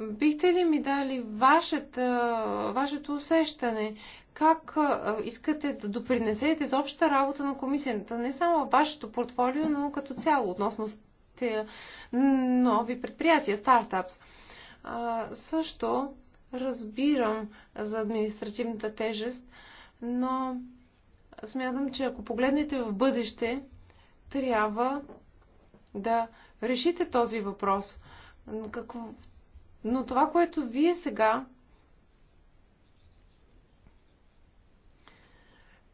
Бихте ли ми дали вашето, вашето усещане? Как искате да допринесете за общата работа на комисията? Не само вашето портфолио, но като цяло, относно те, нови предприятия, стартапс. А, също разбирам за административната тежест, но смятам, че ако погледнете в бъдеще, трябва да решите този въпрос. Какво... Но това, което вие сега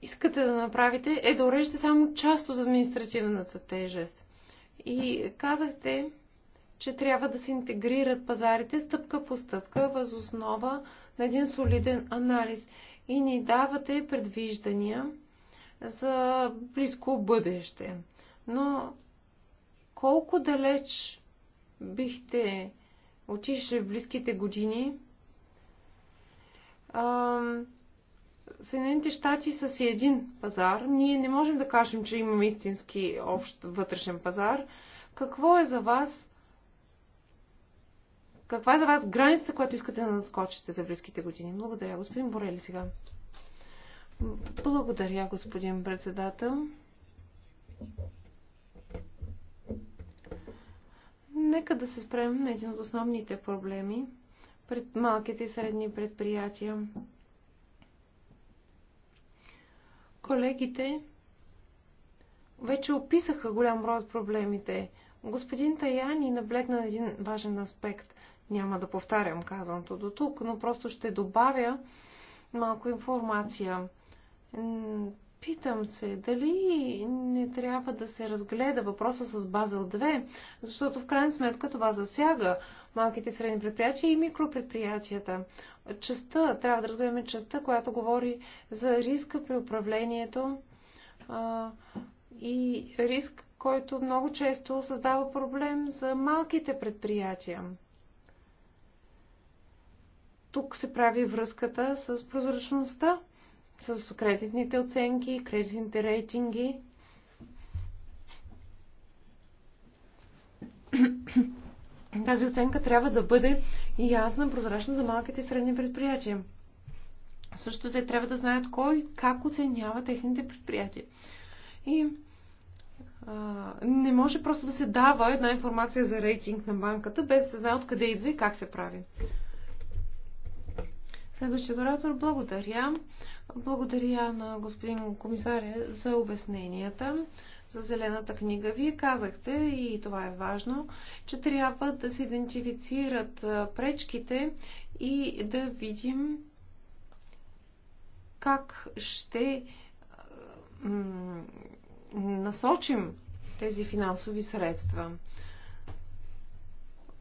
искате да направите, е да уреждате само част от административната тежест. И казахте, че трябва да се интегрират пазарите стъпка по стъпка въз основа на един солиден анализ. И ни давате предвиждания за близко бъдеще. Но колко далеч бихте отишли в близките години? Съединените щати са си един пазар. Ние не можем да кажем, че имаме истински общ вътрешен пазар. Какво е за вас? Каква е за вас границата, която искате да наскочите за близките години? Благодаря, господин Борели, сега. Благодаря, господин председател. Нека да се спрем на един от основните проблеми пред малките и средни предприятия. Колегите вече описаха голям брой от проблемите. Господин Таяни наблегна на един важен аспект. Няма да повтарям казаното до тук, но просто ще добавя малко информация. Питам се, дали не трябва да се разгледа въпроса с Базел 2, защото в крайна сметка това засяга малките и средни предприятия и микропредприятията. Частта, трябва да разгледаме частта, която говори за риска при управлението а, и риск, който много често създава проблем за малките предприятия. Тук се прави връзката с прозрачността, с кредитните оценки, кредитните рейтинги. Тази оценка трябва да бъде ясна, прозрачна за малките и средни предприятия. Също те трябва да знаят кой как оценява техните предприятия. И а, не може просто да се дава една информация за рейтинг на банката, без да се знае откъде идва и как се прави. Следващият оратор благодаря. Благодаря на господин комисаря за обясненията за зелената книга. Вие казахте, и това е важно, че трябва да се идентифицират пречките и да видим как ще насочим тези финансови средства.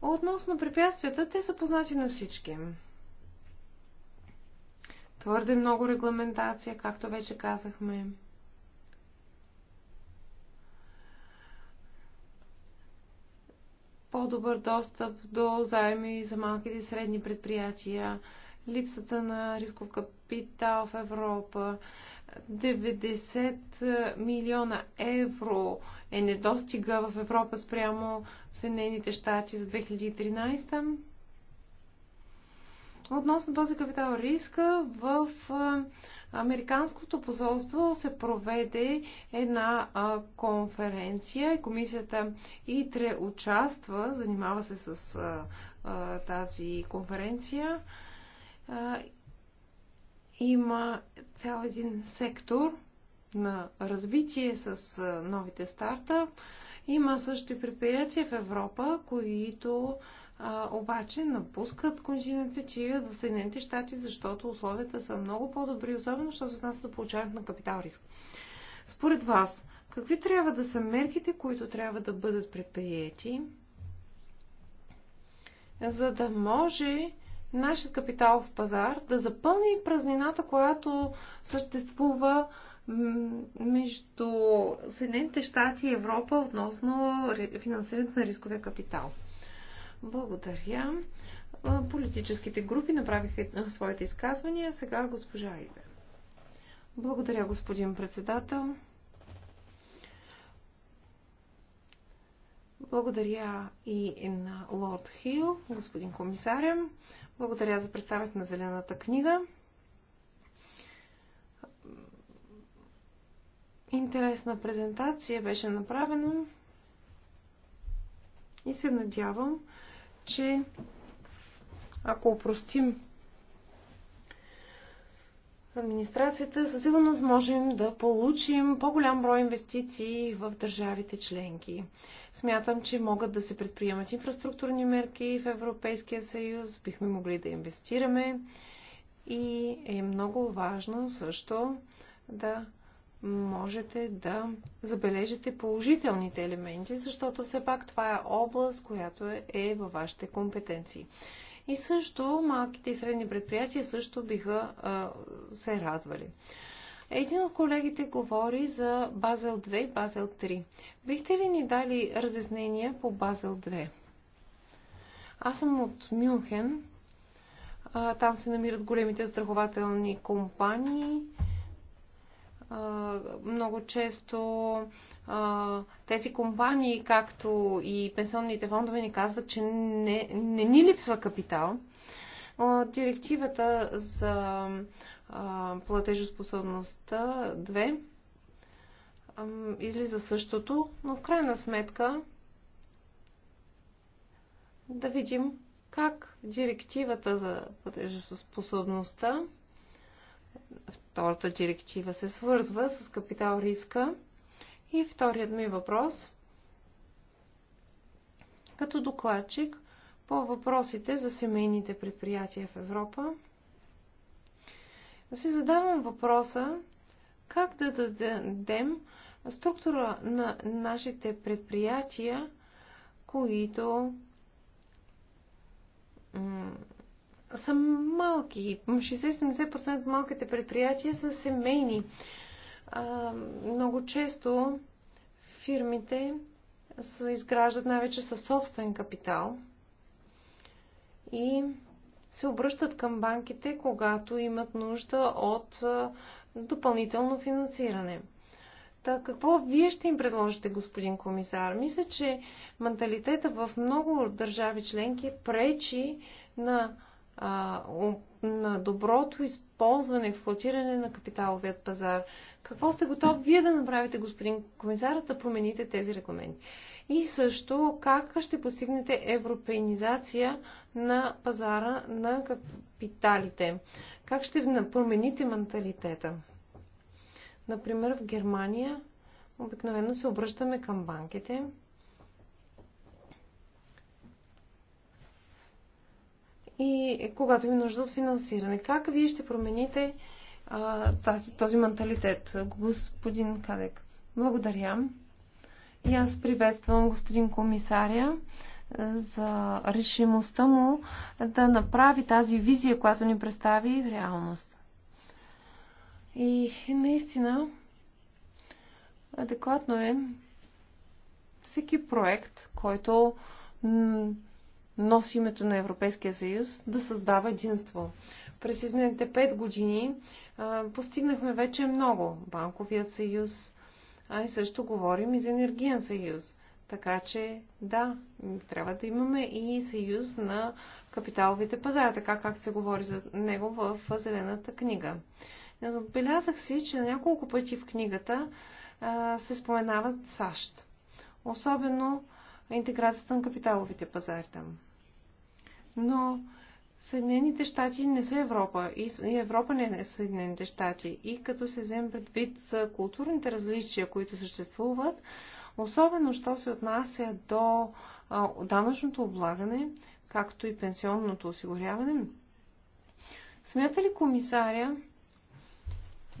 Относно препятствията, те са познати на всички. Твърде много регламентация, както вече казахме. по-добър достъп до заеми за малките и средни предприятия, липсата на рисков капитал в Европа, 90 милиона евро е недостига в Европа спрямо Съединените щати за 2013. Относно този капитал риска в Американското посолство се проведе една конференция и комисията ИТРЕ участва, занимава се с тази конференция. Има цял един сектор на развитие с новите старта. Има също и предприятия в Европа, които а, обаче напускат континента, че идват в Съединените щати, защото условията са много по-добри, особено що се отнася до получаването на капитал риск. Според вас, какви трябва да са мерките, които трябва да бъдат предприяти, за да може нашият в пазар да запълни празнината, която съществува между Съединените щати и Европа относно финансирането на рисковия капитал. Благодаря. Политическите групи направиха своите изказвания. Сега госпожа Иве. Благодаря, господин председател. Благодаря и на Лорд Хил, господин комисаря. Благодаря за представянето на Зелената книга. Интересна презентация беше направена и се надявам, че ако опростим администрацията, със сигурност можем да получим по-голям брой инвестиции в държавите членки. Смятам, че могат да се предприемат инфраструктурни мерки в Европейския съюз, бихме могли да инвестираме и е много важно също да можете да забележите положителните елементи, защото все пак това е област, която е във вашите компетенции. И също малките и средни предприятия също биха а, се радвали. Един от колегите говори за Базел 2 и Базел 3. Бихте ли ни дали разяснения по Базел 2? Аз съм от Мюнхен. А, там се намират големите страхователни компании много често тези компании, както и пенсионните фондове, ни казват, че не, не ни липсва капитал. Директивата за платежоспособността 2 излиза същото, но в крайна сметка да видим как директивата за платежоспособността втората директива се свързва с капитал риска. И вторият ми въпрос, като докладчик по въпросите за семейните предприятия в Европа, си задавам въпроса как да дадем структура на нашите предприятия, които са малки. 60-70% от малките предприятия са семейни. А, много често фирмите се изграждат най-вече със собствен капитал и се обръщат към банките, когато имат нужда от допълнително финансиране. Та какво вие ще им предложите, господин комисар? Мисля, че менталитета в много държави членки пречи на на доброто използване, експлуатиране на капиталовият пазар. Какво сте готов вие да направите, господин комисар, да промените тези регламенти? И също как ще постигнете европейнизация на пазара на капиталите? Как ще промените менталитета? Например, в Германия обикновено се обръщаме към банките – и когато има нужда от финансиране. Как вие ще промените а, тази, този менталитет, господин Кадек? Благодаря. И аз приветствам господин комисаря за решимостта му да направи тази визия, която ни представи в реалност. И наистина адекватно е всеки проект, който носи името на Европейския съюз, да създава единство. През изминалите пет години а, постигнахме вече много. Банковият съюз, а и също говорим и за енергиен съюз. Така че, да, трябва да имаме и съюз на капиталовите пазари, така както се говори за него в Зелената книга. Отбелязах си, че няколко пъти в книгата а, се споменават САЩ. Особено интеграцията на капиталовите пазари там. Но Съединените щати не са Европа и Европа не е Съединените щати. И като се вземе предвид за културните различия, които съществуват, особено що се отнася до данъчното облагане, както и пенсионното осигуряване, смята ли комисаря,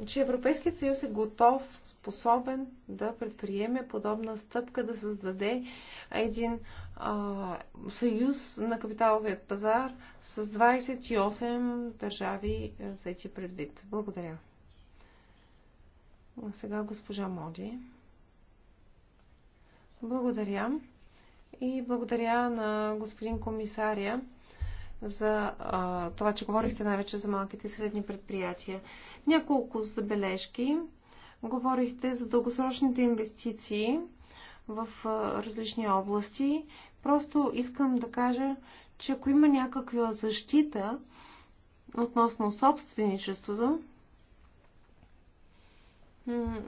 че Европейският съюз е готов, способен да предприеме подобна стъпка, да създаде един а, съюз на капиталовият пазар с 28 държави е, взети предвид. Благодаря. А сега госпожа Моди. Благодаря. И благодаря на господин комисаря за а, това, че говорихте най-вече за малките и средни предприятия. Няколко забележки. Говорихте за дългосрочните инвестиции в а, различни области. Просто искам да кажа, че ако има някаква защита относно собственичеството,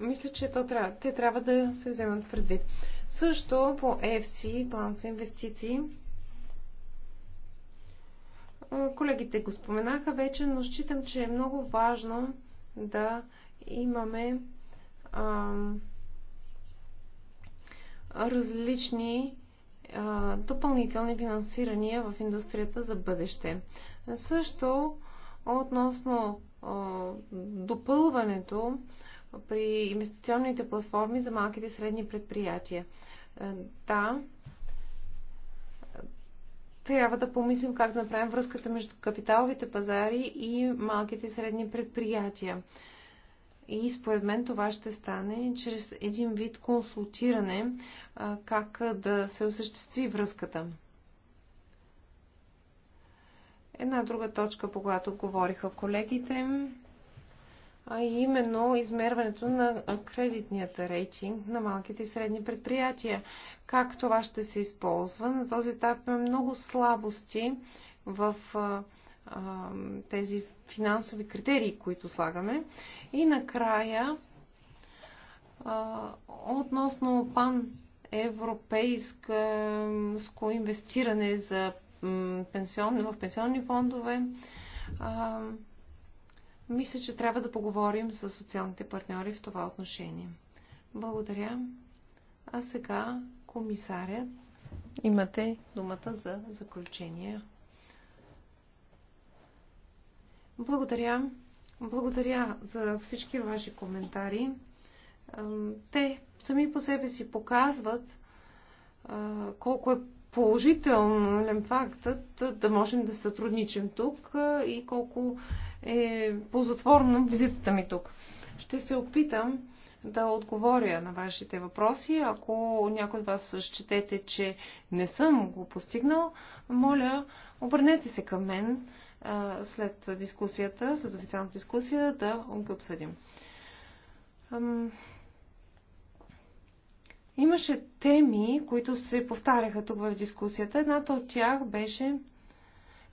мисля, че то трябва, те трябва да се вземат предвид. Също по EFC, план за инвестиции, Колегите го споменаха вече, но считам, че е много важно да имаме а, различни а, допълнителни финансирания в индустрията за бъдеще. Също относно а, допълването при инвестиционните платформи за малките и средни предприятия. Е, да, трябва да помислим как да направим връзката между капиталовите пазари и малките и средни предприятия. И според мен това ще стане чрез един вид консултиране как да се осъществи връзката. Една друга точка, по която говориха колегите, а именно измерването на кредитният рейтинг на малките и средни предприятия. Как това ще се използва? На този етап има много слабости в а, а, тези финансови критерии, които слагаме. И накрая, а, относно пан европейско инвестиране за в пенсионни фондове, мисля, че трябва да поговорим с социалните партньори в това отношение. Благодаря. А сега комисарят. Имате думата за заключение. Благодаря. Благодаря за всички ваши коментари. Те сами по себе си показват колко е положителен фактът да можем да сътрудничим тук и колко е ползотворна визитата ми тук. Ще се опитам да отговоря на вашите въпроси. Ако някой от вас считете, че не съм го постигнал, моля, обърнете се към мен след дискусията, след официалната дискусия, да го обсъдим. Имаше теми, които се повтаряха тук в дискусията. Едната от тях беше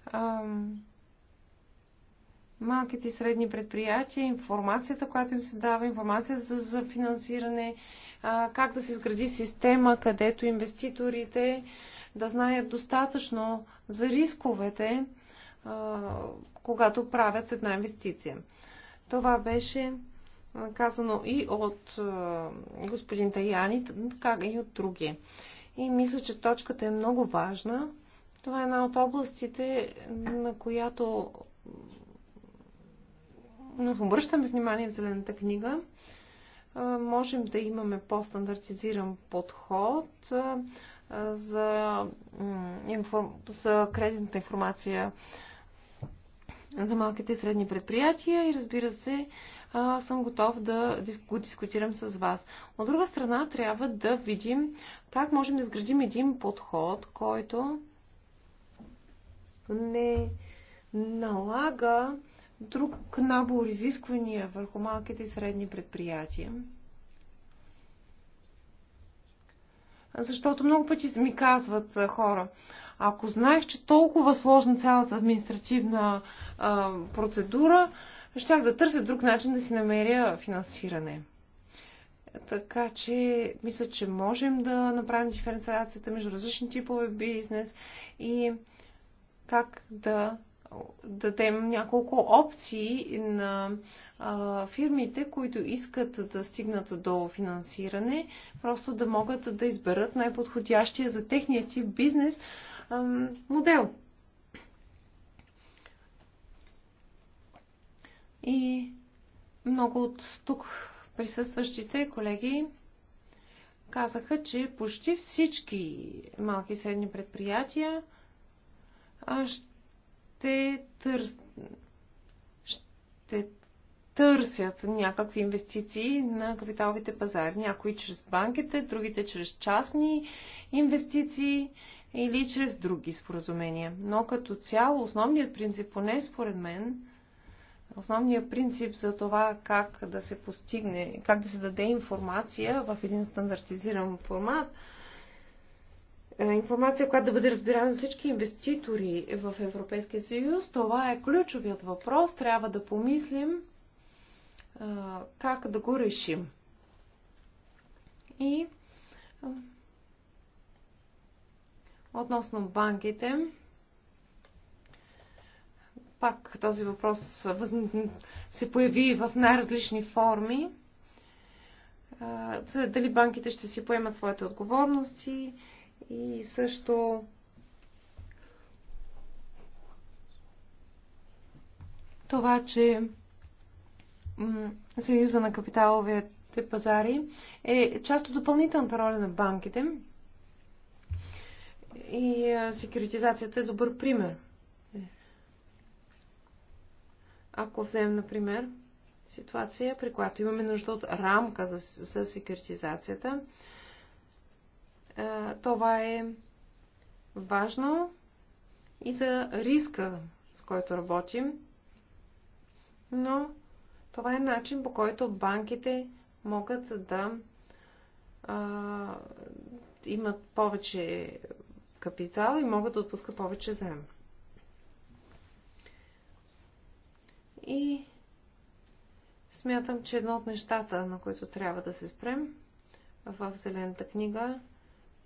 ам, малките и средни предприятия, информацията, която им се дава, информация за, за финансиране, а, как да се изгради система, където инвеститорите да знаят достатъчно за рисковете, а, когато правят една инвестиция. Това беше казано и от е, господин Таяни, така и от други. И мисля, че точката е много важна. Това е една от областите, на която обръщаме внимание в Зелената книга. Е, можем да имаме по-стандартизиран подход е, за, за кредитната информация за малките и средни предприятия и разбира се, а, съм готов да го дискутирам с вас. От друга страна, трябва да видим как можем да изградим един подход, който не налага друг набор изисквания върху малките и средни предприятия. Защото много пъти ми казват хора, ако знаеш, че толкова сложна цялата административна а, процедура, щях да търся друг начин да си намеря финансиране. Така че, мисля, че можем да направим диференциацията между различни типове бизнес и как да дадем няколко опции на а, фирмите, които искат да стигнат до финансиране, просто да могат да изберат най-подходящия за техния тип бизнес а, модел. И много от тук присъстващите колеги казаха, че почти всички малки и средни предприятия ще, тър... ще търсят някакви инвестиции на капиталовите пазари. Някои чрез банките, другите чрез частни инвестиции или чрез други споразумения. Но като цяло, основният принцип, поне според мен, Основният принцип за това как да се постигне, как да се даде информация в един стандартизиран формат, е, информация, която да бъде разбирана за всички инвеститори в Европейския съюз, това е ключовият въпрос. Трябва да помислим как да го решим. И относно банките, пак този въпрос се появи в най-различни форми. Дали банките ще си поемат своите отговорности и също това, че Съюза на капиталовите пазари е част от допълнителната роля на банките и секюритизацията е добър пример – Ако вземем, например, ситуация, при която имаме нужда от рамка за, за секретизацията, е, това е важно и за риска, с който работим, но това е начин по който банките могат да а, имат повече капитал и могат да отпускат повече заем. И смятам, че едно от нещата, на които трябва да се спрем в Зелената книга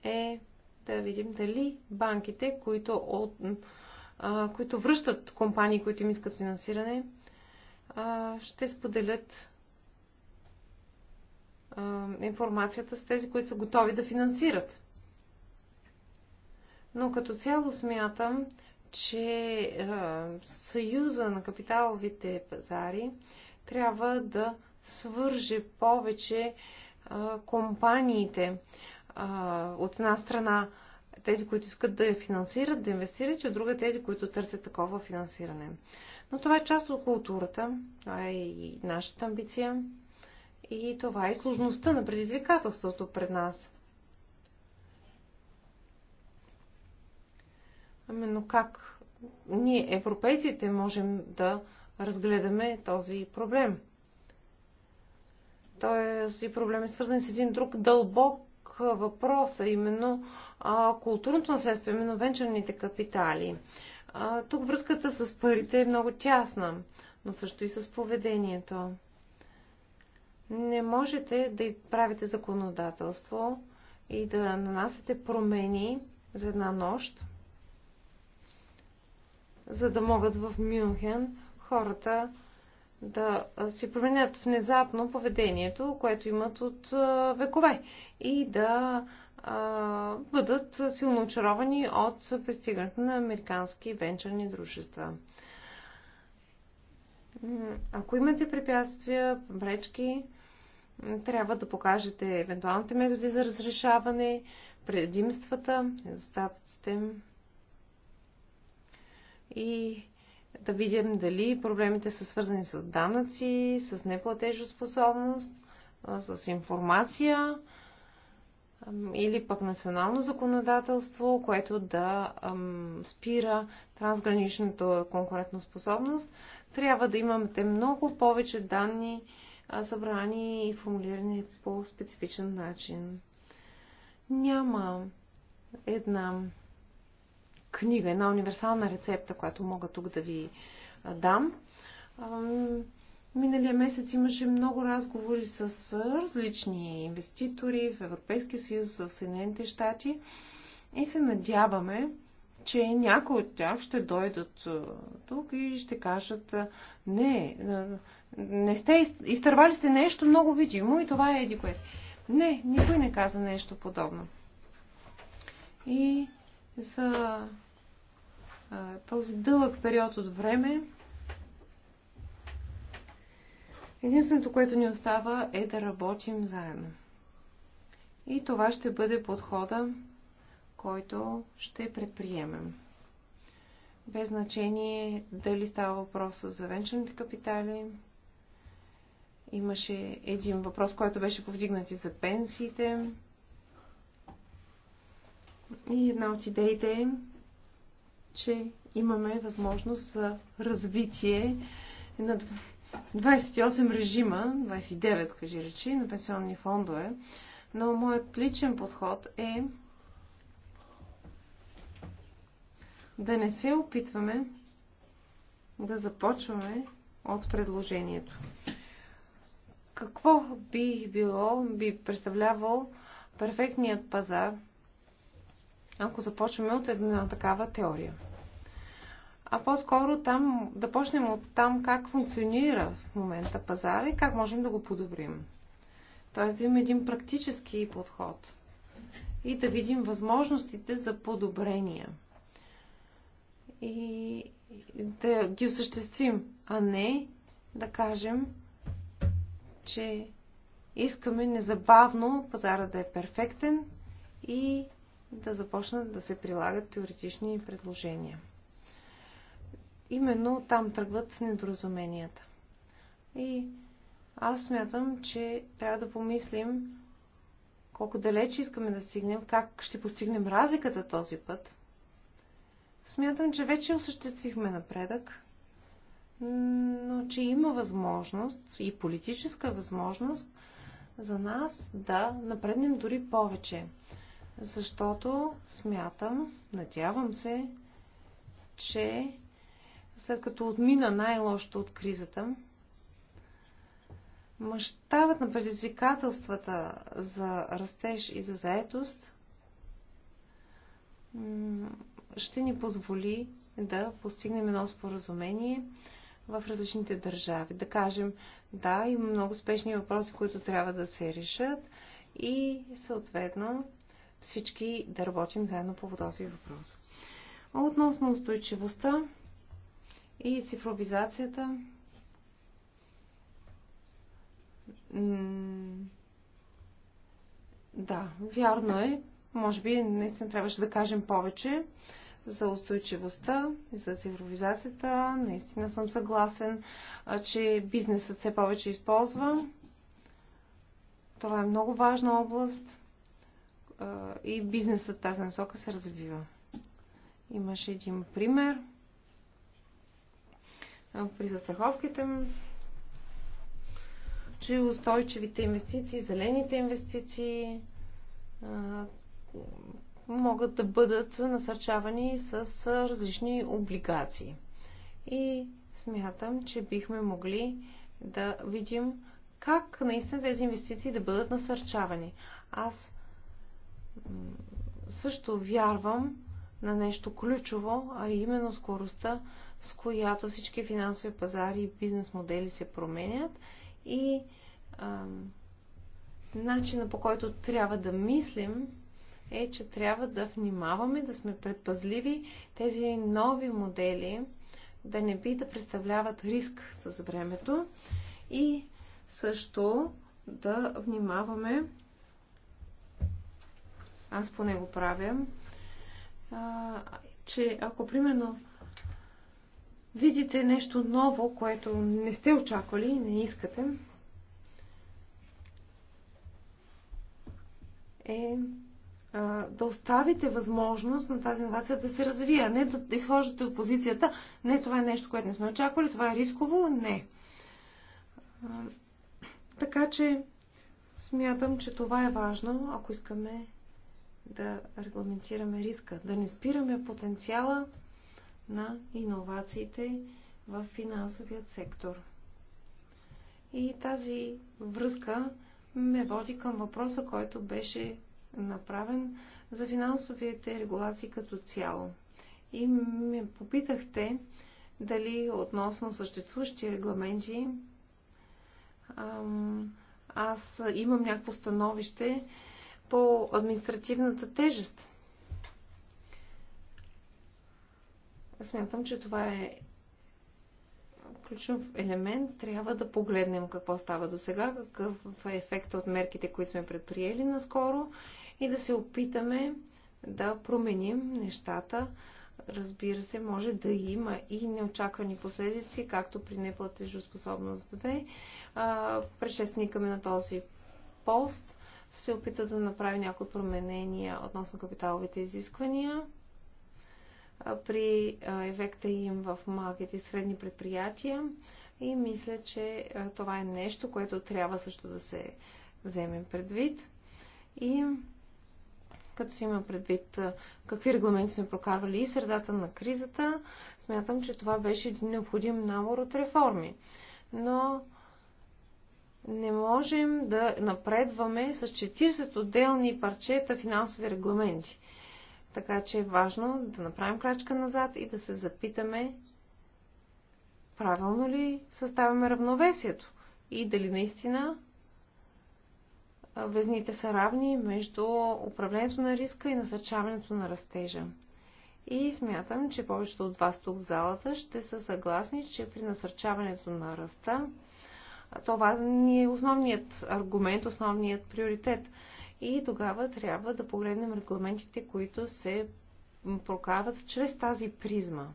е да видим дали банките, които, от, а, които връщат компании, които им искат финансиране, а, ще споделят а, информацията с тези, които са готови да финансират. Но като цяло смятам, че Съюза на капиталовите пазари трябва да свърже повече компаниите. От една страна тези, които искат да я финансират, да инвестират и от друга тези, които търсят такова финансиране. Но това е част от културата, това е и нашата амбиция и това е сложността на предизвикателството пред нас – Ами, но как ние, европейците, можем да разгледаме този проблем. Този проблем е свързан с един друг дълбок въпрос, а именно а, културното наследство, именно венчерните капитали. А, тук връзката с парите е много тясна, но също и с поведението. Не можете да правите законодателство и да нанасяте промени за една нощ, за да могат в Мюнхен хората да си променят внезапно поведението, което имат от векове и да а, бъдат силно очаровани от пристигането на американски венчърни дружества. Ако имате препятствия, пречки, трябва да покажете евентуалните методи за разрешаване, предимствата, недостатъците и да видим дали проблемите са свързани с данъци, с неплатежоспособност, с информация или пък национално законодателство, което да спира трансграничната конкурентоспособност. Трябва да имаме много повече данни, събрани и формулирани по специфичен начин. Няма една книга, една универсална рецепта, която мога тук да ви дам. Миналия месец имаше много разговори с различни инвеститори в Европейския съюз, в Съединените щати и се надяваме, че някои от тях ще дойдат тук и ще кажат не, не сте, изтървали сте нещо много видимо и това е еди кое. Не, никой не каза нещо подобно. И за този дълъг период от време, единственото, което ни остава е да работим заедно. И това ще бъде подхода, който ще предприемем. Без значение дали става въпрос за венчурните капитали. Имаше един въпрос, който беше повдигнат и за пенсиите. И една от идеите е, че имаме възможност за развитие на 28 режима, 29, кажи речи, на пенсионни фондове. Но моят личен подход е да не се опитваме да започваме от предложението. Какво би било, би представлявал перфектният пазар – ако започваме от една такава теория. А по-скоро там, да почнем от там как функционира в момента пазара и как можем да го подобрим. Тоест да имаме един практически подход и да видим възможностите за подобрения. И да ги осъществим, а не да кажем, че искаме незабавно пазара да е перфектен и да започнат да се прилагат теоретични предложения. Именно там тръгват недоразуменията. И аз смятам, че трябва да помислим колко далече искаме да стигнем, как ще постигнем разликата този път. Смятам, че вече осъществихме напредък, но че има възможност и политическа възможност за нас да напреднем дори повече защото смятам, надявам се, че след като отмина най-лошото от кризата, мащабът на предизвикателствата за растеж и за заетост ще ни позволи да постигнем едно споразумение в различните държави. Да кажем, да, има много спешни въпроси, които трябва да се решат и съответно всички да работим заедно по този въпрос. Относно устойчивостта и цифровизацията, да, вярно е. Може би наистина трябваше да кажем повече за устойчивостта и за цифровизацията. Наистина съм съгласен, че бизнесът все повече използва. Това е много важна област и бизнесът в тази насока се развива. Имаше един пример при застраховките, че устойчивите инвестиции, зелените инвестиции могат да бъдат насърчавани с различни облигации. И смятам, че бихме могли да видим как наистина тези инвестиции да бъдат насърчавани. Аз също вярвам на нещо ключово, а именно скоростта, с която всички финансови пазари и бизнес модели се променят и а, начина по който трябва да мислим е, че трябва да внимаваме, да сме предпазливи тези нови модели да не би да представляват риск с времето и също да внимаваме аз поне го правя, че ако примерно видите нещо ново, което не сте очаквали, не искате, е да оставите възможност на тази инновация да се развие, не да изхождате от позицията, не това е нещо, което не сме очаквали, това е рисково, не. така че смятам, че това е важно, ако искаме да регламентираме риска, да не спираме потенциала на иновациите в финансовият сектор. И тази връзка ме води към въпроса, който беше направен за финансовите регулации като цяло. И ме попитахте дали относно съществуващи регламенти аз имам някакво становище по административната тежест. Смятам, че това е ключов елемент. Трябва да погледнем какво става до сега, какъв е ефект от мерките, които сме предприели наскоро и да се опитаме да променим нещата. Разбира се, може да има и неочаквани последици, както при неплатежоспособност 2. Предшественика на този пост се опита да направи някои променения относно капиталовите изисквания при ефекта им в малките и средни предприятия и мисля, че това е нещо, което трябва също да се вземе предвид. И като си има предвид какви регламенти сме прокарвали и в средата на кризата, смятам, че това беше един необходим набор от реформи. Но не можем да напредваме с 40 отделни парчета финансови регламенти. Така че е важно да направим крачка назад и да се запитаме правилно ли съставяме равновесието и дали наистина везните са равни между управлението на риска и насърчаването на растежа. И смятам, че повечето от вас тук в залата ще са съгласни, че при насърчаването на ръста това ни е основният аргумент, основният приоритет. И тогава трябва да погледнем регламентите, които се прокарват чрез тази призма.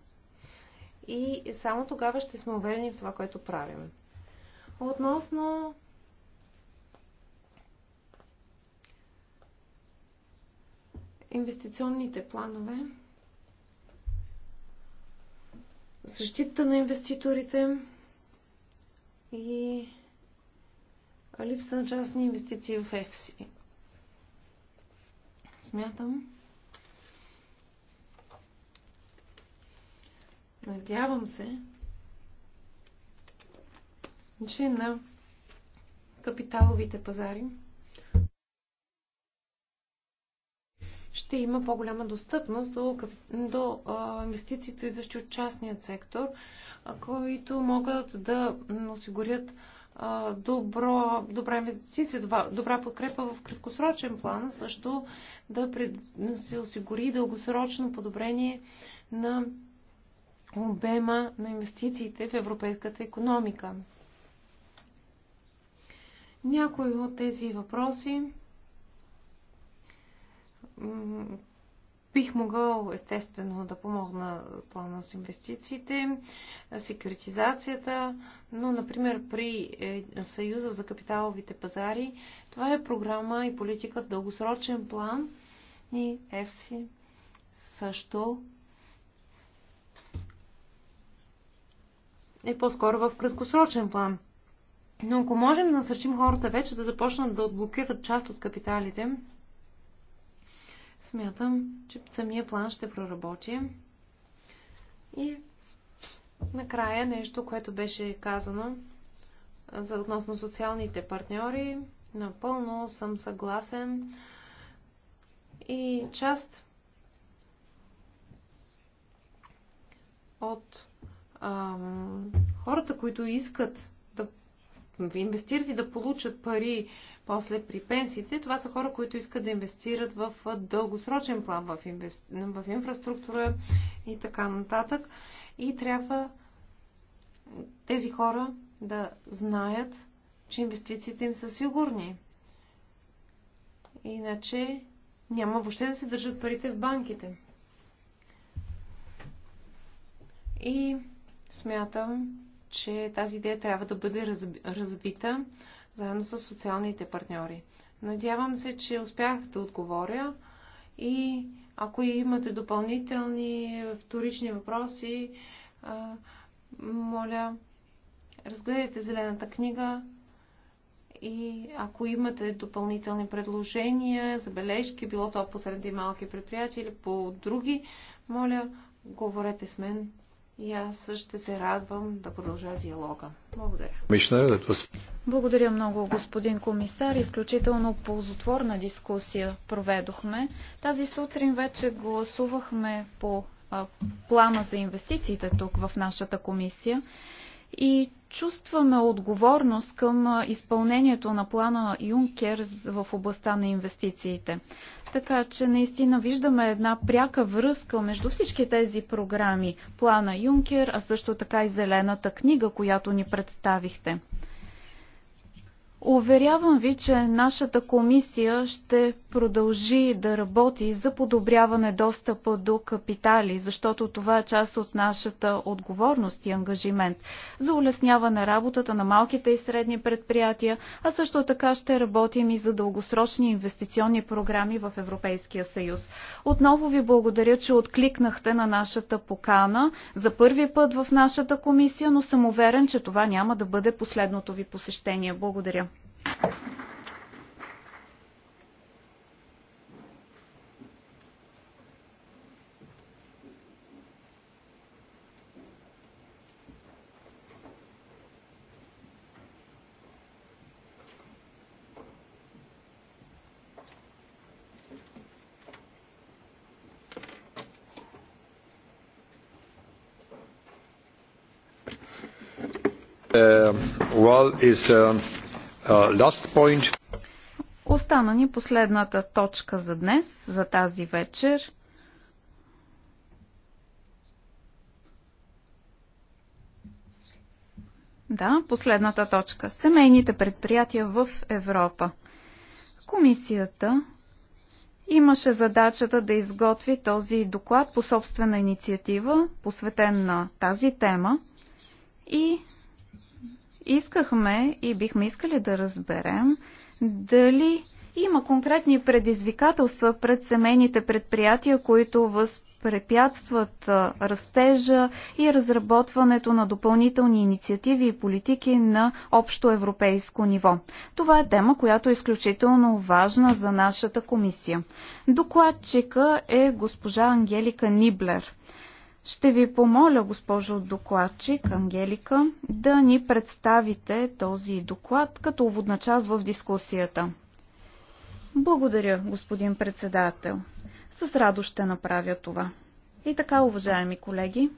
И само тогава ще сме уверени в това, което правим. Относно инвестиционните планове, защита на инвеститорите, и липса на частни инвестиции в ЕФСИ. Смятам. Надявам се, че на капиталовите пазари ще има по-голяма достъпност до, до а, инвестициите, идващи от частният сектор, които могат да осигурят добро, добра инвестиция, добра подкрепа в краткосрочен план, също да се осигури дългосрочно подобрение на обема на инвестициите в европейската економика. Някои от тези въпроси Бих могъл, естествено, да помогна плана с инвестициите, секюритизацията, но, например, при е, Съюза за капиталовите пазари, това е програма и политика в дългосрочен план и ЕФСИ също е по-скоро в краткосрочен план. Но ако можем да насърчим хората вече да започнат да отблокират част от капиталите, Смятам, че самия план ще проработи. И накрая нещо, което беше казано за относно социалните партньори. Напълно съм съгласен. И част от ам, хората, които искат да инвестират и да получат пари после при пенсиите, това са хора, които искат да инвестират в дългосрочен план, в, инвести... в инфраструктура и така нататък. И трябва тези хора да знаят, че инвестициите им са сигурни. Иначе няма въобще да се държат парите в банките. И смятам, че тази идея трябва да бъде разби... развита заедно с социалните партньори. Надявам се, че успях да отговоря и ако имате допълнителни вторични въпроси, моля, разгледайте Зелената книга и ако имате допълнителни предложения, забележки, било то посреди малки предприятия или по други, моля, говорете с мен и аз ще се радвам да продължа диалога. Благодаря. Благодаря много, господин комисар. Изключително ползотворна дискусия проведохме. Тази сутрин вече гласувахме по плана за инвестициите тук в нашата комисия и чувстваме отговорност към изпълнението на плана Юнкер в областта на инвестициите. Така че наистина виждаме една пряка връзка между всички тези програми. Плана Юнкер, а също така и Зелената книга, която ни представихте. Уверявам ви, че нашата комисия ще продължи да работи за подобряване достъпа до капитали, защото това е част от нашата отговорност и ангажимент за улесняване работата на малките и средни предприятия, а също така ще работим и за дългосрочни инвестиционни програми в Европейския съюз. Отново ви благодаря, че откликнахте на нашата покана за първи път в нашата комисия, но съм уверен, че това няма да бъде последното ви посещение. Благодаря well is Uh, Остана ни последната точка за днес, за тази вечер. Да, последната точка. Семейните предприятия в Европа. Комисията имаше задачата да изготви този доклад по собствена инициатива, посветен на тази тема и Искахме и бихме искали да разберем дали има конкретни предизвикателства пред семейните предприятия, които възпрепятстват растежа и разработването на допълнителни инициативи и политики на общо европейско ниво. Това е тема, която е изключително важна за нашата комисия. Докладчика е госпожа Ангелика Ниблер. Ще ви помоля, госпожо докладчик Ангелика, да ни представите този доклад като уводна част в дискусията. Благодаря, господин председател. С радост ще направя това. И така, уважаеми колеги,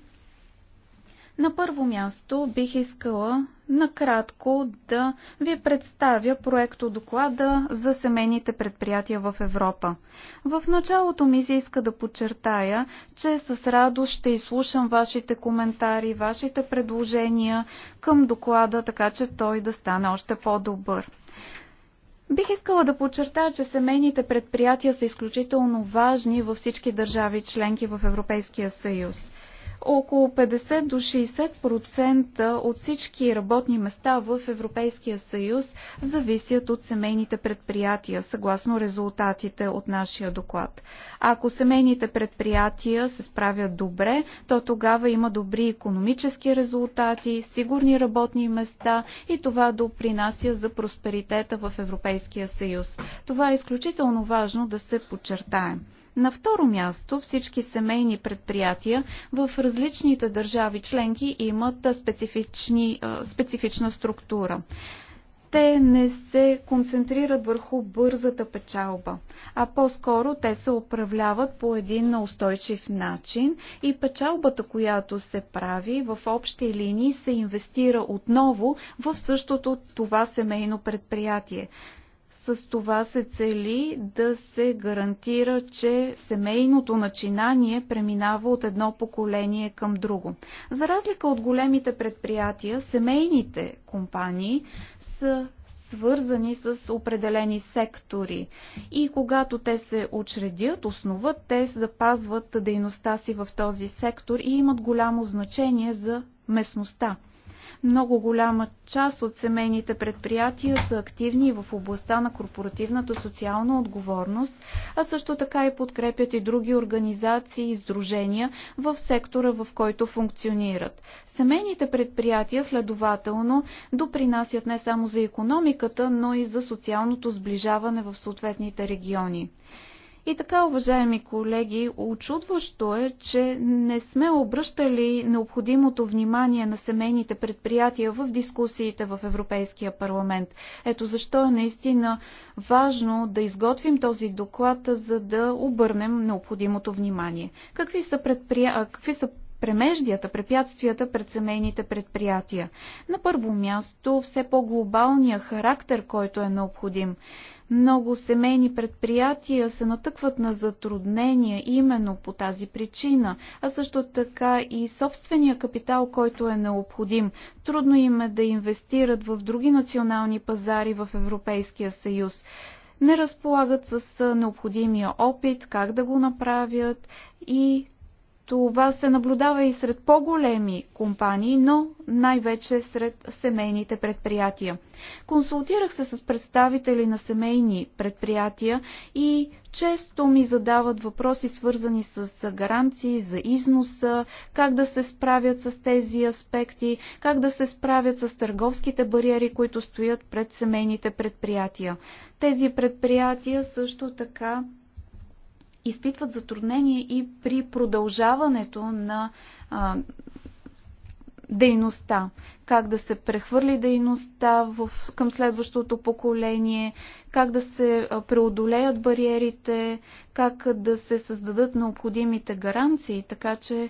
на първо място бих искала накратко да ви представя проекто доклада за семейните предприятия в Европа. В началото ми се иска да подчертая, че с радост ще изслушам вашите коментари, вашите предложения към доклада, така че той да стане още по-добър. Бих искала да подчертая, че семейните предприятия са изключително важни във всички държави членки в Европейския съюз около 50 до 60% от всички работни места в Европейския съюз зависят от семейните предприятия, съгласно резултатите от нашия доклад. Ако семейните предприятия се справят добре, то тогава има добри економически резултати, сигурни работни места и това допринася за просперитета в Европейския съюз. Това е изключително важно да се подчертаем. На второ място, всички семейни предприятия в различните държави членки имат специфична структура те не се концентрират върху бързата печалба, а по-скоро те се управляват по един устойчив начин и печалбата, която се прави в общи линии, се инвестира отново в същото това семейно предприятие. С това се цели да се гарантира, че семейното начинание преминава от едно поколение към друго. За разлика от големите предприятия, семейните компании са свързани с определени сектори. И когато те се учредят, основат, те запазват дейността си в този сектор и имат голямо значение за местността. Много голяма част от семейните предприятия са активни в областта на корпоративната социална отговорност, а също така и подкрепят и други организации и сдружения в сектора, в който функционират. Семейните предприятия, следователно, допринасят не само за економиката, но и за социалното сближаване в съответните региони. И така, уважаеми колеги, очудващо е, че не сме обръщали необходимото внимание на семейните предприятия в дискусиите в Европейския парламент. Ето защо е наистина важно да изготвим този доклад, за да обърнем необходимото внимание. Какви са, предприя... Какви са премеждията, препятствията пред семейните предприятия. На първо място, все по-глобалния характер, който е необходим. Много семейни предприятия се натъкват на затруднения именно по тази причина, а също така и собствения капитал, който е необходим. Трудно им е да инвестират в други национални пазари в Европейския съюз не разполагат с необходимия опит, как да го направят и това се наблюдава и сред по-големи компании, но най-вече сред семейните предприятия. Консултирах се с представители на семейни предприятия и често ми задават въпроси, свързани с гаранции за износа, как да се справят с тези аспекти, как да се справят с търговските бариери, които стоят пред семейните предприятия. Тези предприятия също така изпитват затруднение и при продължаването на а, дейността. Как да се прехвърли дейността в, към следващото поколение, как да се преодолеят бариерите, как да се създадат необходимите гаранции, така че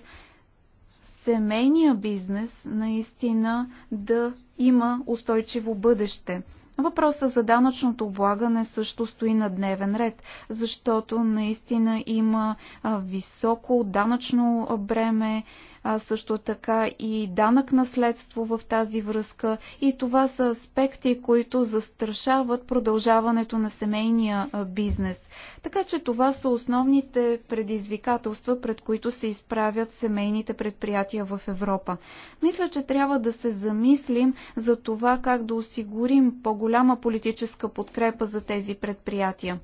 семейния бизнес наистина да има устойчиво бъдеще. Въпросът за данъчното облагане също стои на дневен ред, защото наистина има високо данъчно бреме а също така и данък наследство в тази връзка. И това са аспекти, които застрашават продължаването на семейния бизнес. Така че това са основните предизвикателства, пред които се изправят семейните предприятия в Европа. Мисля, че трябва да се замислим за това как да осигурим по-голяма политическа подкрепа за тези предприятия.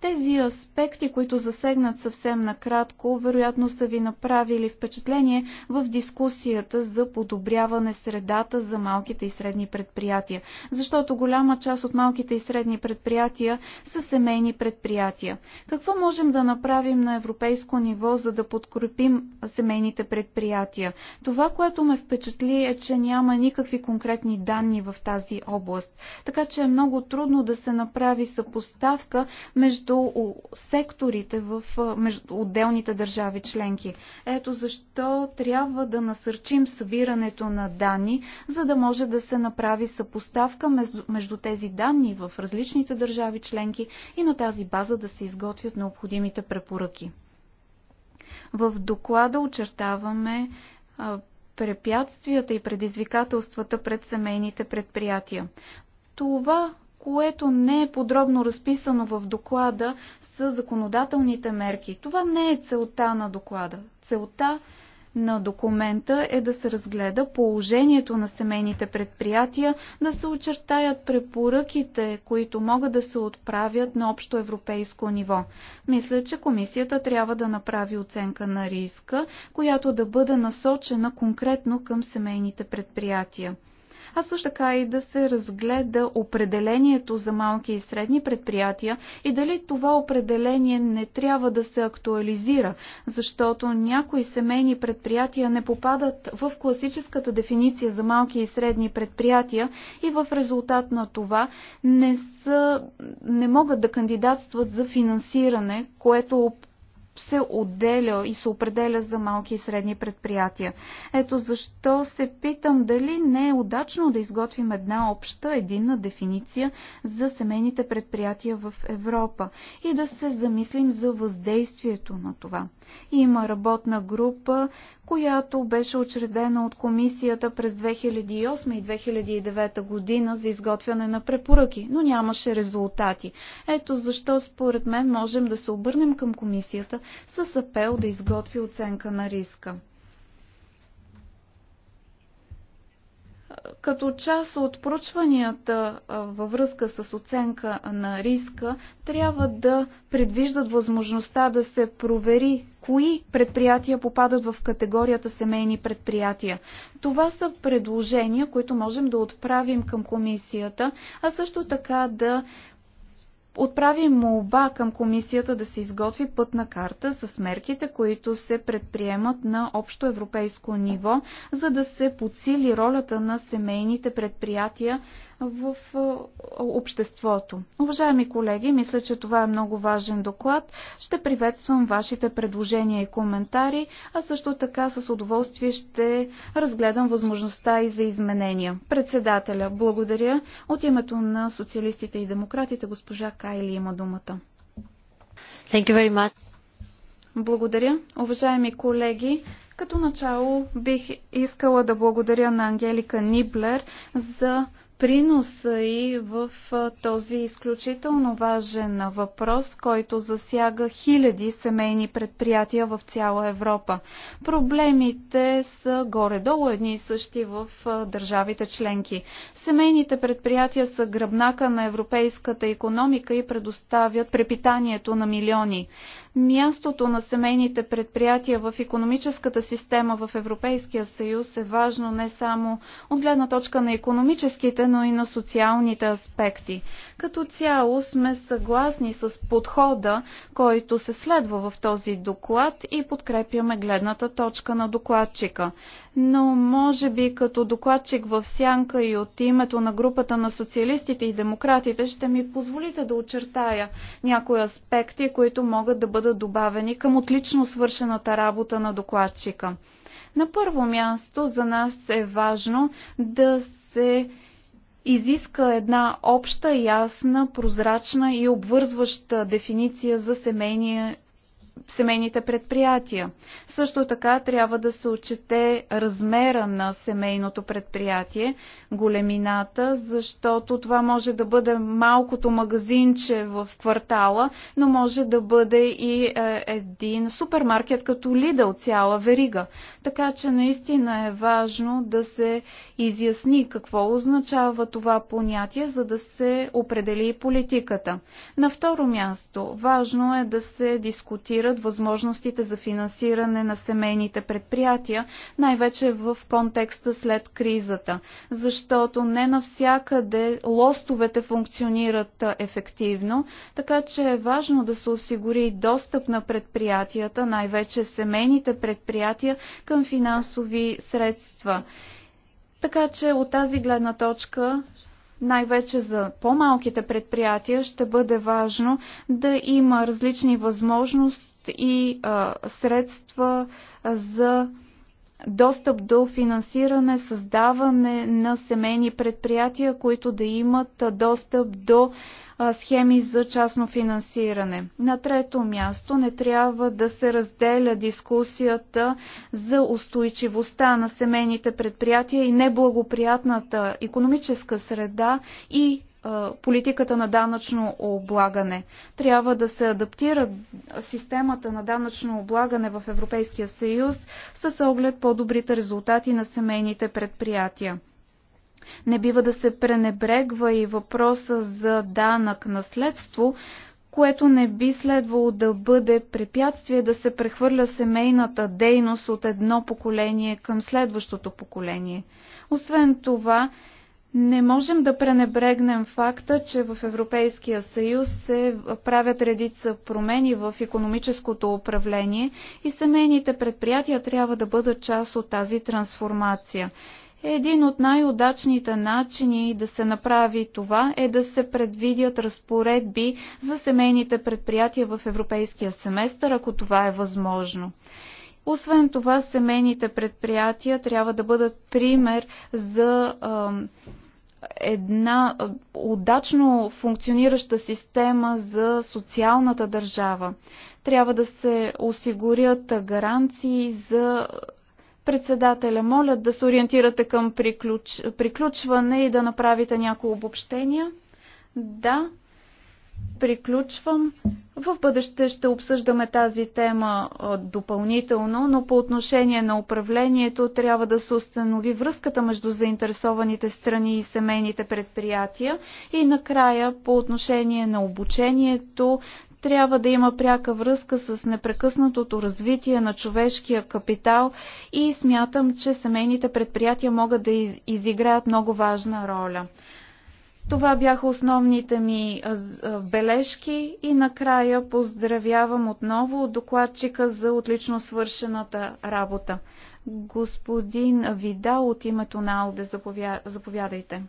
Тези аспекти, които засегнат съвсем накратко, вероятно са ви направили впечатление, в дискусията за подобряване средата за малките и средни предприятия, защото голяма част от малките и средни предприятия са семейни предприятия. Какво можем да направим на европейско ниво, за да подкрепим семейните предприятия? Това, което ме впечатли е, че няма никакви конкретни данни в тази област. Така че е много трудно да се направи съпоставка между секторите в между отделните държави членки. Ето защо трябва трябва да насърчим събирането на данни, за да може да се направи съпоставка между, между тези данни в различните държави членки и на тази база да се изготвят необходимите препоръки. В доклада очертаваме препятствията и предизвикателствата пред семейните предприятия. Това, което не е подробно разписано в доклада, са законодателните мерки. Това не е целта на доклада. Целта на документа е да се разгледа положението на семейните предприятия, да се очертаят препоръките, които могат да се отправят на общо европейско ниво. Мисля, че комисията трябва да направи оценка на риска, която да бъде насочена конкретно към семейните предприятия а също така и да се разгледа определението за малки и средни предприятия и дали това определение не трябва да се актуализира, защото някои семейни предприятия не попадат в класическата дефиниция за малки и средни предприятия и в резултат на това не, са, не могат да кандидатстват за финансиране, което се отделя и се определя за малки и средни предприятия. Ето защо се питам дали не е удачно да изготвим една обща, единна дефиниция за семейните предприятия в Европа и да се замислим за въздействието на това. Има работна група, която беше учредена от комисията през 2008 и 2009 година за изготвяне на препоръки, но нямаше резултати. Ето защо според мен можем да се обърнем към комисията с апел да изготви оценка на риска. като част от проучванията във връзка с оценка на риска, трябва да предвиждат възможността да се провери кои предприятия попадат в категорията семейни предприятия. Това са предложения, които можем да отправим към комисията, а също така да отправи молба към комисията да се изготви пътна карта с мерките, които се предприемат на общо европейско ниво, за да се подсили ролята на семейните предприятия в обществото. Уважаеми колеги, мисля, че това е много важен доклад. Ще приветствам вашите предложения и коментари, а също така с удоволствие ще разгледам възможността и за изменения. Председателя, благодаря. От името на социалистите и демократите госпожа Кайли има думата. Thank you very much. Благодаря. Уважаеми колеги, като начало бих искала да благодаря на Ангелика Ниблер за приноса и в този изключително важен въпрос, който засяга хиляди семейни предприятия в цяла Европа. Проблемите са горе-долу едни и същи в държавите членки. Семейните предприятия са гръбнака на европейската економика и предоставят препитанието на милиони. Мястото на семейните предприятия в економическата система в Европейския съюз е важно не само от гледна точка на економическите, но и на социалните аспекти. Като цяло сме съгласни с подхода, който се следва в този доклад и подкрепяме гледната точка на докладчика. Но може би като докладчик в сянка и от името на групата на социалистите и демократите ще ми позволите да очертая някои аспекти, които могат да бъдат бъдат добавени към отлично свършената работа на докладчика. На първо място за нас е важно да се изиска една обща, ясна, прозрачна и обвързваща дефиниция за семейния семейните предприятия. Също така трябва да се отчете размера на семейното предприятие, големината, защото това може да бъде малкото магазинче в квартала, но може да бъде и е, един супермаркет като лида от цяла верига. Така че наистина е важно да се изясни какво означава това понятие, за да се определи политиката. На второ място, важно е да се дискутира анализират възможностите за финансиране на семейните предприятия, най-вече в контекста след кризата, защото не навсякъде лостовете функционират ефективно, така че е важно да се осигури достъп на предприятията, най-вече семейните предприятия, към финансови средства. Така че от тази гледна точка най-вече за по-малките предприятия, ще бъде важно да има различни възможности и а, средства за достъп до финансиране, създаване на семейни предприятия, които да имат достъп до схеми за частно финансиране. На трето място не трябва да се разделя дискусията за устойчивостта на семейните предприятия и неблагоприятната економическа среда и политиката на данъчно облагане. Трябва да се адаптира системата на данъчно облагане в Европейския съюз с оглед по-добрите резултати на семейните предприятия. Не бива да се пренебрегва и въпроса за данък наследство, което не би следвало да бъде препятствие да се прехвърля семейната дейност от едно поколение към следващото поколение. Освен това, не можем да пренебрегнем факта, че в Европейския съюз се правят редица промени в економическото управление и семейните предприятия трябва да бъдат част от тази трансформация. Един от най-удачните начини да се направи това е да се предвидят разпоредби за семейните предприятия в европейския семестър, ако това е възможно. Освен това, семейните предприятия трябва да бъдат пример за една удачно функционираща система за социалната държава. Трябва да се осигурят гаранции за Председателя, моля да се ориентирате към приключ... приключване и да направите някои обобщения. Да, приключвам. В бъдеще ще обсъждаме тази тема допълнително, но по отношение на управлението трябва да се установи връзката между заинтересованите страни и семейните предприятия. И накрая по отношение на обучението трябва да има пряка връзка с непрекъснатото развитие на човешкия капитал и смятам, че семейните предприятия могат да изиграят много важна роля. Това бяха основните ми бележки и накрая поздравявам отново докладчика за отлично свършената работа. Господин Видал от името на Алде, заповядайте.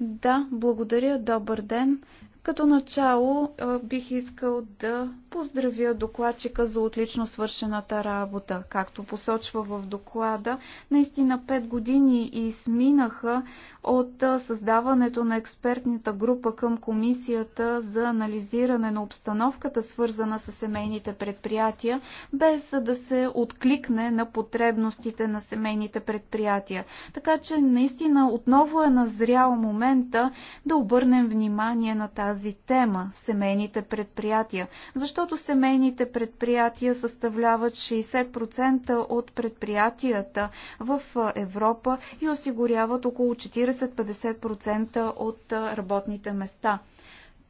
Да, благодаря, добър ден. Като начало бих искал да поздравя докладчика за отлично свършената работа. Както посочва в доклада, наистина 5 години изминаха от създаването на експертната група към комисията за анализиране на обстановката, свързана с семейните предприятия, без да се откликне на потребностите на семейните предприятия. Така че наистина отново е назрял момента да обърнем внимание на тази тема – семейните предприятия. Защо защото семейните предприятия съставляват 60% от предприятията в Европа и осигуряват около 40-50% от работните места.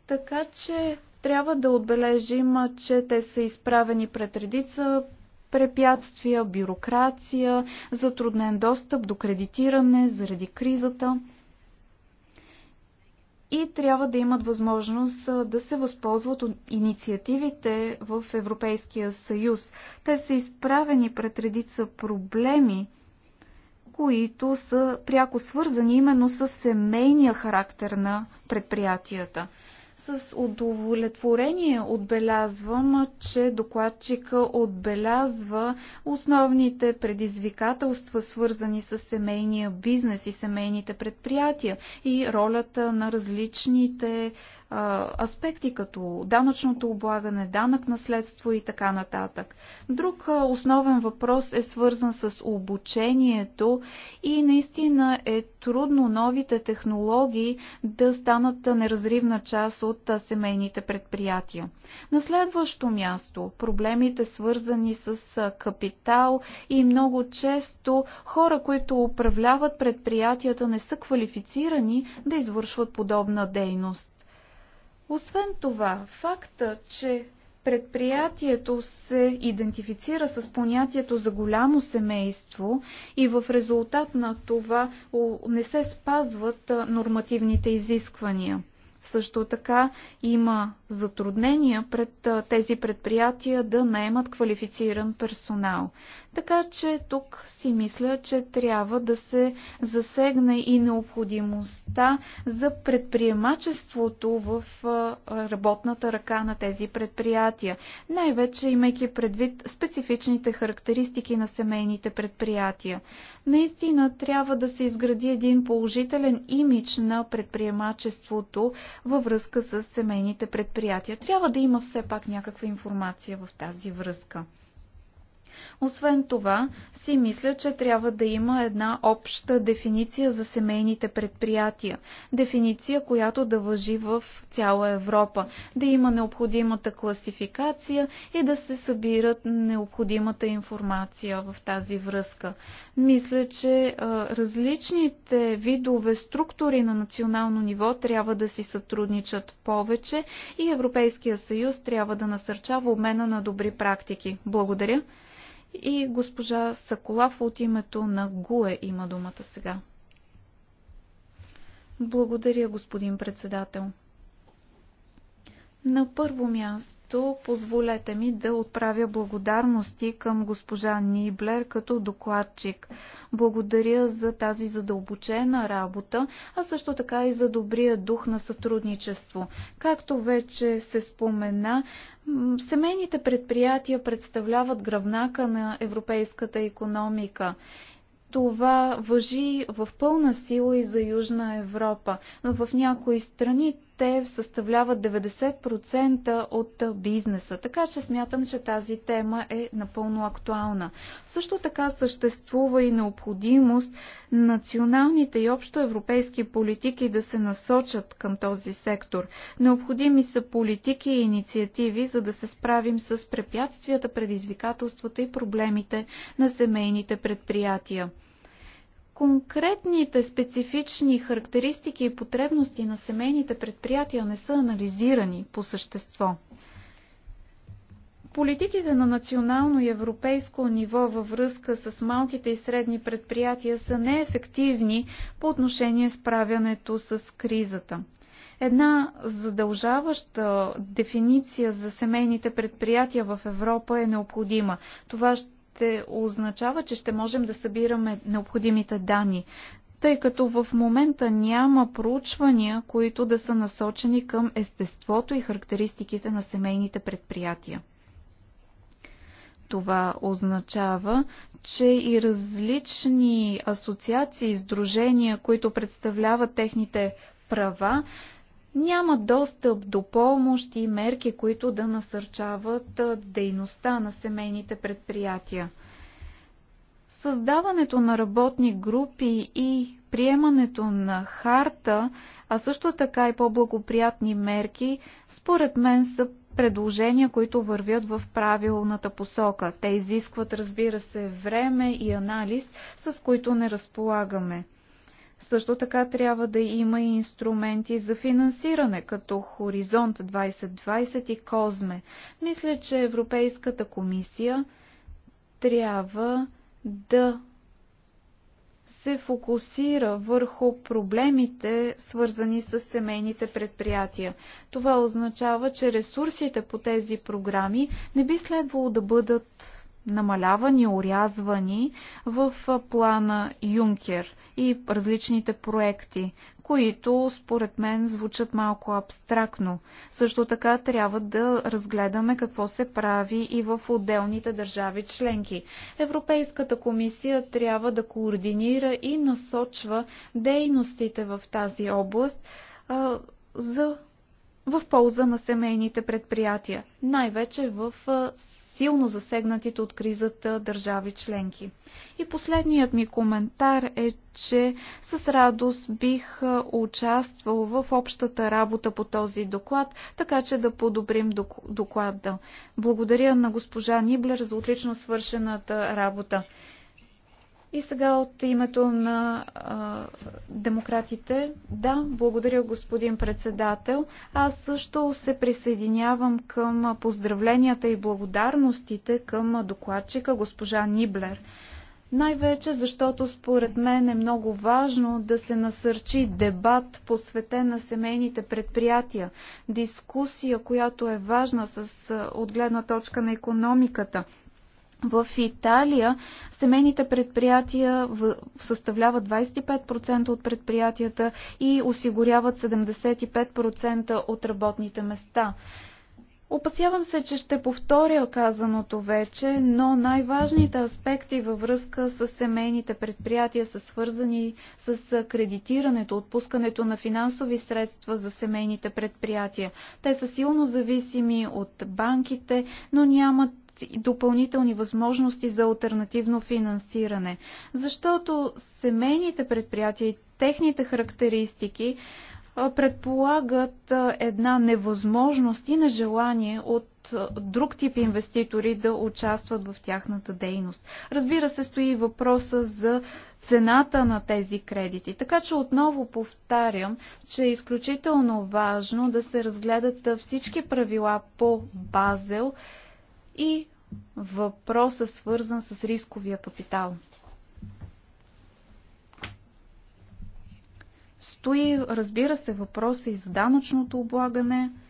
Така че трябва да отбележим, че те са изправени пред редица препятствия, бюрокрация, затруднен достъп до кредитиране заради кризата и трябва да имат възможност да се възползват от инициативите в Европейския съюз. Те са изправени пред редица проблеми, които са пряко свързани именно с семейния характер на предприятията. С удовлетворение отбелязвам, че докладчика отбелязва основните предизвикателства, свързани с семейния бизнес и семейните предприятия и ролята на различните аспекти, като данъчното облагане, данък наследство и така нататък. Друг основен въпрос е свързан с обучението и наистина е трудно новите технологии да станат неразривна част от семейните предприятия. На следващо място проблемите свързани с капитал и много често хора, които управляват предприятията не са квалифицирани да извършват подобна дейност. Освен това, факта, че предприятието се идентифицира с понятието за голямо семейство и в резултат на това не се спазват нормативните изисквания. Също така има затруднения пред тези предприятия да наемат квалифициран персонал. Така че тук си мисля, че трябва да се засегне и необходимостта за предприемачеството в работната ръка на тези предприятия. Най-вече имайки предвид специфичните характеристики на семейните предприятия. Наистина трябва да се изгради един положителен имидж на предприемачеството във връзка с семейните предприятия. Трябва да има все пак някаква информация в тази връзка. Освен това, си мисля, че трябва да има една обща дефиниция за семейните предприятия. Дефиниция, която да въжи в цяла Европа. Да има необходимата класификация и да се събират необходимата информация в тази връзка. Мисля, че различните видове структури на национално ниво трябва да си сътрудничат повече и Европейския съюз трябва да насърчава обмена на добри практики. Благодаря. И госпожа Саколав от името на ГУЕ има думата сега. Благодаря, господин председател. На първо място, позволете ми да отправя благодарности към госпожа Ниблер като докладчик. Благодаря за тази задълбочена работа, а също така и за добрия дух на сътрудничество. Както вече се спомена, семейните предприятия представляват гръбнака на европейската економика това въжи в пълна сила и за Южна Европа, но в някои страни те съставляват 90% от бизнеса. Така че смятам, че тази тема е напълно актуална. Също така съществува и необходимост националните и общоевропейски политики да се насочат към този сектор. Необходими са политики и инициативи, за да се справим с препятствията, предизвикателствата и проблемите на семейните предприятия конкретните специфични характеристики и потребности на семейните предприятия не са анализирани по същество. Политиките на национално и европейско ниво във връзка с малките и средни предприятия са неефективни по отношение справянето с кризата. Една задължаваща дефиниция за семейните предприятия в Европа е необходима. Това ще ще означава, че ще можем да събираме необходимите данни, тъй като в момента няма проучвания, които да са насочени към естеството и характеристиките на семейните предприятия. Това означава, че и различни асоциации, издружения, които представляват техните права, няма достъп до помощ и мерки, които да насърчават дейността на семейните предприятия. Създаването на работни групи и приемането на харта, а също така и по-благоприятни мерки, според мен са предложения, които вървят в правилната посока. Те изискват, разбира се, време и анализ, с които не разполагаме. Също така трябва да има и инструменти за финансиране, като Хоризонт 2020 и Козме. Мисля, че Европейската комисия трябва да се фокусира върху проблемите, свързани с семейните предприятия. Това означава, че ресурсите по тези програми не би следвало да бъдат намалявани, урязвани в плана Юнкер и различните проекти, които според мен звучат малко абстрактно. Също така трябва да разгледаме какво се прави и в отделните държави членки. Европейската комисия трябва да координира и насочва дейностите в тази област а, за в полза на семейните предприятия, най-вече в силно засегнатите от кризата държави членки. И последният ми коментар е, че с радост бих участвал в общата работа по този доклад, така че да подобрим доклада. Благодаря на госпожа Ниблер за отлично свършената работа. И сега от името на а, демократите. Да, благодаря господин председател. Аз също се присъединявам към поздравленията и благодарностите към докладчика госпожа Ниблер. Най-вече защото според мен е много важно да се насърчи дебат посветен на семейните предприятия, дискусия, която е важна с, отгледна точка на економиката. В Италия семейните предприятия съставляват 25% от предприятията и осигуряват 75% от работните места. Опасявам се, че ще повторя казаното вече, но най-важните аспекти във връзка с семейните предприятия са свързани с кредитирането, отпускането на финансови средства за семейните предприятия. Те са силно зависими от банките, но нямат и допълнителни възможности за альтернативно финансиране. Защото семейните предприятия и техните характеристики предполагат една невъзможност и нежелание от друг тип инвеститори да участват в тяхната дейност. Разбира се, стои въпроса за цената на тези кредити. Така че отново повтарям, че е изключително важно да се разгледат всички правила по Базел, и въпроса свързан с рисковия капитал. Стои, разбира се, въпроса и за данъчното облагане –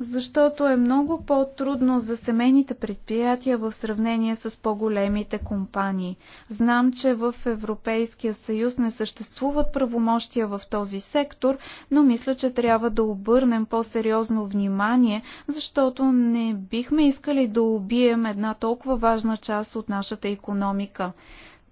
защото е много по-трудно за семейните предприятия в сравнение с по-големите компании. Знам, че в Европейския съюз не съществуват правомощия в този сектор, но мисля, че трябва да обърнем по-сериозно внимание, защото не бихме искали да убием една толкова важна част от нашата економика.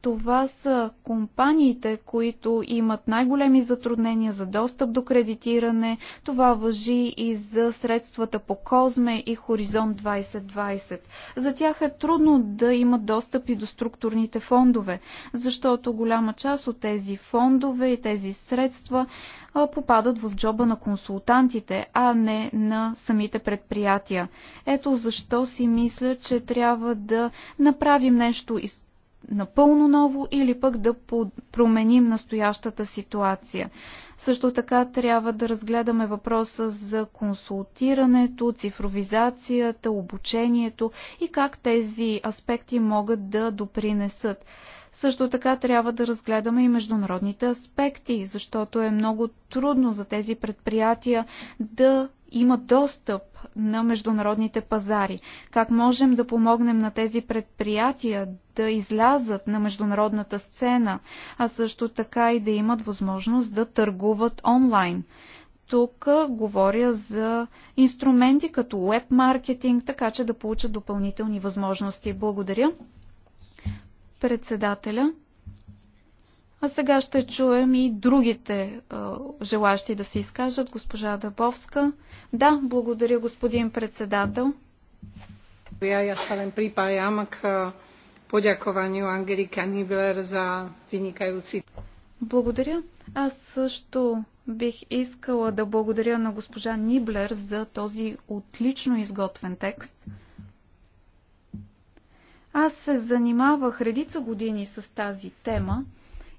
Това са компаниите, които имат най-големи затруднения за достъп до кредитиране. Това въжи и за средствата по Козме и Хоризонт 2020. За тях е трудно да имат достъп и до структурните фондове, защото голяма част от тези фондове и тези средства попадат в джоба на консултантите, а не на самите предприятия. Ето защо си мисля, че трябва да направим нещо изключително напълно ново или пък да променим настоящата ситуация. Също така трябва да разгледаме въпроса за консултирането, цифровизацията, обучението и как тези аспекти могат да допринесат. Също така трябва да разгледаме и международните аспекти, защото е много трудно за тези предприятия да има достъп на международните пазари? Как можем да помогнем на тези предприятия да излязат на международната сцена, а също така и да имат възможност да търгуват онлайн? Тук говоря за инструменти като веб маркетинг, така че да получат допълнителни възможности. Благодаря. Председателя. А сега ще чуем и другите е, желащи да се изкажат. Госпожа Дабовска. Да, благодаря господин председател. Я, ja sa len pripájam k poďakovaniu Angelika за vynikajúci. Благодаря. Аз също бих искала да благодаря на госпожа Ниблер за този отлично изготвен текст. Аз се занимавах редица години с тази тема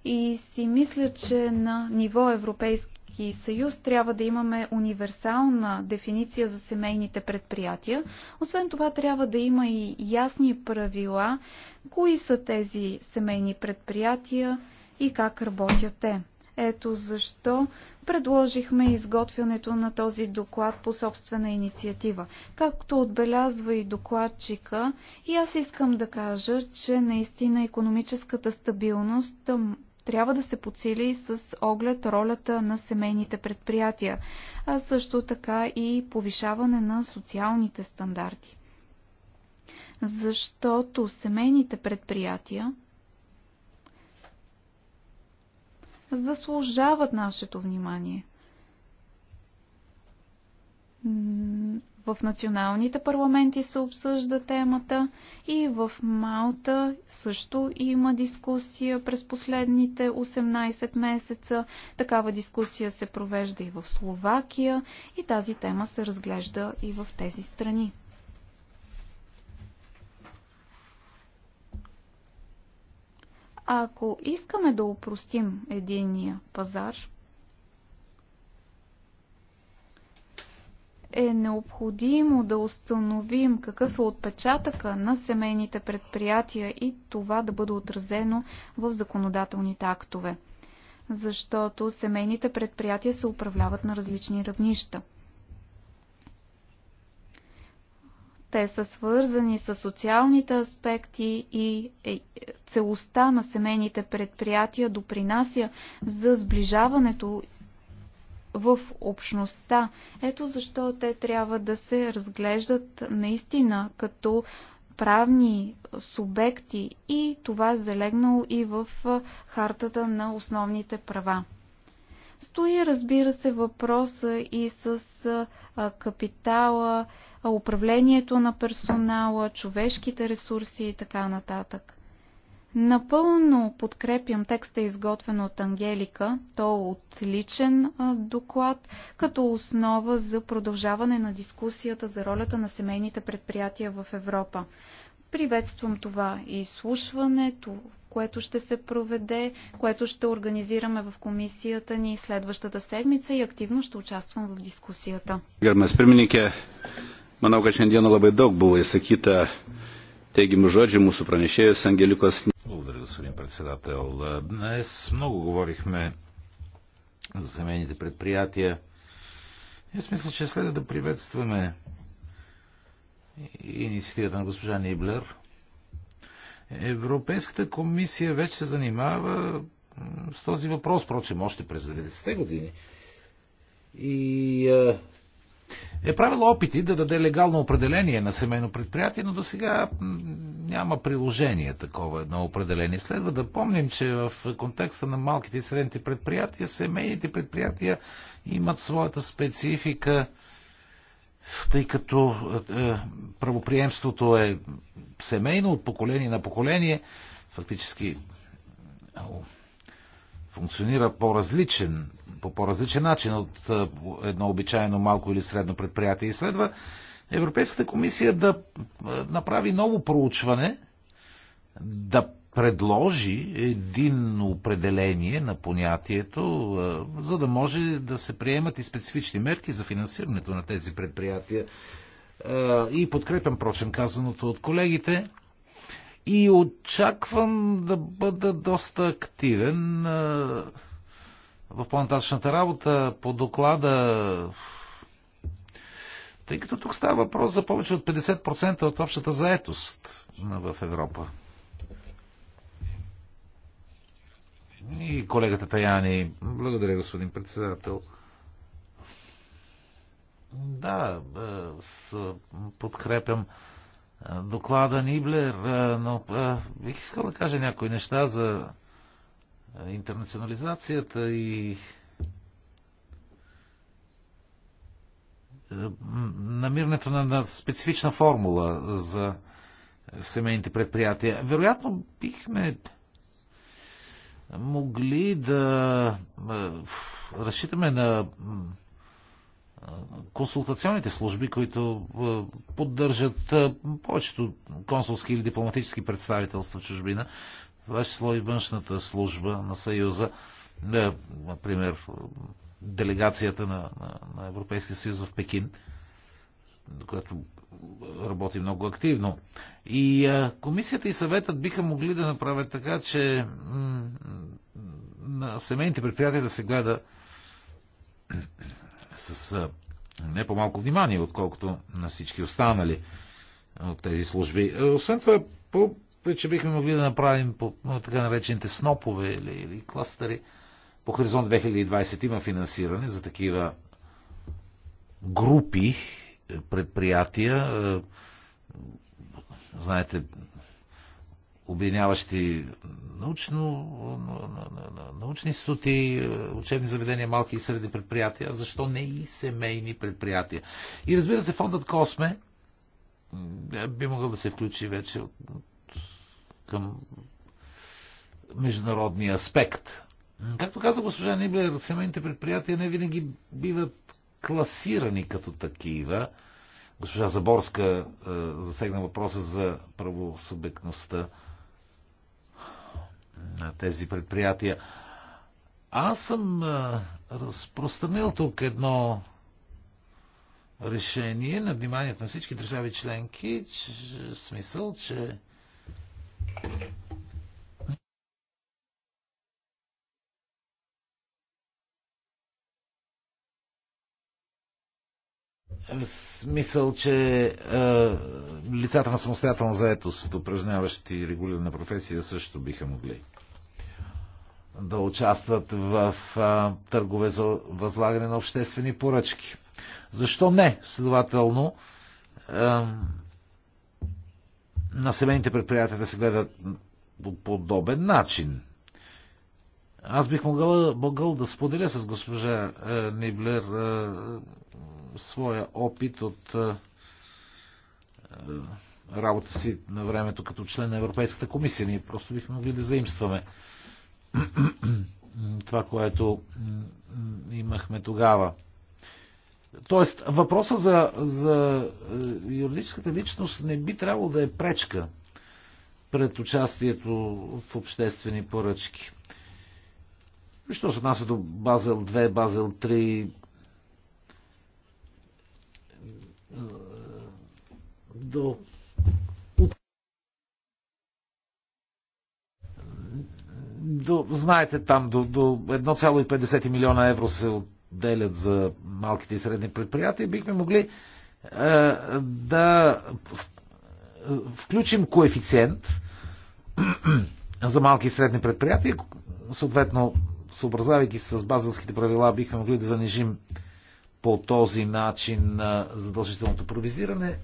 и си мисля, че на ниво Европейски съюз трябва да имаме универсална дефиниция за семейните предприятия. Освен това трябва да има и ясни правила, кои са тези семейни предприятия и как работят те. Ето защо предложихме изготвянето на този доклад по собствена инициатива. Както отбелязва и докладчика, и аз искам да кажа, че наистина економическата стабилност трябва да се подсили с оглед ролята на семейните предприятия, а също така и повишаване на социалните стандарти. Защото семейните предприятия заслужават нашето внимание. В националните парламенти се обсъжда темата и в Малта също има дискусия през последните 18 месеца. Такава дискусия се провежда и в Словакия и тази тема се разглежда и в тези страни. ако искаме да упростим единния пазар, е необходимо да установим какъв е отпечатъка на семейните предприятия и това да бъде отразено в законодателните актове. Защото семейните предприятия се управляват на различни равнища. Те са свързани с социалните аспекти и е, целостта на семейните предприятия допринася за сближаването в общността. Ето защо те трябва да се разглеждат наистина като правни субекти и това е залегнало и в хартата на основните права. Стои, разбира се, въпроса и с капитала, управлението на персонала, човешките ресурси и така нататък. Напълно подкрепям текста, изготвен от Ангелика. То е отличен доклад, като основа за продължаване на дискусията за ролята на семейните предприятия в Европа. Приветствам това изслушването, което ще се проведе, което ще организираме в комисията ни следващата седмица и активно ще участвам в дискусията. Гърмес пирмininkė, manau, kad šiandieną labai daug buvo įsakyta teigiamų му mūsų с Ангеликос. Благодаря, господин председател. Днес много говорихме за семейните предприятия. Аз мисля, че следва да приветстваме инициативата на госпожа Ниблер. Европейската комисия вече се занимава с този въпрос, впрочем, още през 90-те години. И а, е правила опити да даде легално определение на семейно предприятие, но до сега няма приложение такова едно определение. Следва да помним, че в контекста на малките и средните предприятия, семейните предприятия имат своята специфика, тъй като е, правоприемството е семейно от поколение на поколение, фактически функционира по-различен, по по-различен начин от е, едно обичайно малко или средно предприятие. И следва Европейската комисия да е, направи ново проучване, да предложи един определение на понятието, е, за да може да се приемат и специфични мерки за финансирането на тези предприятия. И подкрепям, прочен казаното от колегите, и очаквам да бъда доста активен в по-нататъчната работа по доклада, тъй като тук става въпрос за повече от 50% от общата заетост в Европа. И колегата Таяни. Благодаря, господин председател. Да, е, подкрепям доклада Ниблер, но бих искал да кажа някои неща за интернационализацията и намирането на, на специфична формула за семейните предприятия. Вероятно бихме могли да разчитаме на консултационните служби, които поддържат повечето консулски или дипломатически представителства в чужбина, това число и външната служба на Съюза, е, например делегацията на, на, на Европейския съюз в Пекин, която работи много активно. И а, комисията и съветът биха могли да направят така, че на семейните предприятия да се гледа с не по-малко внимание, отколкото на всички останали от тези служби. Освен това, по че бихме могли да направим по така наречените снопове или, или кластери. По Хоризонт 2020 има финансиране за такива групи е, предприятия. Е, знаете, обединяващи научно, научни институти, учебни заведения, малки и средни предприятия, защо не и семейни предприятия. И разбира се, фондът Косме би могъл да се включи вече към международния аспект. Както каза госпожа Ниблер, семейните предприятия не винаги биват класирани като такива. Госпожа Заборска е, засегна въпроса за правосубектността на тези предприятия. Аз съм разпространил тук едно решение на вниманието на всички държави членки, че, смисъл, че В смисъл, че е, лицата на самостоятелна заетост, упражняващи регулирана професия, също биха могли да участват в е, търгове за възлагане на обществени поръчки. Защо не? Следователно, е, на семейните предприятия да се гледат по подобен начин. Аз бих могъл, могъл да споделя с госпожа е, Ниблер е, своя опит от е, е, работа си на времето като член на Европейската комисия. Ние просто бихме могли да заимстваме това, което имахме тогава. Тоест, въпроса за, за е, юридическата личност не би трябвало да е пречка пред участието в обществени поръчки. Що се отнася до Базел 2, Базел 3, до до, знаете там, до, до 1,50 милиона евро се отделят за малките и средни предприятия, бихме могли е, да включим коефициент за малки и средни предприятия, съответно съобразявайки се с базалските правила, бихме могли да занижим по този начин на задължителното провизиране.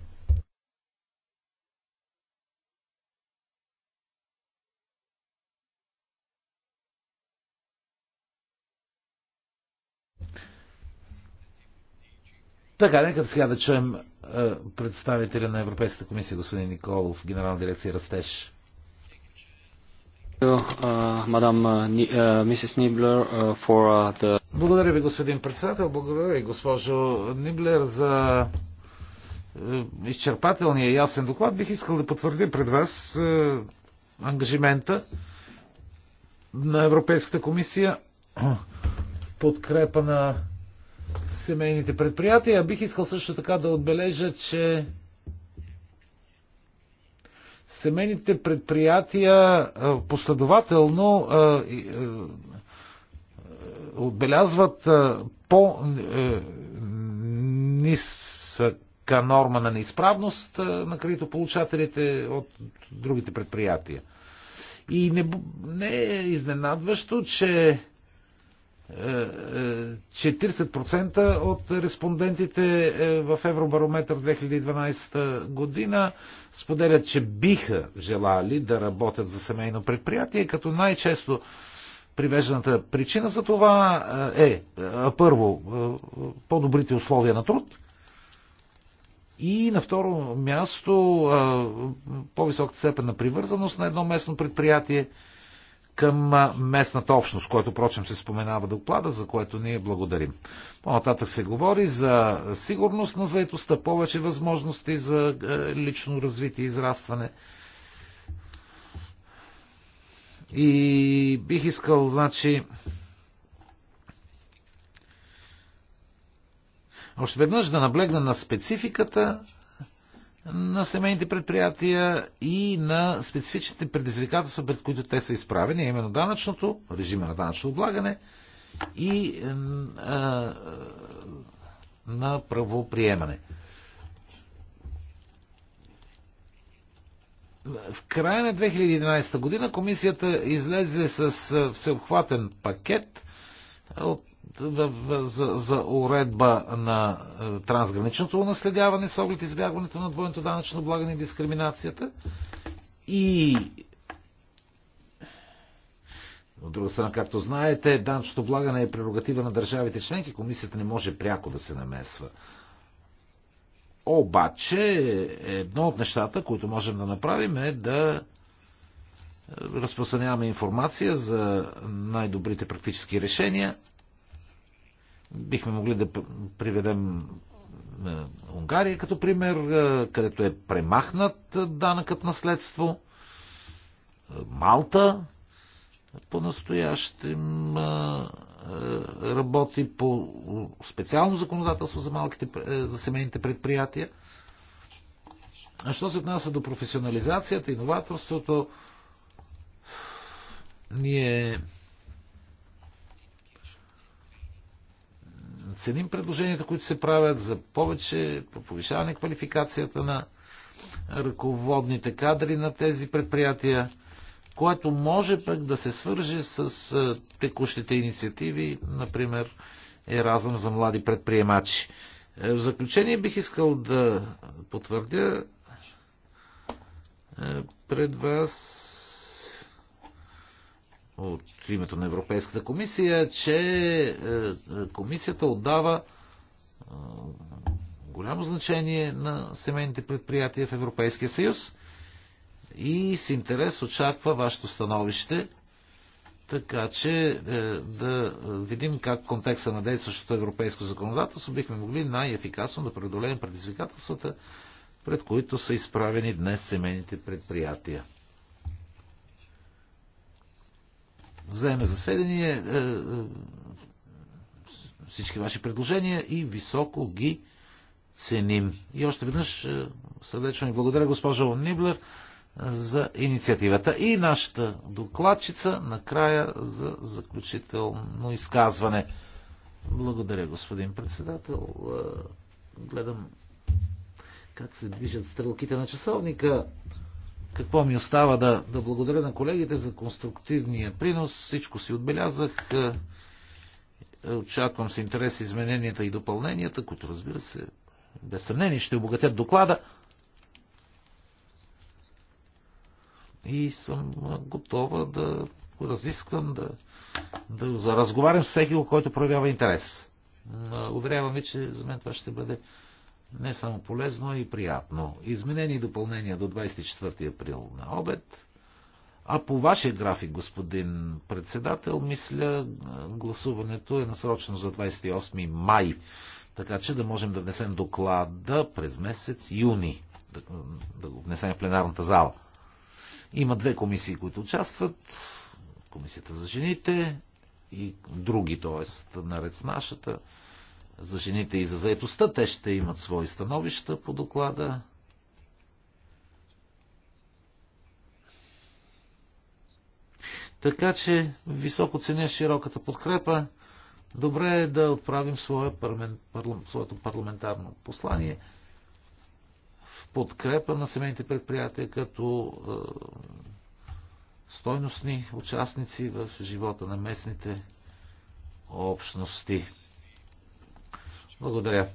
Така, нека сега да чуем представителя на Европейската комисия, господин Николов, генерална дирекция Растеж. Благодаря ви, господин председател. Благодаря ви, госпожо Ниблер, за е, изчерпателния ясен доклад. Бих искал да потвърдя пред вас е, ангажимента на Европейската комисия подкрепа на семейните предприятия. Бих искал също така да отбележа, че семейните предприятия последователно отбелязват по-ниска е, норма на неизправност на кредитополучателите от другите предприятия. И не, не е изненадващо, че 40% е, е, от респондентите е, в Евробарометър 2012 година споделят, че биха желали да работят за семейно предприятие, като най-често привежданата причина за това е първо по-добрите условия на труд и на второ място по-висока степен на привързаност на едно местно предприятие – към местната общност, което прочим, се споменава доклада, за което ние благодарим. По-нататък се говори за сигурност на заетостта, повече възможности за лично развитие и израстване. И бих искал, значи, още веднъж да наблегна на спецификата на семейните предприятия и на специфичните предизвикателства, пред които те са изправени, именно данъчното, режима на данъчно облагане и а, на правоприемане. В края на 2011 година комисията излезе с всеобхватен пакет от за, за, за уредба на е, трансграничното наследяване с оглед избягването на двойното данъчно облагане и дискриминацията. И от друга страна, както знаете, данъчното облагане е прерогатива на държавите членки, комисията не може пряко да се намесва. Обаче, едно от нещата, които можем да направим е да е, разпространяваме информация за най-добрите практически решения Бихме могли да приведем е, Унгария като пример, е, където е премахнат е, данъкът наследство. Малта по-настоящем работи по специално законодателство за, малките, за семейните предприятия. А що се отнася до професионализацията, иноваторството, ние ценим предложенията, които се правят за повече повишаване квалификацията на ръководните кадри на тези предприятия, което може пък да се свърже с текущите инициативи, например Еразъм за млади предприемачи. Е, в заключение бих искал да потвърдя е, пред вас от името на Европейската комисия, че е, комисията отдава е, голямо значение на семейните предприятия в Европейския съюз и с интерес очаква вашето становище, така че е, да видим как в контекста на действащото европейско законодателство бихме могли най-ефикасно да преодолеем предизвикателствата, пред които са изправени днес семейните предприятия. вземе за сведение е, е, всички ваши предложения и високо ги ценим. И още веднъж е, сърдечно ви благодаря, госпожо Ниблер, за инициативата. И нашата докладчица накрая за заключително изказване. Благодаря, господин председател. Гледам как се движат стрелките на часовника. Какво ми остава да, да благодаря на колегите за конструктивния принос. Всичко си отбелязах. Е, е, очаквам с интерес измененията и допълненията, които разбира се, без съмнение ще обогатят доклада. И съм готова да разисквам, да, да разговарям с всеки, който проявява интерес. Е, уверявам ви, че за мен това ще бъде не само полезно, а и приятно. Изменени допълнения до 24 април на обед. А по вашия график, господин председател, мисля, гласуването е насрочено за 28 май, така че да можем да внесем доклада през месец юни, да, да го внесем в пленарната зала. Има две комисии, които участват. Комисията за жените и други, т.е. наред с нашата за жените и за заетостта. Те ще имат свои становища по доклада. Така че високо ценя широката подкрепа. Добре е да отправим своя парламент, парлам, своето парламентарно послание в подкрепа на семейните предприятия като е, стойностни участници в живота на местните общности. Благодаря.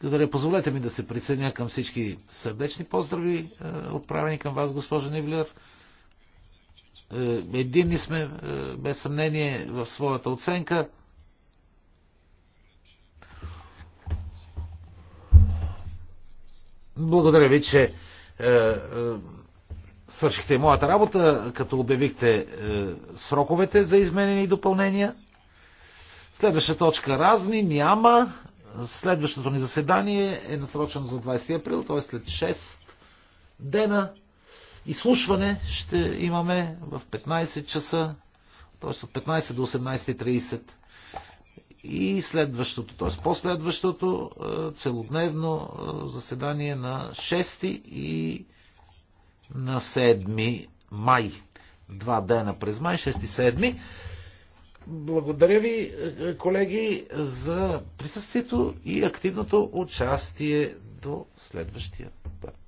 Благодаря. Позволете ми да се присъединя към всички сърдечни поздрави, е, отправени към вас, госпожа Нивлер. Е, единни сме, е, без съмнение, в своята оценка. Благодаря ви, че е, е, свършихте моята работа, като обявихте е, сроковете за изменени и допълнения. Следваща точка разни няма. Следващото ни заседание е насрочено за 20 април, т.е. след 6 дена. Изслушване ще имаме в 15 часа, т.е. от 15 до 18.30. И следващото, т.е. последващото е, целодневно е, заседание на 6 и на 7 май. Два дена през май, 6 и 7. Благодаря ви, колеги, за присъствието и активното участие до следващия път.